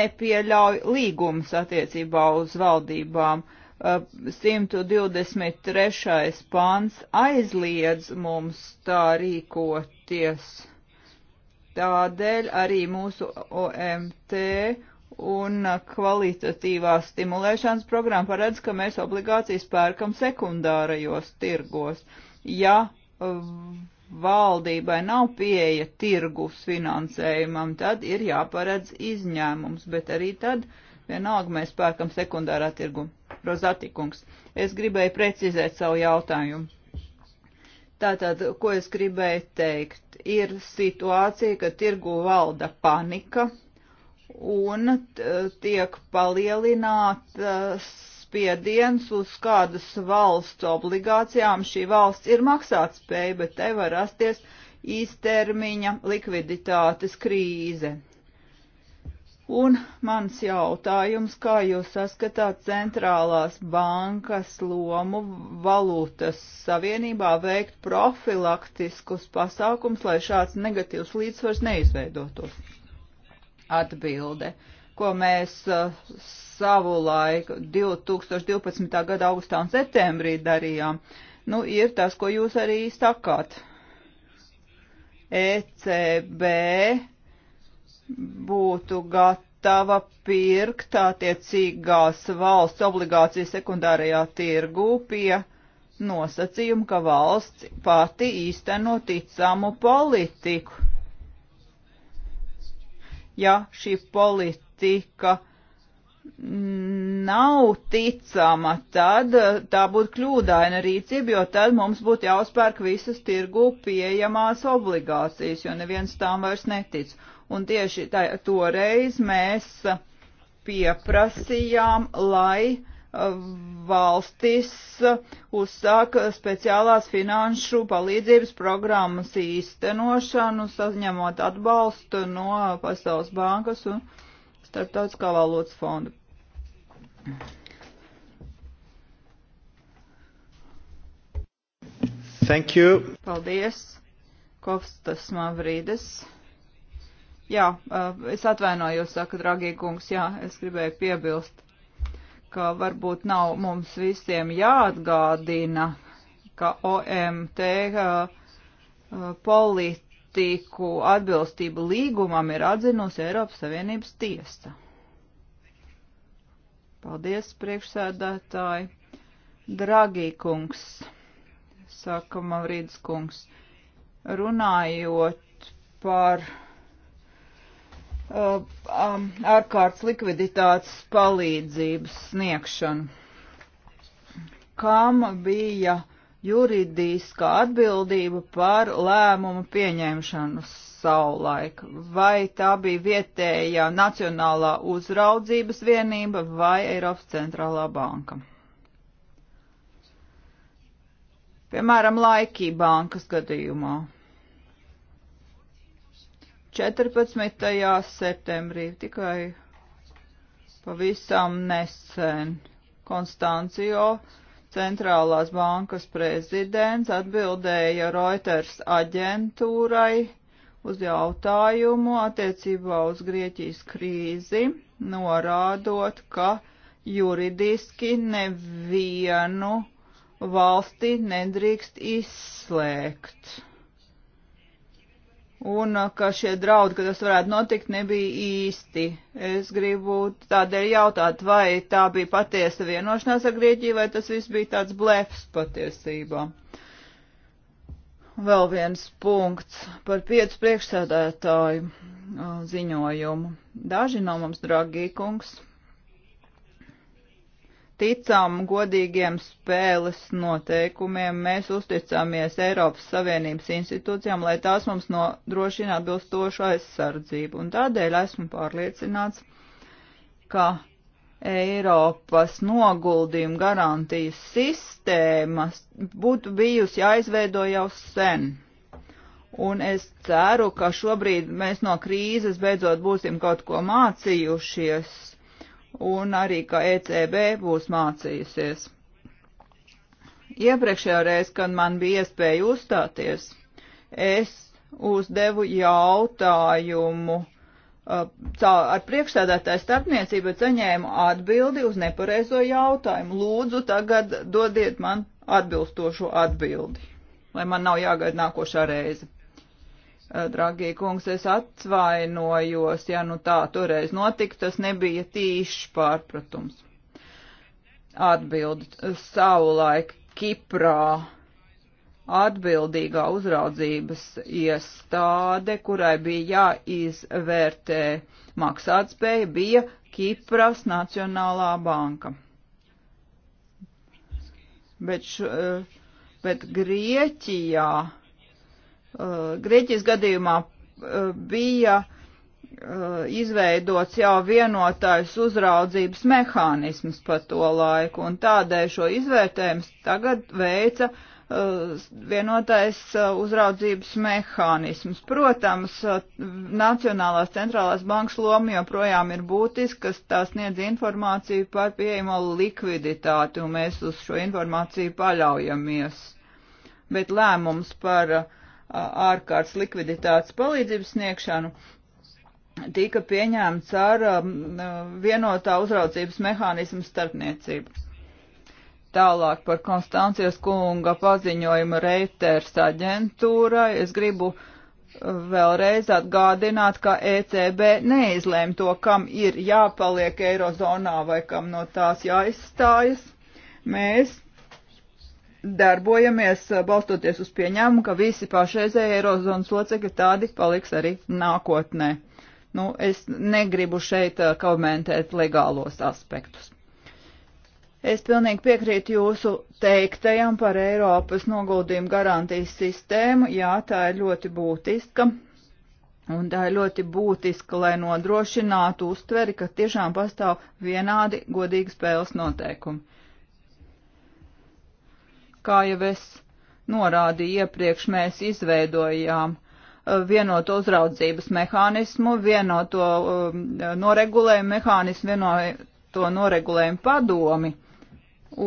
nepieļauj līgums attiecībā uz valdībām. Uh, 123. pāns aizliedz mums tā rīkoties. Tādēļ arī mūsu OMT un kvalitatīvā stimulēšanas programma paredz, ka mēs obligācijas pērkam sekundārajos tirgos. Ja valdībai nav pieeja tirgus finansējumam, tad ir jāparedz izņēmums, bet arī tad vienalga mēs pērkam sekundārā tirgu. Prozatikungs. Es gribēju precizēt savu jautājumu. Tātad, ko es gribēju teikt, ir situācija, ka tirgu valda panika un tiek palielinātas e, spiediens uz kādas valsts obligācijām. Šī valsts ir maksātspēja, bet te var rasties īstermiņa likviditātes krīze. Un mans jautājums, kā jūs saskatāt centrālās bankas lomu valūtas savienībā veikt profilaktiskus pasākums, lai šāds negatīvs līdzsvars neizveidotos? Atbilde, ko mēs uh, savu laiku 2012. gada augustā un septembrī darījām, nu ir tas, ko jūs arī sakāt. ECB būtu gatava pirkt attiecīgās valsts obligācijas sekundārajā tirgū pie nosacījuma, ka valsts pati īsteno ticamu politiku. Ja šī politika nav ticama, tad tā būtu kļūdaina rīcība, jo tad mums būtu jāuzpērk visas tirgu pieejamās obligācijas, jo neviens tām vairs netic un tieši tā, toreiz mēs pieprasījām, lai uh, valstis uh, uzsāk speciālās finanšu palīdzības programmas īstenošanu, saņemot atbalstu no Pasaules bankas un Startautiskā valodas fonda. Thank you. Paldies. Kofstas Mavrīdes. Jā, eh, es atvainojos, saka Dragī kungs, jā, es gribēju piebilst, ka varbūt nav mums visiem jāatgādina, ka OMT eh, eh, politiku atbilstību līgumam ir atzinusi Eiropas Savienības tiesa. Paldies, priekšsēdētāji. Dragī kungs, saka Mavrīdis kungs, runājot par Uh, um, ārkārtas likviditātes palīdzības sniegšanu. Kam bija juridiskā atbildība par lēmumu pieņemšanu savulaik? Vai tā bija vietējā Nacionālā uzraudzības vienība vai Eiropas centrālā banka? Piemēram, laikī bankas gadījumā. 14. septembrī, tikai pavisam nesen, Konstancijo centrālās bankas prezidents atbildēja Reuters aģentūrai uz jautājumu attiecībā uz Grieķijas krīzi, norādot, ka juridiski nevienu valsti nedrīkst izslēgt un uh, ka šie draudi, ka tas varētu notikt, nebija īsti. Es gribu tādēļ jautāt, vai tā bija patiesa vienošanās ar Grieķiju, vai tas viss bija tāds blefs patiesībā. Vēl viens punkts par piecu priekšsēdētāju uh, ziņojumu. Daži no mums, dragī kungs, ticam godīgiem spēles noteikumiem, mēs uzticamies Eiropas Savienības institūcijām, lai tās mums nodrošina atbilstošu aizsardzību. Un tādēļ esmu pārliecināts, ka Eiropas noguldījuma garantijas sistēmas būtu bijusi jāizveido jau sen. Un es ceru, ka šobrīd mēs no krīzes beidzot būsim kaut ko mācījušies un arī, ka ECB būs mācījusies. Iepriekšējā reiz, kad man bija iespēja uzstāties, es uzdevu jautājumu uh, ar priekšstādātāju starpniecību, bet saņēmu atbildi uz nepareizo jautājumu. Lūdzu, tagad dodiet man atbilstošo atbildi, lai man nav jāgaida nākošā reize. Eh, Dragie kungs, es atvainojos, ja nu tā toreiz notika, tas nebija tīšs pārpratums. Atbildi savulaik Kiprā atbildīgā uzraudzības iestāde, kurai bija jāizvērtē maksātspēja, bija Kipras Nacionālā banka. Bet, eh, bet Grieķijā Eh, Grieķijas gadījumā eh, bija eh, izveidots jau vienotājs uzraudzības mehānisms pa to laiku, un tādēļ šo izvērtējums tagad veica vienotais uzraudzības mehānisms. Protams, Nacionālās centrālās bankas loma joprojām ir būtiska, tās sniedz informāciju par pieejamo likviditāti, un mēs uz šo informāciju paļaujamies. Bet lēmums par uh, ārkārtas likviditātes palīdzības sniegšanu, tika pieņēmts ar um, vienotā uzraudzības mehānismu starpniecību. Tālāk par Konstancijas kunga paziņojumu Reiters aģentūrai es gribu uh, vēlreiz atgādināt, ka ECB neizlēma to, kam ir jāpaliek Eirozonā vai kam no tās jāizstājas. Mēs darbojamies balstoties uz pieņēmumu, ka visi pašreizēji Eirozonas locekļi tādi paliks arī nākotnē. Nu, es negribu šeit komentēt legālos aspektus. Es pilnīgi piekrītu jūsu teiktajam par Eiropas noguldījumu garantijas sistēmu. Jā, tā ir ļoti būtiska. Un tā ir ļoti būtiska, lai nodrošinātu uztveri, ka tiešām pastāv vienādi godīgi spēles noteikumi kā jau es norādīju iepriekš, mēs izveidojām uh, vienotu uzraudzības mehānismu, vienoto um, noregulējumu mehānismu, vienoto noregulējumu padomi.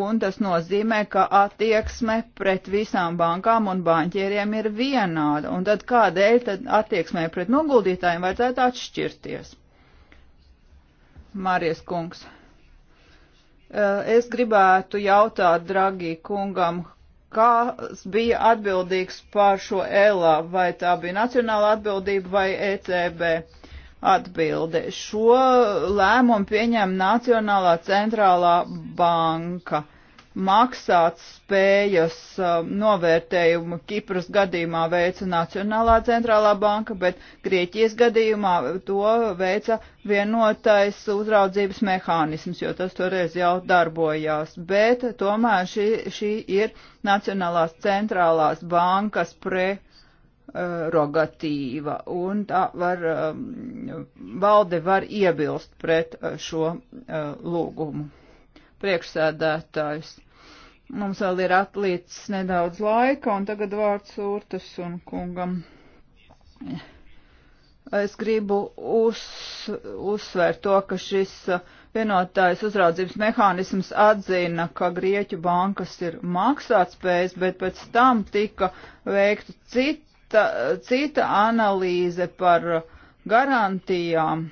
Un tas nozīmē, ka attieksme pret visām bankām un banķieriem ir vienāda. Un tad kādēļ tad attieksmē pret noguldītājiem vajadzētu atšķirties? Mārijas kungs. Eh, es gribētu jautāt, dragī kungam, kas bija atbildīgs pār šo ELA, vai tā bija nacionāla atbildība vai ECB atbilde. Šo lēmumu pieņem Nacionālā centrālā banka. Uh, maksāt spējas um, novērtējumu Kipras gadījumā veica Nacionālā centrālā banka, bet Grieķijas gadījumā to veica vienotais uzraudzības mehānisms, jo tas toreiz jau darbojās. Bet tomēr šī, šī ir Nacionālās centrālās bankas pre uh, rogatīva, un tā var, um, valde var iebilst pret uh, šo uh, lūgumu priekšsēdētājs. Mums vēl ir atlicis nedaudz laika, un tagad vārds Urtas un kungam. Es gribu uz, uzsvērt to, ka šis uh, vienotājs uzraudzības mehānisms atzina, ka Grieķu bankas ir maksātspējas, bet pēc tam tika veikta cita, cita analīze par garantijām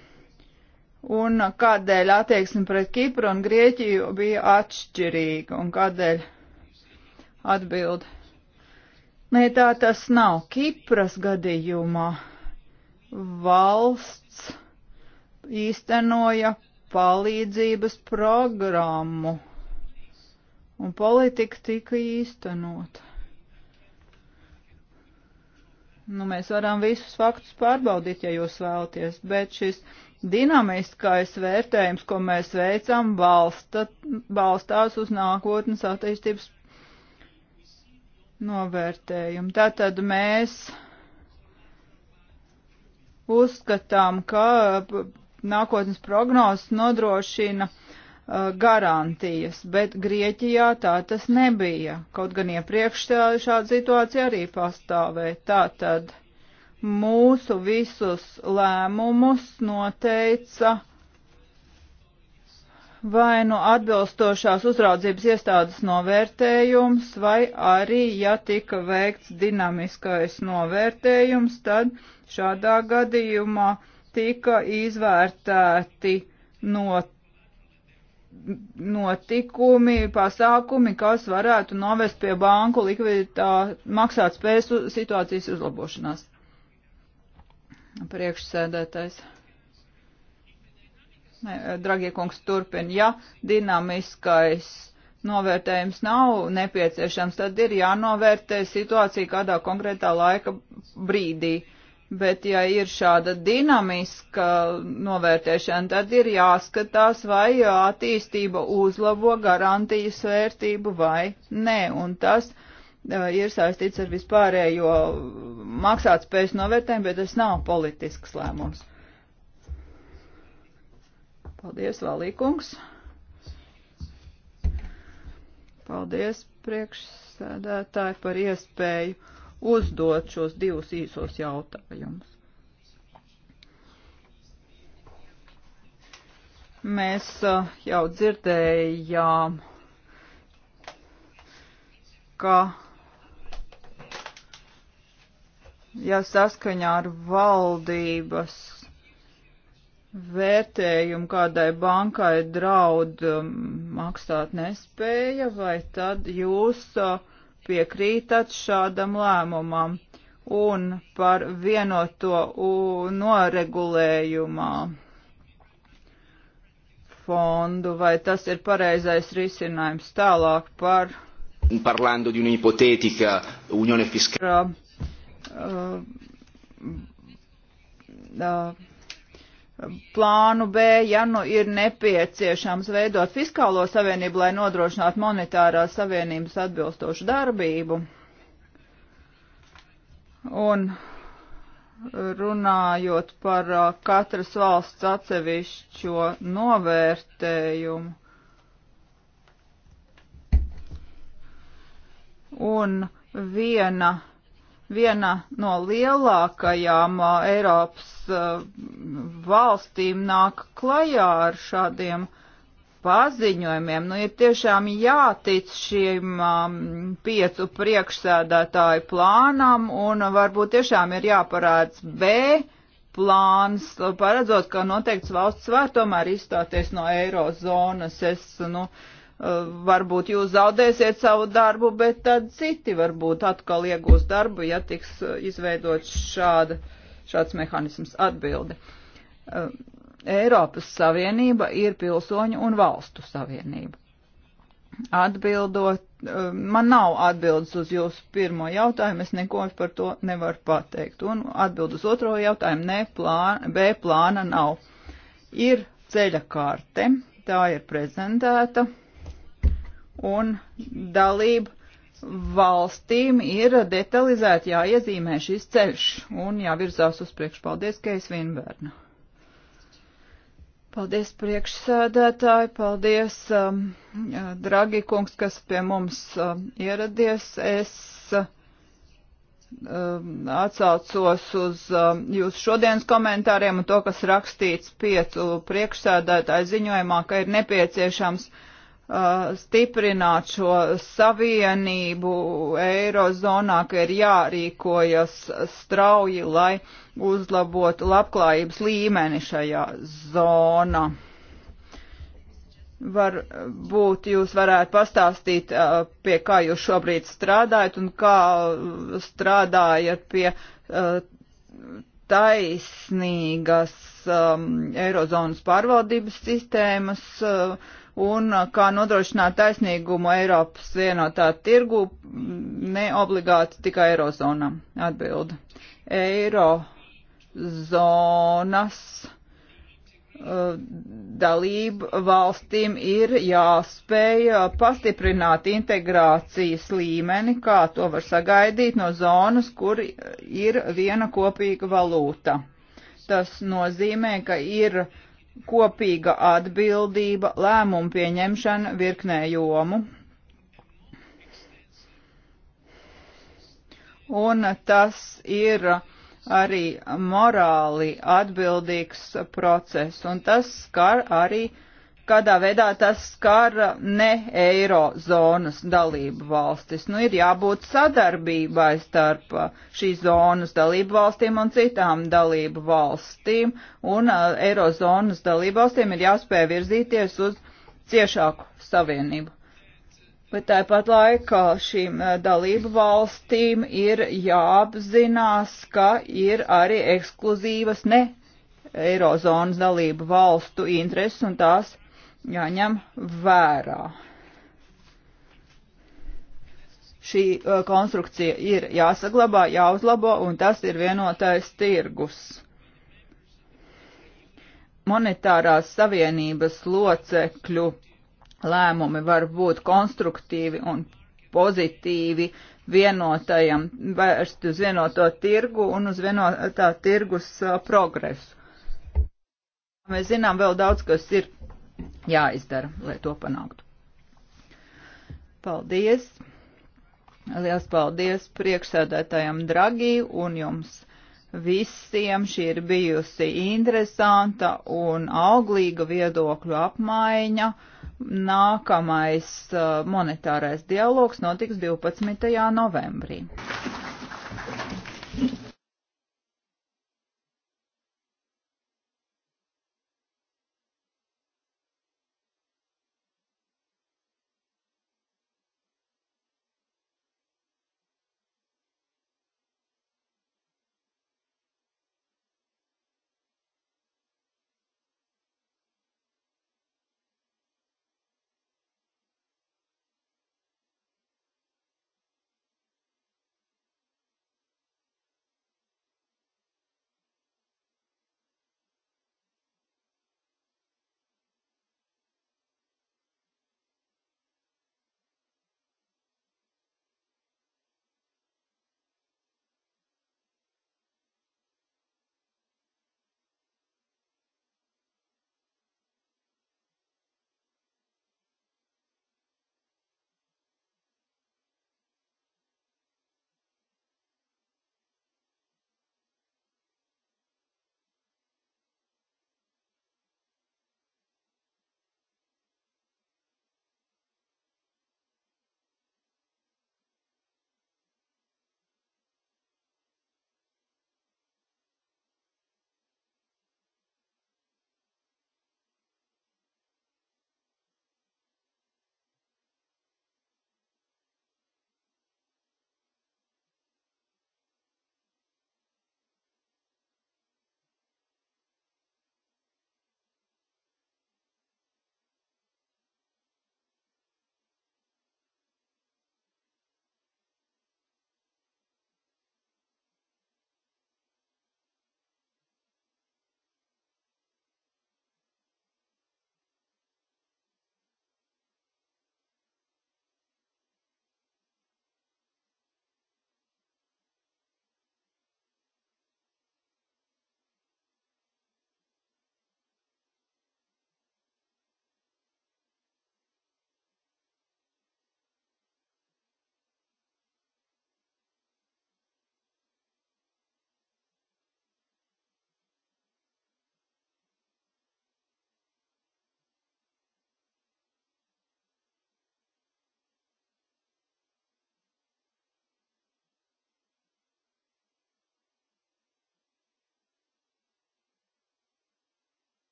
un kādēļ attieksme pret Kipru un Grieķiju bija atšķirīga un kādēļ atbild. Nē, tā tas nav. Kipras gadījumā valsts īstenoja palīdzības programmu un politika tika īstenota. Nu, mēs varam visus faktus pārbaudīt, ja jūs vēlaties, bet šis Dinamiskais vērtējums, ko mēs veicam, balsta, balstās uz nākotnes attīstības novērtējumu. Tātad mēs uzskatām, ka nākotnes prognozes nodrošina uh, garantijas, bet Grieķijā tā tas nebija. Kaut gan iepriekš šāda situācija arī pastāvēja. Tātad mūsu visus lēmumus noteica vai nu no atbilstošās uzraudzības iestādes novērtējums, vai arī, ja tika veikts dinamiskais novērtējums, tad šādā gadījumā tika izvērtēti notiekumi notikumi, pasākumi, kas varētu novest pie banku likviditā maksātspējas situācijas uzlabošanās priekšsēdētājs. Ne, dragie kungs turpina, ja dinamiskais novērtējums nav nepieciešams, tad ir jānovērtē situācija kādā konkrētā laika brīdī. Bet, ja ir šāda dinamiska novērtēšana, tad ir jāskatās, vai attīstība uzlabo garantijas vērtību vai nē. Un tas uh, Uh, ir saistīts ar vispārējo maksātspējas novērtējumu, bet tas nav politisks lēmums. Paldies, Valīkungs. Paldies, priekšsēdētāji, par iespēju uzdot šos divus īsos jautājumus. Mēs uh, jau dzirdējām, ka ja saskaņā ar valdības vērtējumu kādai bankai draud um, maksāt nespēja, vai tad jūs uh, piekrītat šādam lēmumam un par vienoto noregulējumā fondu, vai tas ir pareizais risinājums tālāk par. Parlando di un'ipotetica unione fiscale plānu B, ja nu ir nepieciešams veidot fiskālo savienību, lai nodrošinātu monetārās savienības atbilstošu darbību. Un runājot par katras valsts atsevišķo novērtējumu. Un viena viena no lielākajām Eiropas valstīm nāk klajā ar šādiem paziņojumiem. Nu, ir tiešām jātic šim piecu priekšsēdētāju plānam un varbūt tiešām ir jāparāds B plāns, paredzot, ka noteikts valsts var tomēr izstāties no eirozonas. Es, nu, uh, Eh, varbūt jūs zaudēsiet savu darbu, bet tad citi varbūt atkal iegūs darbu, ja tiks eh, izveidots šāda, šāds mehānisms atbildi. Eh, Eiropas Savienība ir pilsoņu un valstu savienība. Atbildot, man nav atbildes uz jūsu pirmo jautājumu, es neko par to nevaru pateikt. Un atbild uz otro jautājumu, ne, plāna, B plāna nav. Ir ceļa kārte, tā ir prezentēta, un dalību valstīm ir detalizēti jāiezīmē šis ceļš un jāvirzās uz priekšu. Paldies, Keis Vinverna. Paldies priekšsēdētāji, paldies, um, uh, dragi kungs, kas pie mums um, ieradies. Es um, atsaucos uz um, jūsu šodienas komentāriem un to, kas rakstīts piecu priekšsēdētāju ziņojumā, ka ir nepieciešams uh, Uh, stiprināt šo savienību eirozonā, ka ir jārīkojas strauji, lai uzlabotu labklājības līmeni šajā zonā. Varbūt jūs varētu pastāstīt, uh, pie kā jūs šobrīd strādājat un kā strādājat pie uh, taisnīgas um, Eirozonas pārvaldības sistēmas uh, un uh, kā nodrošināt taisnīgumu Eiropas vienotā tirgu, mm, ne obligāti tikai Eirozonā. Atbildi. Eirozonas uh, dalību valstīm ir jāspēj uh, pastiprināt integrācijas līmeni, kā to var sagaidīt no zonas, kur ir viena kopīga valūta. Tas nozīmē, ka ir uh, kopīga atbildība, lēmumu pieņemšana virknē jomu. Un tas ir arī morāli atbildīgs process, un tas skar arī uh, kādā veidā tas skar ne eirozonas dalību valstis. Nu, ir jābūt sadarbībai starp šīs zonas dalību valstīm un citām dalību valstīm, un uh, eirozonas dalību valstīm ir jāspēj virzīties uz ciešāku savienību. Bet tāpat laikā šīm uh, dalību valstīm ir jāapzinās, ka ir arī ekskluzīvas ne eirozonas dalību valstu intereses un tās jāņem vērā. Šī uh, konstrukcija ir jāsaglabā, jāuzlabo, un tas ir vienotais tirgus. Monetārās savienības locekļu lēmumi var būt konstruktīvi un pozitīvi vienotajam, vērst uz vienoto tirgu un uz vienotā tirgus uh, progresu. Mēs zinām vēl daudz, kas ir jāizdara, lai to panāktu. Paldies! Liels paldies priekšsēdētājiem Dragī un jums visiem. Šī ir bijusi interesanta un auglīga viedokļu apmaiņa. Nākamais uh, monetārais dialogs notiks 12. novembrī.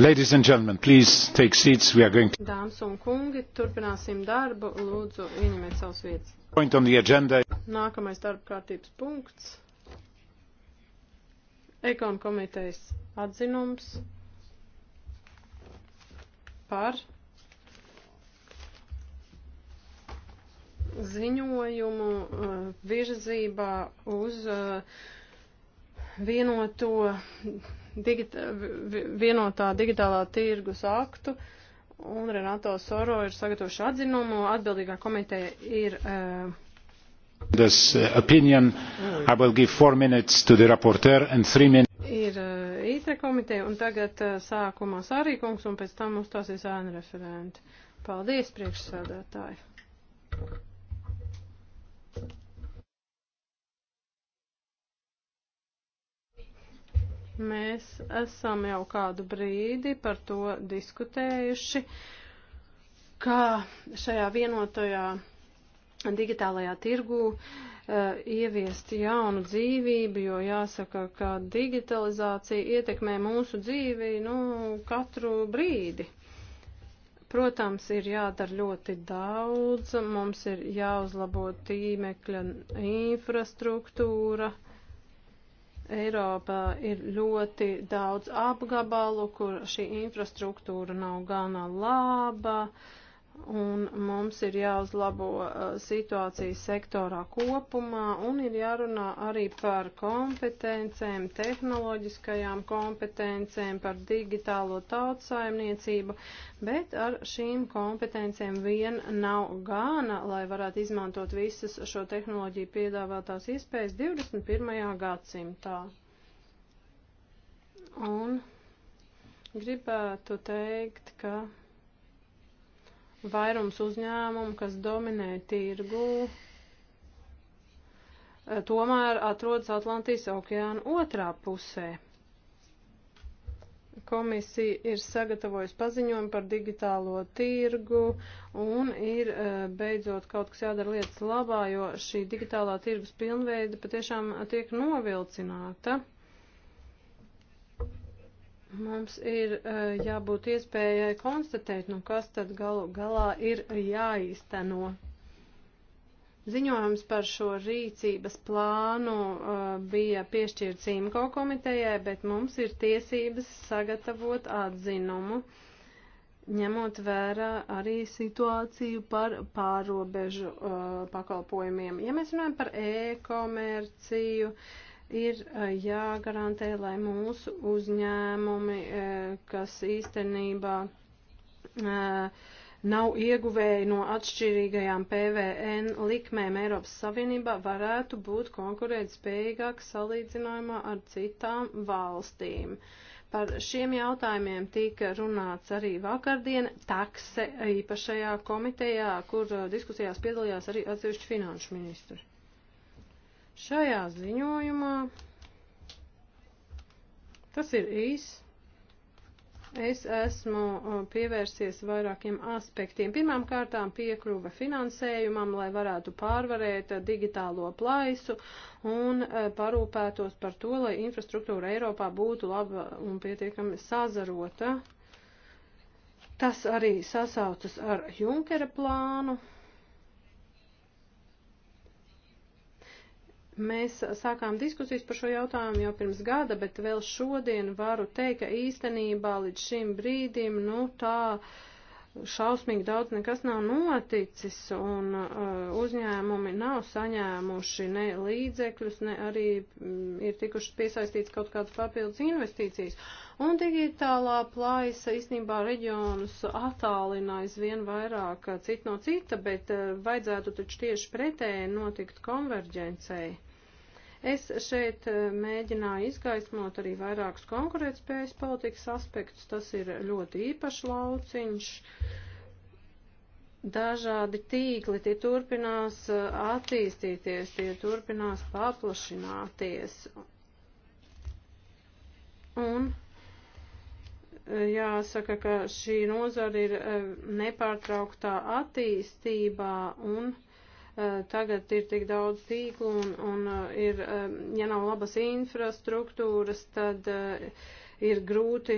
Ladies and gentlemen, please take seats. We are going to... Dāmas un kungi, turpināsim darbu. Lūdzu, ieņemiet savas vietas. Point on the agenda. Nākamais darba kārtības punkts. Ekon komitejas atzinums par ziņojumu uh, virzībā uz uh, vienoto digita, vienotā digitālā tirgus aktu, un Renato Soro ir sagatavojuši atzinumu, atbildīgā komiteja ir. Uh, This uh, opinion, I will give four minutes to the rapporteur and three minutes. Ir uh, eh, īstra e komiteja, un tagad uh, sākumā Sārī kungs, un pēc tam uzstāsies ēna referenti. Paldies, priekšsēdētāji! Mēs esam jau kādu brīdi par to diskutējuši, kā šajā vienotajā digitālajā tirgū uh, e, ieviest jaunu dzīvību, jo jāsaka, ka digitalizācija ietekmē mūsu dzīvi nu, katru brīdi. Protams, ir jādara ļoti daudz, mums ir jāuzlabo tīmekļa infrastruktūra. Uh, Eiropā ir ļoti daudz apgabalu, kur šī infrastruktūra nav gana laba. Uh, un mums ir jāuzlabo uh, situācija sektorā kopumā un ir jārunā arī par kompetencēm, tehnoloģiskajām kompetencēm, par digitālo tautsaimniecību, bet ar šīm kompetencēm vien nav gāna, lai varētu izmantot visas šo tehnoloģiju piedāvātās iespējas 21. gadsimtā. Un gribētu teikt, ka Vairums uzņēmumu, kas dominē tirgu, eh, tomēr atrodas Atlantijas okeāna otrā pusē. Komisija ir sagatavojusi paziņojumu par digitālo tirgu un ir eh, beidzot kaut kas jādara lietas labā, jo šī digitālā tirgus pilnveida patiešām tiek novilcināta. Mums ir eh, jābūt iespējai konstatēt, nu kas tad galu galā ir jāīsteno. Ziņojums par šo rīcības plānu eh, bija piešķirts IMKO komitejai, bet mums ir tiesības sagatavot atzinumu, ņemot vērā arī situāciju par pārobežu eh, pakalpojumiem. Ja mēs runājam par e-komerciju, uh, ir jāgarantē, lai mūsu uzņēmumi, kas īstenībā nav ieguvēji no atšķirīgajām PVN likmēm Eiropas Savienībā, varētu būt konkurētspējīgāk salīdzinājumā ar citām valstīm. Par šiem jautājumiem tika runāts arī vakardien takse īpašajā komitejā, kur diskusijās piedalījās arī atsevišķi finanšu ministri. Šajā ziņojumā tas ir īs. Es esmu uh, pievērsies vairākiem aspektiem. Pirmām kārtām piekļuva finansējumam, lai varētu pārvarēt uh, digitālo plaisu un uh, parūpētos par to, lai infrastruktūra Eiropā būtu laba un pietiekami sazarota. Tas arī sasaucas ar Junkera plānu. Mēs sākām diskusijas par šo jautājumu jau pirms gada, bet vēl šodien varu teikt, ka īstenībā līdz šim brīdim, nu tā šausmīgi daudz nekas nav noticis un uh, uzņēmumi nav saņēmuši ne līdzekļus, ne arī m, mm, ir tikušas piesaistīts kaut kādas papildus investīcijas. Un digitālā plaisa īstenībā reģionus attālinājis vien vairāk uh, cit no cita, bet uh, vajadzētu taču tieši pretēji notikt konverģencei. Es šeit eh, mēģināju izgaismot arī vairākus konkurētspējas politikas aspektus. Tas ir ļoti īpašs lauciņš. Dažādi tīkli tie turpinās eh, attīstīties, tie turpinās paplašināties. Un eh, jāsaka, ka šī nozara ir nepārtrauktā attīstībā un Eh, tagad ir tik daudz tīklu un, un eh, ir, eh, ja nav labas infrastruktūras, tad ir grūti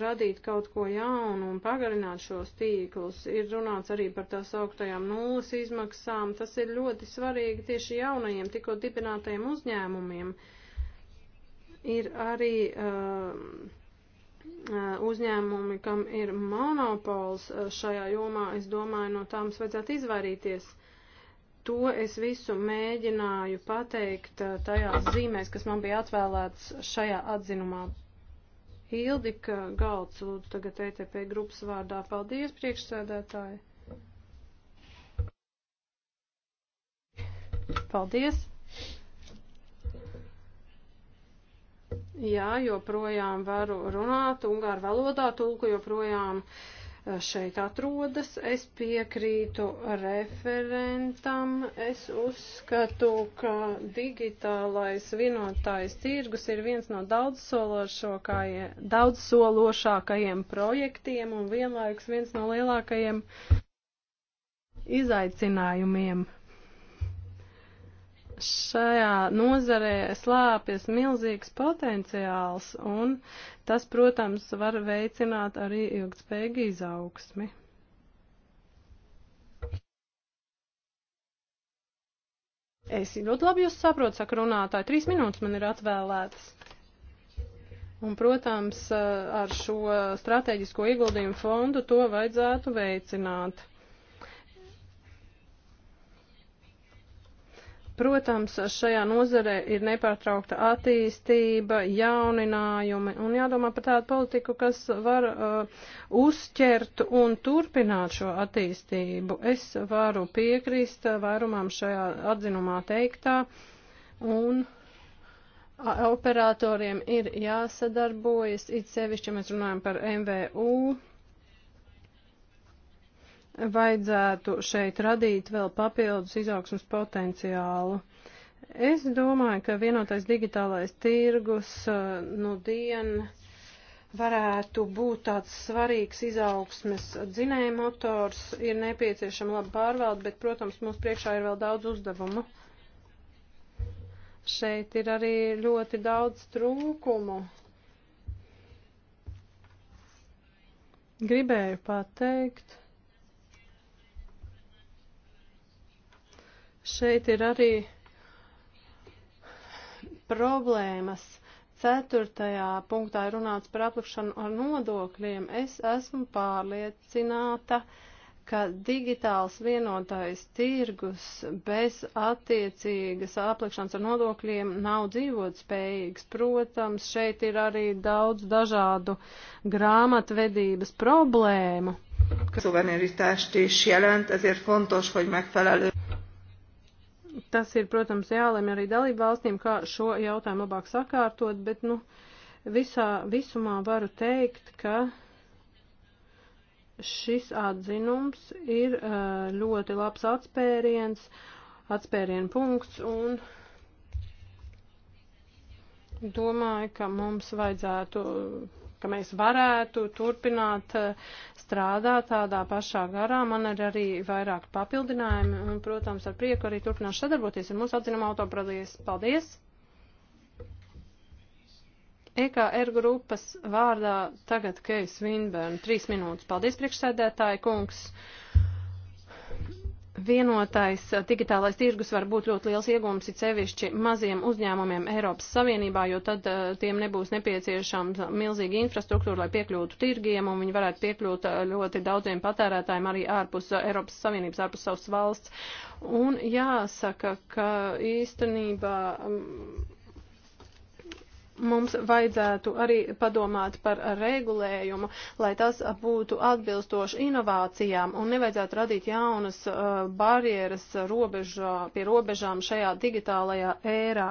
radīt kaut ko jaunu un pagarināt šos tīklus. Ir runāts arī par tās augtajām nulles izmaksām. Tas ir ļoti svarīgi tieši jaunajiem, tikko dibinātajiem uzņēmumiem. Ir arī uh, uzņēmumi, kam ir monopols šajā jomā, es domāju, no tām vajadzētu izvairīties. Uh, To es visu mēģināju pateikt uh, tajās zīmēs, kas man bija atvēlēts šajā atzinumā. Ildika Galds, lūdzu, tagad ETP grupas vārdā. Paldies, priekšsēdētāji! Paldies! Jā, joprojām varu runāt ungāru valodā, tulku joprojām uh, Eh, šeit atrodas. Es piekrītu referentam. Es uzskatu, ka digitālais vienotājs tirgus ir viens no daudzsološākajiem projektiem un vienlaiks viens no lielākajiem izaicinājumiem šajā nozarē slāpjas milzīgs potenciāls, un tas, protams, var veicināt arī ilgspējīgu izaugsmi. Es ļoti labi jūs saprotu, saka runātāji, trīs minūtes man ir atvēlētas. Un, protams, ar šo strateģisko ieguldījumu fondu to vajadzētu veicināt. Protams, šajā nozarē ir nepārtraukta attīstība, jauninājumi un jādomā par tādu politiku, kas var uh, uzķert un turpināt šo attīstību. Es varu piekrist vairumam šajā atzinumā teiktā un operatoriem ir jāsadarbojas, it sevišķi, ja mēs runājam par MVU vajadzētu šeit radīt vēl papildus izaugsmas potenciālu. Es domāju, ka vienotais digitālais tirgus eh, nu dien varētu būt tāds svarīgs izaugsmes dzinēja motors, ir nepieciešama laba pārvalda, bet, protams, mums priekšā ir vēl daudz uzdevumu. Šeit ir arī ļoti daudz trūkumu. Gribēju pateikt Šeit ir arī problēmas. Ceturtajā punktā ir runāts par aplikšanu ar nodokļiem. Es esmu pārliecināta, ka digitāls vienotais tirgus bez attiecīgas aplikšanas ar nodokļiem nav dzīvot spējīgs. Protams, šeit ir arī daudz dažādu grāmatvedības problēmu. Szóvenérítást is jelent, ezért fontos, hogy megfelelő Tas ir, protams, jālēm arī dalību valstīm, kā šo jautājumu labāk sakārtot, bet, nu, visā visumā varu teikt, ka šis atzinums ir uh, ļoti labs atspēriens, atspērienu punkts un domāju, ka mums vajadzētu ka mēs varētu turpināt eh, strādāt tādā pašā garā. Man ir arī vairāk papildinājumi un, protams, ar prieku arī turpināšu sadarboties ar mūsu atzinumu autopradies. Paldies! EKR e grupas vārdā tagad Kejs Vinbērn. Trīs minūtes. Paldies, priekšsēdētāji kungs! Vienotais eh, digitālais tirgus var būt ļoti liels iegūms, it sevišķi maziem uzņēmumiem Eiropas Savienībā, jo tad uh, tiem nebūs nepieciešama milzīga infrastruktūra, lai piekļūtu tirgiem, un viņi varētu piekļūt eh, ļoti daudziem patērētājiem arī ārpus Eiropas Savienības, ārpus savas valsts. Un jāsaka, ka īstenībā. Um, mums vajadzētu arī padomāt par regulējumu, lai tas būtu atbilstoši inovācijām un nevajadzētu radīt jaunas uh, barjeras robežā, pie robežām šajā digitālajā ērā.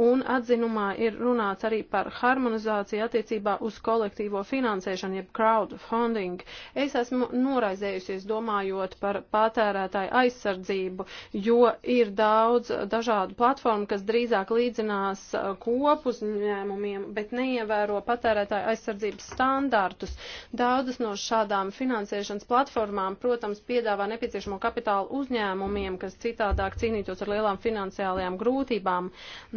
Un atzinumā ir runāts arī par harmonizāciju attiecībā uz kolektīvo finansēšanu, jeb crowdfunding. Es esmu noraizējusies domājot par patērētāju aizsardzību, jo ir daudz dažādu platformu, kas drīzāk līdzinās uh, kopus, uzņēmumiem, bet neievēro patērētāju aizsardzības standartus. Daudzas no šādām finansēšanas platformām, protams, piedāvā nepieciešamo kapitālu uzņēmumiem, kas citādāk cīnītos ar lielām finansiālajām grūtībām.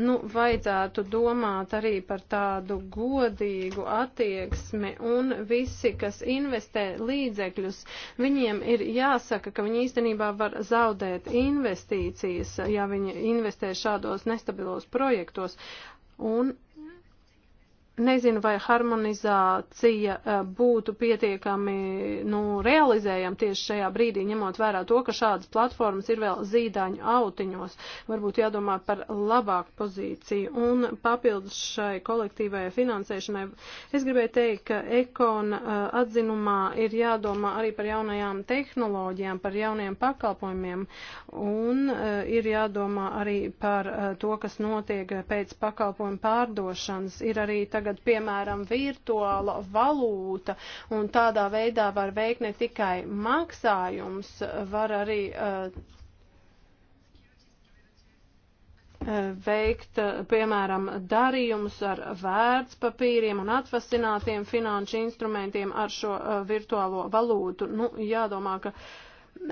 Nu, vajadzētu domāt arī par tādu godīgu attieksmi un visi, kas investē līdzekļus, viņiem ir jāsaka, ka viņi īstenībā var zaudēt investīcijas, ja viņi investē šādos nestabilos projektos. Un Nezinu, vai harmonizācija e, būtu pietiekami nu, realizējama tieši šajā brīdī, ņemot vērā to, ka šādas platformas ir vēl zīdaiņu autiņos. Varbūt jādomā par labāku pozīciju un papildus šai kolektīvajai finansēšanai. Es gribēju teikt, ka ekon e, atzinumā ir jādomā arī par jaunajām tehnoloģijām, par jauniem pakalpojumiem un e, ir jādomā arī par to, kas notiek pēc pakalpojumu pārdošanas. Ir arī tagad tagad, piemēram, virtuāla valūta, un tādā veidā var veikt ne tikai maksājums, var arī uh, veikt, eh, piemēram, darījumus ar vērtspapīriem un atvasinātiem finanšu instrumentiem ar šo virtuālo valūtu. Nu, jādomā, ka uh,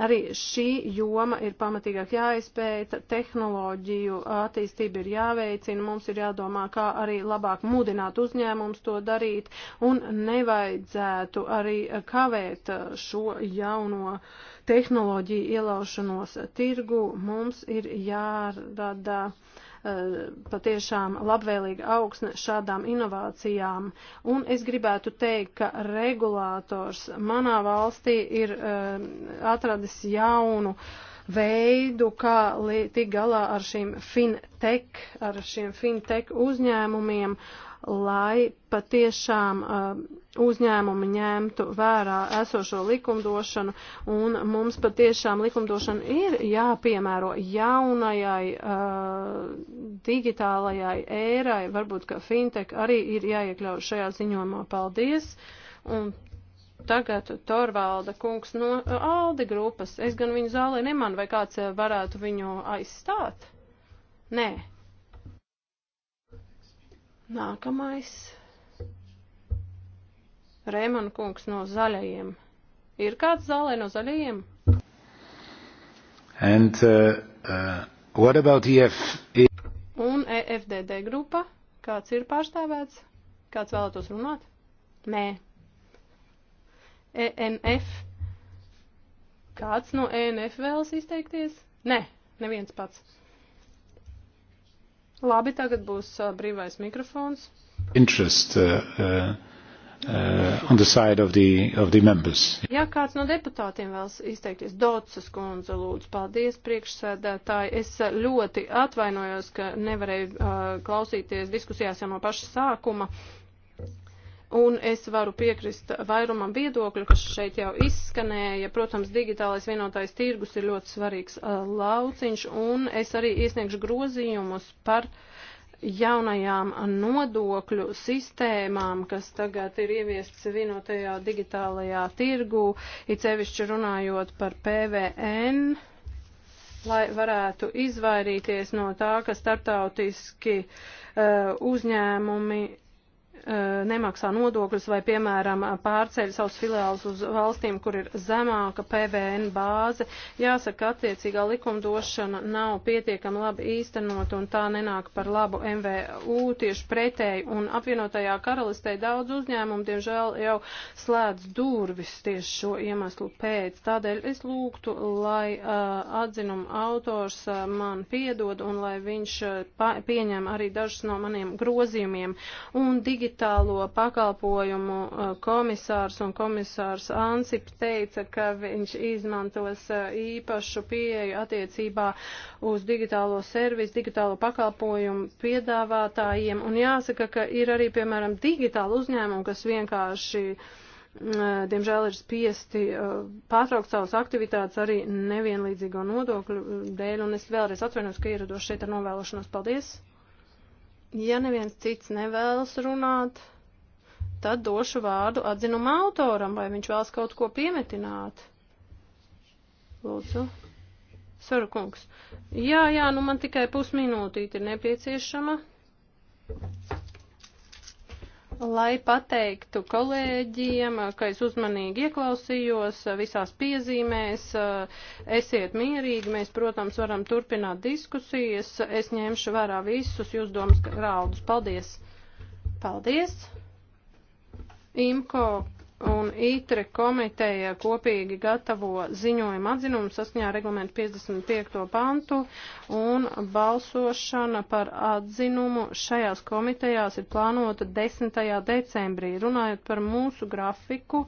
Arī šī joma ir pamatīgāk jāizpēta, tehnoloģiju attīstība ir jāveicina, mums ir jādomā, kā arī labāk mudināt uzņēmums to darīt un nevajadzētu arī kavēt šo jauno tehnoloģiju ielaušanos tirgu. Mums ir jārada uh, Eh, patiešām labvēlīga augsne šādām inovācijām. Un es gribētu teikt, ka regulators manā valstī ir eh, atradis jaunu veidu, kā tikt galā ar šīm fintech, ar šiem fintech uzņēmumiem, lai patiešām uh, uzņēmumi ņemtu vērā esošo likumdošanu, un mums patiešām likumdošana ir jāpiemēro jaunajai uh, digitālajai ērai, varbūt, ka fintech arī ir jāiekļauj šajā ziņojumā. Paldies! Un tagad Torvalda kungs no uh, Aldi grupas. Es gan viņu zālē nemanu, vai kāds uh, varētu viņu aizstāt? Nē. Nākamais. Rēmanu kungs no zaļajiem. Ir kāds zālē no zaļajiem? And, uh, uh, what about EF? Un EFDD grupa? Kāds ir pārstāvēts? Kāds vēlētos runāt? Nē. ENF. Kāds no ENF vēlas izteikties? Nē, neviens pats. Labi, tagad būs uh, brīvais mikrofons. Interest, uh, uh, uh, on the side of the, of the members. Ja kāds no deputātiem vēlas izteikties, Dotsas kundze, lūdzu, paldies priekšsēdētāji. Es uh, ļoti atvainojos, ka nevarēju uh, klausīties diskusijās jau no paša sākuma. Uh, Un es varu piekrist vairumam viedokļu, kas šeit jau izskanēja. Protams, digitālais vienotais tirgus ir ļoti svarīgs uh, lauciņš, un es arī iesniegšu grozījumus par jaunajām nodokļu sistēmām, kas tagad ir ieviestas vienotajā digitālajā tirgu, it sevišķi runājot par PVN lai varētu izvairīties no tā, ka starptautiski uh, uzņēmumi Eh, nemaksā nodokļus vai, piemēram, pārceļ savus filiālus uz valstīm, kur ir zemāka PVN bāze. Jāsaka, attiecīgā likumdošana nav pietiekami labi īstenot un tā nenāk par labu MVU tieši pretēji. Un apvienotajā karalistē daudz uzņēmumu, diemžēl, jau slēdz durvis tieši šo iemeslu pēc. Tādēļ es lūgtu, lai uh, atzinuma autors uh, man piedod un lai viņš uh, pieņem arī dažus no maniem grozījumiem. Un digi digitālo pakalpojumu eh, komisārs un komisārs Ansip teica, ka viņš izmantos eh, īpašu pieeju attiecībā uz digitālo servisu, digitālo pakalpojumu piedāvātājiem. Un jāsaka, ka ir arī, piemēram, digitāli uzņēmumi, kas vienkārši eh, diemžēl ir spiesti pārtraukt savas aktivitātes arī nevienlīdzīgo nodokļu dēļ, un es vēlreiz atvainos, ka ierados šeit ar novēlošanos. Paldies! Ja neviens cits nevēlas runāt, tad došu vārdu atzinuma autoram, vai viņš vēlas kaut ko piemetināt. Lūdzu. Sora kungs. Jā, jā, nu man tikai pusminūtīte ir nepieciešama lai pateiktu kolēģiem, ka es uzmanīgi ieklausījos visās piezīmēs, esiet mierīgi, mēs, protams, varam turpināt diskusijas, es ņemšu vērā visus jūs domas graudus. Paldies! Paldies! Imko un ITRE komiteja kopīgi gatavo ziņojumu atzinumu saskaņā reglamentu 55. pantu, un balsošana par atzinumu šajās komitejās ir plānota 10. decembrī. Runājot par mūsu grafiku,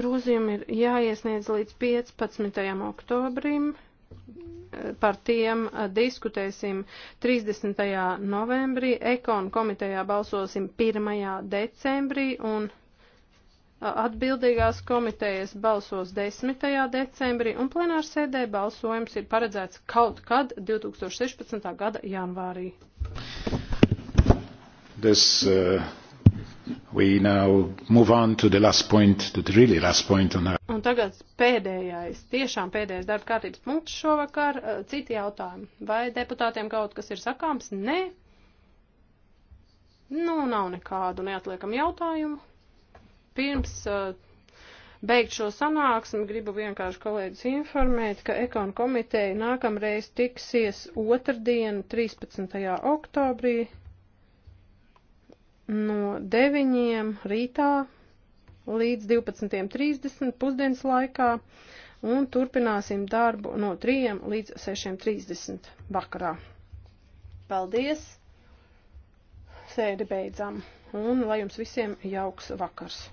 grozījumi ir jāiesniedz līdz 15. oktobrim par tiem diskutēsim 30. novembrī, ekon komitejā balsosim 1. decembrī un Atbildīgās komitejas balsos 10. decembrī un plenārsēdē balsojums ir paredzēts kaut kad 2016. gada janvārī. This, uh, we now move on to the last point, the really last point on our... Un tagad pēdējais, tiešām pēdējais darba kārtības punkts šovakar, uh, citi jautājumi. Vai deputātiem kaut kas ir sakāms? Nē. Nu, nav nekādu neatliekamu jautājumu. Pirms eh, beigt šo sanāksmi, gribu vienkārši kolēģis informēt, ka Ekon komiteja nākamreiz tiksies otrdien, 13. oktobrī, no 9. rītā līdz 12.30 pusdienas laikā un turpināsim darbu no 3 līdz 6.30 vakarā. Paldies! Sēdi beidzam un lai jums visiem jauks vakars!